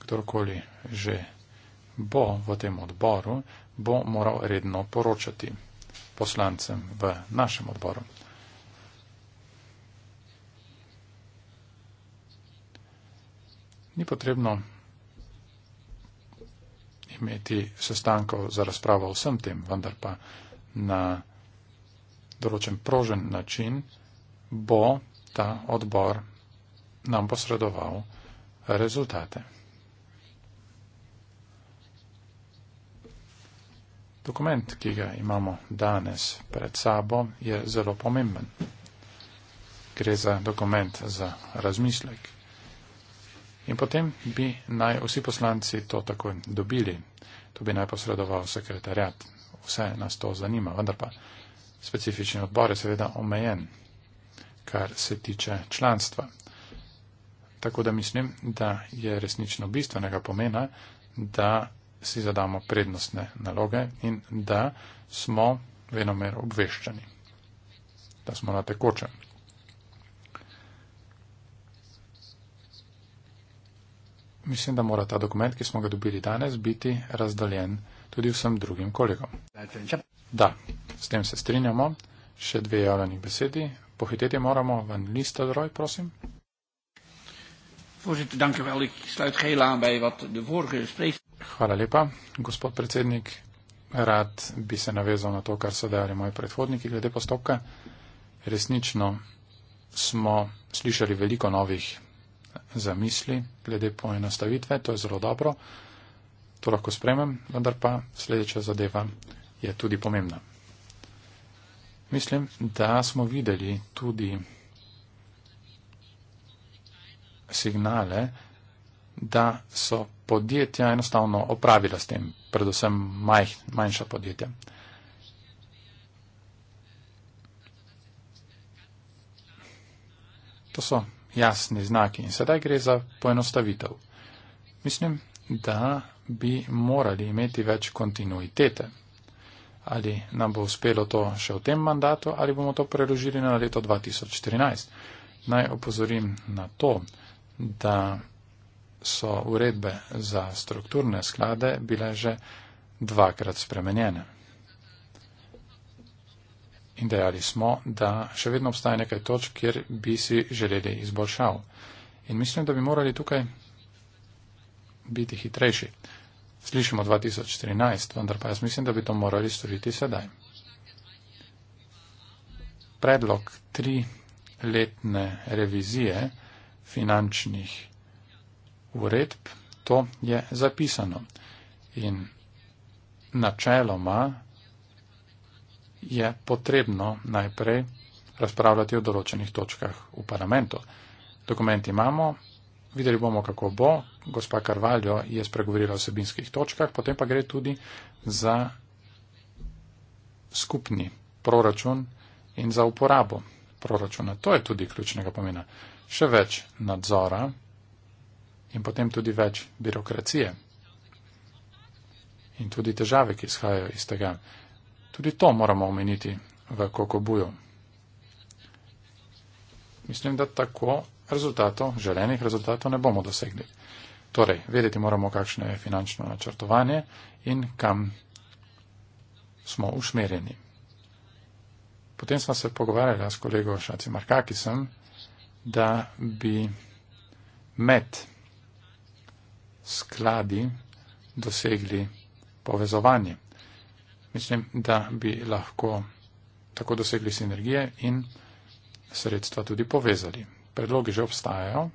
Kdorkoli že bo v tem odboru, bo moral redno poročati poslancem v našem odboru. Ni potrebno imeti sestankov za razpravo o vsem tem, vendar pa na določen prožen način bo ta odbor nam posredoval rezultate. Dokument, ki ga imamo danes pred sabo, je zelo pomemben. Gre za dokument za razmislek. In potem bi naj vsi poslanci to takoj dobili. To bi naj posredoval sekretarjat. Vse nas to zanima, vendar pa specifični odbor je seveda omejen kar se tiče članstva. Tako da mislim, da je resnično bistvenega pomena, da si zadamo prednostne naloge in da smo venomer obveščeni, da smo na tekočem. Mislim, da mora ta dokument, ki smo ga dobili danes, biti razdaljen tudi vsem drugim kolegom. Da, s tem se strinjamo. Še dve javljenih besedi Pohiteti moramo v liste droj, prosim. Voorzitter, dank u wel. Ik sluit geheel aan bij wat de vorige spreker. Hvala lepa. Gospod predsednik, rad bi se navezal na to, kar so dejali moji predhodniki glede postopka. Resnično smo slišali veliko novih zamisli glede poenostavitve, to je zelo dobro, to lahko spremem, vendar pa sledeča zadeva je tudi pomembna. Mislim, da smo videli tudi signale, da so podjetja enostavno opravila s tem, predvsem maj, manjša podjetja. To so jasni znaki in sedaj gre za poenostavitev. Mislim, da bi morali imeti več kontinuitete ali nam bo uspelo to še v tem mandatu ali bomo to preložili na leto 2014. Naj opozorim na to, da so uredbe za strukturne sklade bile že dvakrat spremenjene. In dejali smo, da še vedno obstaja nekaj točk, kjer bi si želeli izboljšav. In mislim, da bi morali tukaj biti hitrejši. Slišimo 2013, vendar pa jaz mislim, da bi to morali storiti sedaj. Predlog tri letne revizije finančnih uredb, to je zapisano. In načeloma je potrebno najprej razpravljati o določenih točkah v parlamentu. Dokument imamo, videli bomo, kako bo, gospa Karvaljo je spregovorila o sebinskih točkah, potem pa gre tudi za skupni proračun in za uporabo proračuna. To je tudi ključnega pomena. Še več nadzora in potem tudi več birokracije. In tudi težave, ki izhajajo iz tega. Tudi to moramo omeniti v kokobuju. Mislim, da tako rezultatov, želenih rezultatov ne bomo dosegli. Torej, vedeti moramo, kakšno je finančno načrtovanje in kam smo usmerjeni. Potem sva se pogovarjala s kolego Šaci Markakisem, da bi med skladi dosegli povezovanje. Mislim, da bi lahko tako dosegli sinergije in sredstva tudi povezali. Predlogi že obstajajo,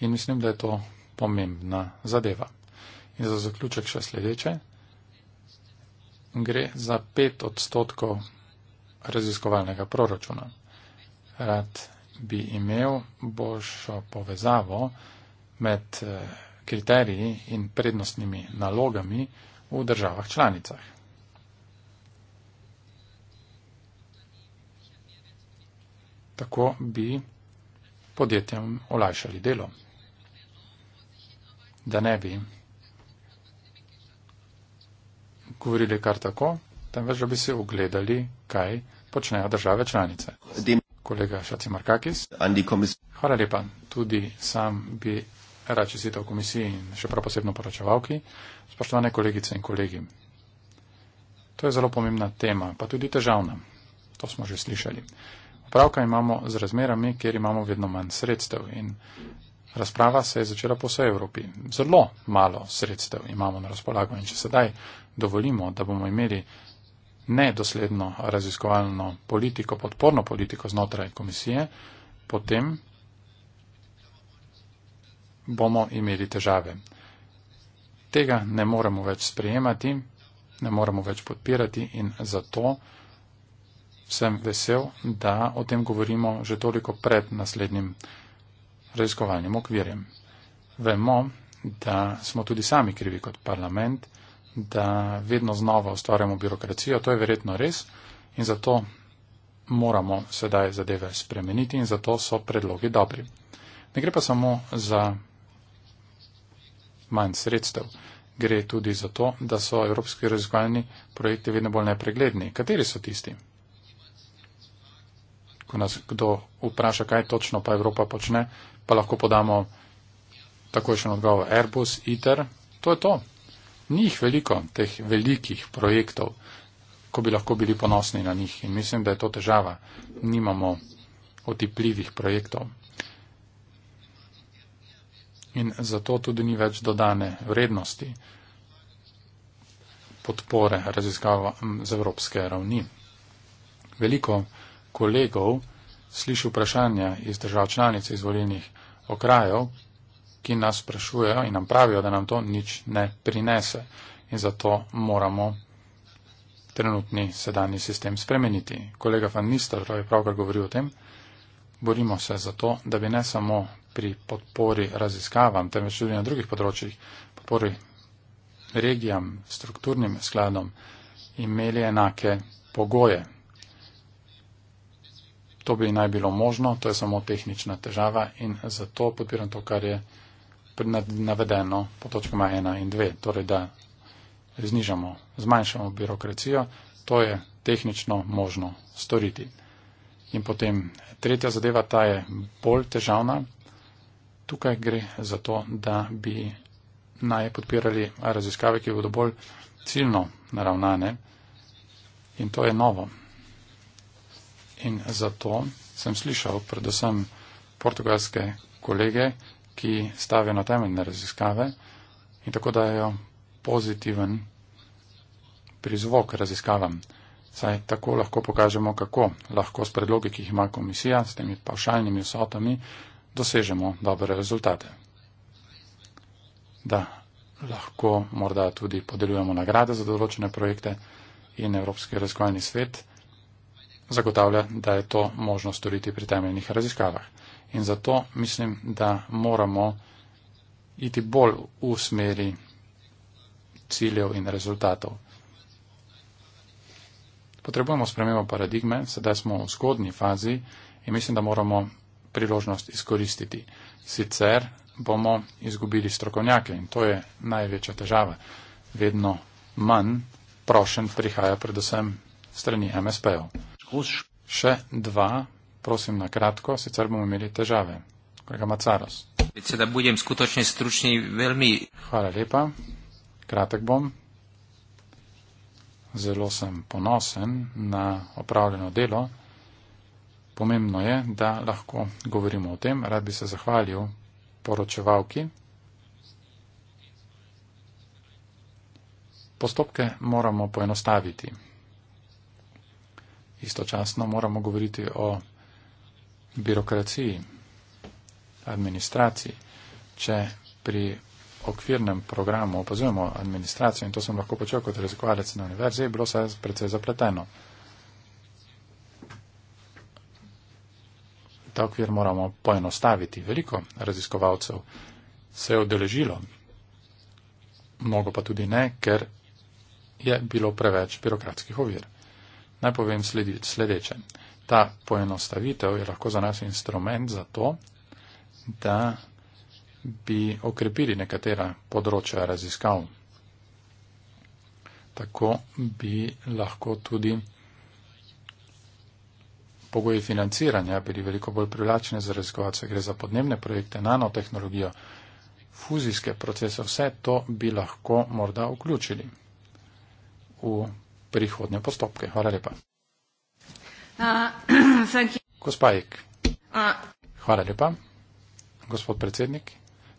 in mislim, da je to pomembna zadeva. In za zaključek še sledeče. Gre za pet odstotkov raziskovalnega proračuna. Rad bi imel boljšo povezavo med eh, kriteriji in prednostnimi nalogami v državah članicah. Tako bi podjetjem olajšali delo da ne bi govorili kar tako, temveč da bi se ogledali, kaj počnejo države članice. Kolega Šacimarkakis, hvala lepa. Tudi sam bi rad čestital komisiji in še prav posebno poročevalki. Spoštovane kolegice in kolegi, to je zelo pomembna tema, pa tudi težavna. To smo že slišali. Pravka imamo z razmerami, kjer imamo vedno manj sredstev in Razprava se je začela po vsej Evropi. Zelo malo sredstev imamo na razpolago in če sedaj dovolimo, da bomo imeli nedosledno raziskovalno politiko, podporno politiko znotraj komisije, potem bomo imeli težave. Tega ne moremo več sprejemati, ne moremo več podpirati in zato sem vesel, da o tem govorimo že toliko pred naslednjim raziskovalnim okvirjem. Vemo, da smo tudi sami krivi kot parlament, da vedno znova ustvarjamo birokracijo, to je verjetno res in zato moramo sedaj zadeve spremeniti in zato so predlogi dobri. Ne gre pa samo za manj sredstev, gre tudi za to, da so evropski raziskovalni projekti vedno bolj nepregledni. Kateri so tisti? Ko nas kdo vpraša, kaj točno pa Evropa počne, pa lahko podamo takojšen odgovor Airbus, ITER, to je to. Ni jih veliko, teh velikih projektov, ko bi lahko bili ponosni na njih in mislim, da je to težava. Nimamo otipljivih projektov. In zato tudi ni več dodane vrednosti podpore raziskav z evropske ravni. Veliko kolegov sliši vprašanja iz držav članic izvoljenih okrajev, ki nas sprašujejo in nam pravijo, da nam to nič ne prinese. In zato moramo trenutni sedanji sistem spremeniti. Kolega Van Nistel je pravkar govoril o tem, borimo se za to, da bi ne samo pri podpori raziskavam, temveč tudi na drugih področjih, podpori regijam, strukturnim skladom, imeli enake pogoje. To bi naj bilo možno, to je samo tehnična težava in zato podpiram to, kar je navedeno po točkama 1 in 2, torej da znižamo, zmanjšamo birokracijo, to je tehnično možno storiti. In potem tretja zadeva, ta je bolj težavna. Tukaj gre za to, da bi naj podpirali raziskave, ki bodo bolj ciljno naravnane. In to je novo in zato sem slišal predvsem portugalske kolege, ki stavijo na temeljne raziskave in tako dajo pozitiven prizvok raziskavam. Saj tako lahko pokažemo, kako lahko s predlogi, ki jih ima komisija, s temi pavšalnimi vsotami, dosežemo dobre rezultate. Da, lahko morda tudi podeljujemo nagrade za določene projekte in Evropski razkojni svet zagotavlja, da je to možno storiti pri temeljnih raziskavah. In zato mislim, da moramo iti bolj v smeri ciljev in rezultatov. Potrebujemo spremembo paradigme, sedaj smo v zgodni fazi in mislim, da moramo priložnost izkoristiti. Sicer bomo izgubili strokovnjake in to je največja težava. Vedno manj prošen prihaja predvsem strani MSP-ov. Še dva, prosim na kratko, sicer bomo imeli težave. Kolega Macaros. Seveda budem skutočne stručni velmi. Hvala lepa, kratek bom. Zelo sem ponosen na opravljeno delo. Pomembno je, da lahko govorimo o tem. Rad bi se zahvalil poročevalki. Postopke moramo poenostaviti istočasno moramo govoriti o birokraciji, administraciji. Če pri okvirnem programu opazujemo administracijo, in to sem lahko počel kot raziskovalec na univerzi, je bilo vse precej zapleteno. Ta okvir moramo poenostaviti. Veliko raziskovalcev se je odeležilo, mnogo pa tudi ne, ker je bilo preveč birokratskih ovir. Naj povem sledeče. Ta poenostavitev je lahko za nas instrument za to, da bi okrepili nekatera področja raziskav. Tako bi lahko tudi pogoji financiranja bili veliko bolj privlačni za raziskovalce. Gre za podnebne projekte, nanotehnologijo, fuzijske procese, vse to bi lahko morda vključili v prihodne postopke. Hvala lepa. Uh, Gospa Ek. Uh. Hvala lepa. Gospod predsednik,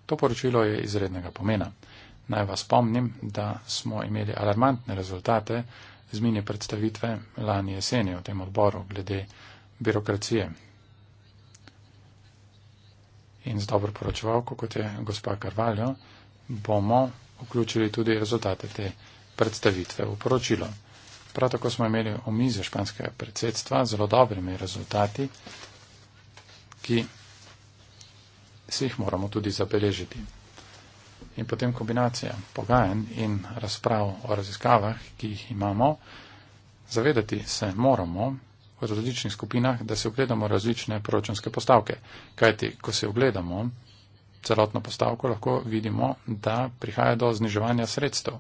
to poročilo je izrednega pomena. Naj vas spomnim, da smo imeli alarmantne rezultate z mini predstavitve lani jeseni v tem odboru glede birokracije. In z dobro poročevalko, kot je gospa Karvaljo, bomo vključili tudi rezultate te predstavitve v poročilo. Prav tako smo imeli omizje španskega predsedstva z zelo dobrimi rezultati, ki si jih moramo tudi zabeležiti. In potem kombinacija pogajanj in razprav o raziskavah, ki jih imamo, zavedati se moramo v različnih skupinah, da se ogledamo različne proračunske postavke. Kajti, ko se ogledamo celotno postavko, lahko vidimo, da prihaja do zniževanja sredstev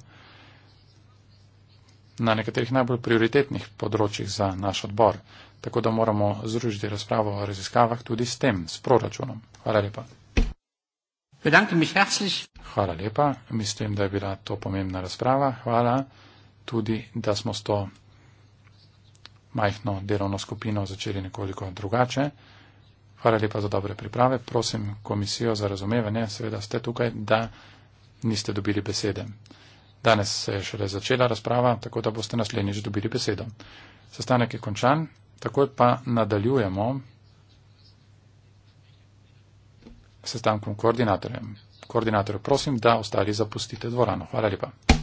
na nekaterih najbolj prioritetnih področjih za naš odbor, tako da moramo združiti razpravo o raziskavah tudi s tem, s proračunom. Hvala lepa. Hvala lepa, mislim, da je bila to pomembna razprava. Hvala tudi, da smo s to majhno delovno skupino začeli nekoliko drugače. Hvala lepa za dobre priprave. Prosim komisijo za razumevanje, seveda ste tukaj, da niste dobili besede. Danes se je šele začela razprava, tako da boste naslednjič dobili besedo. Sestanek je končan, takoj pa nadaljujemo sestankom koordinatorjem. Koordinator, prosim, da ostali zapustite dvorano. Hvala lepa.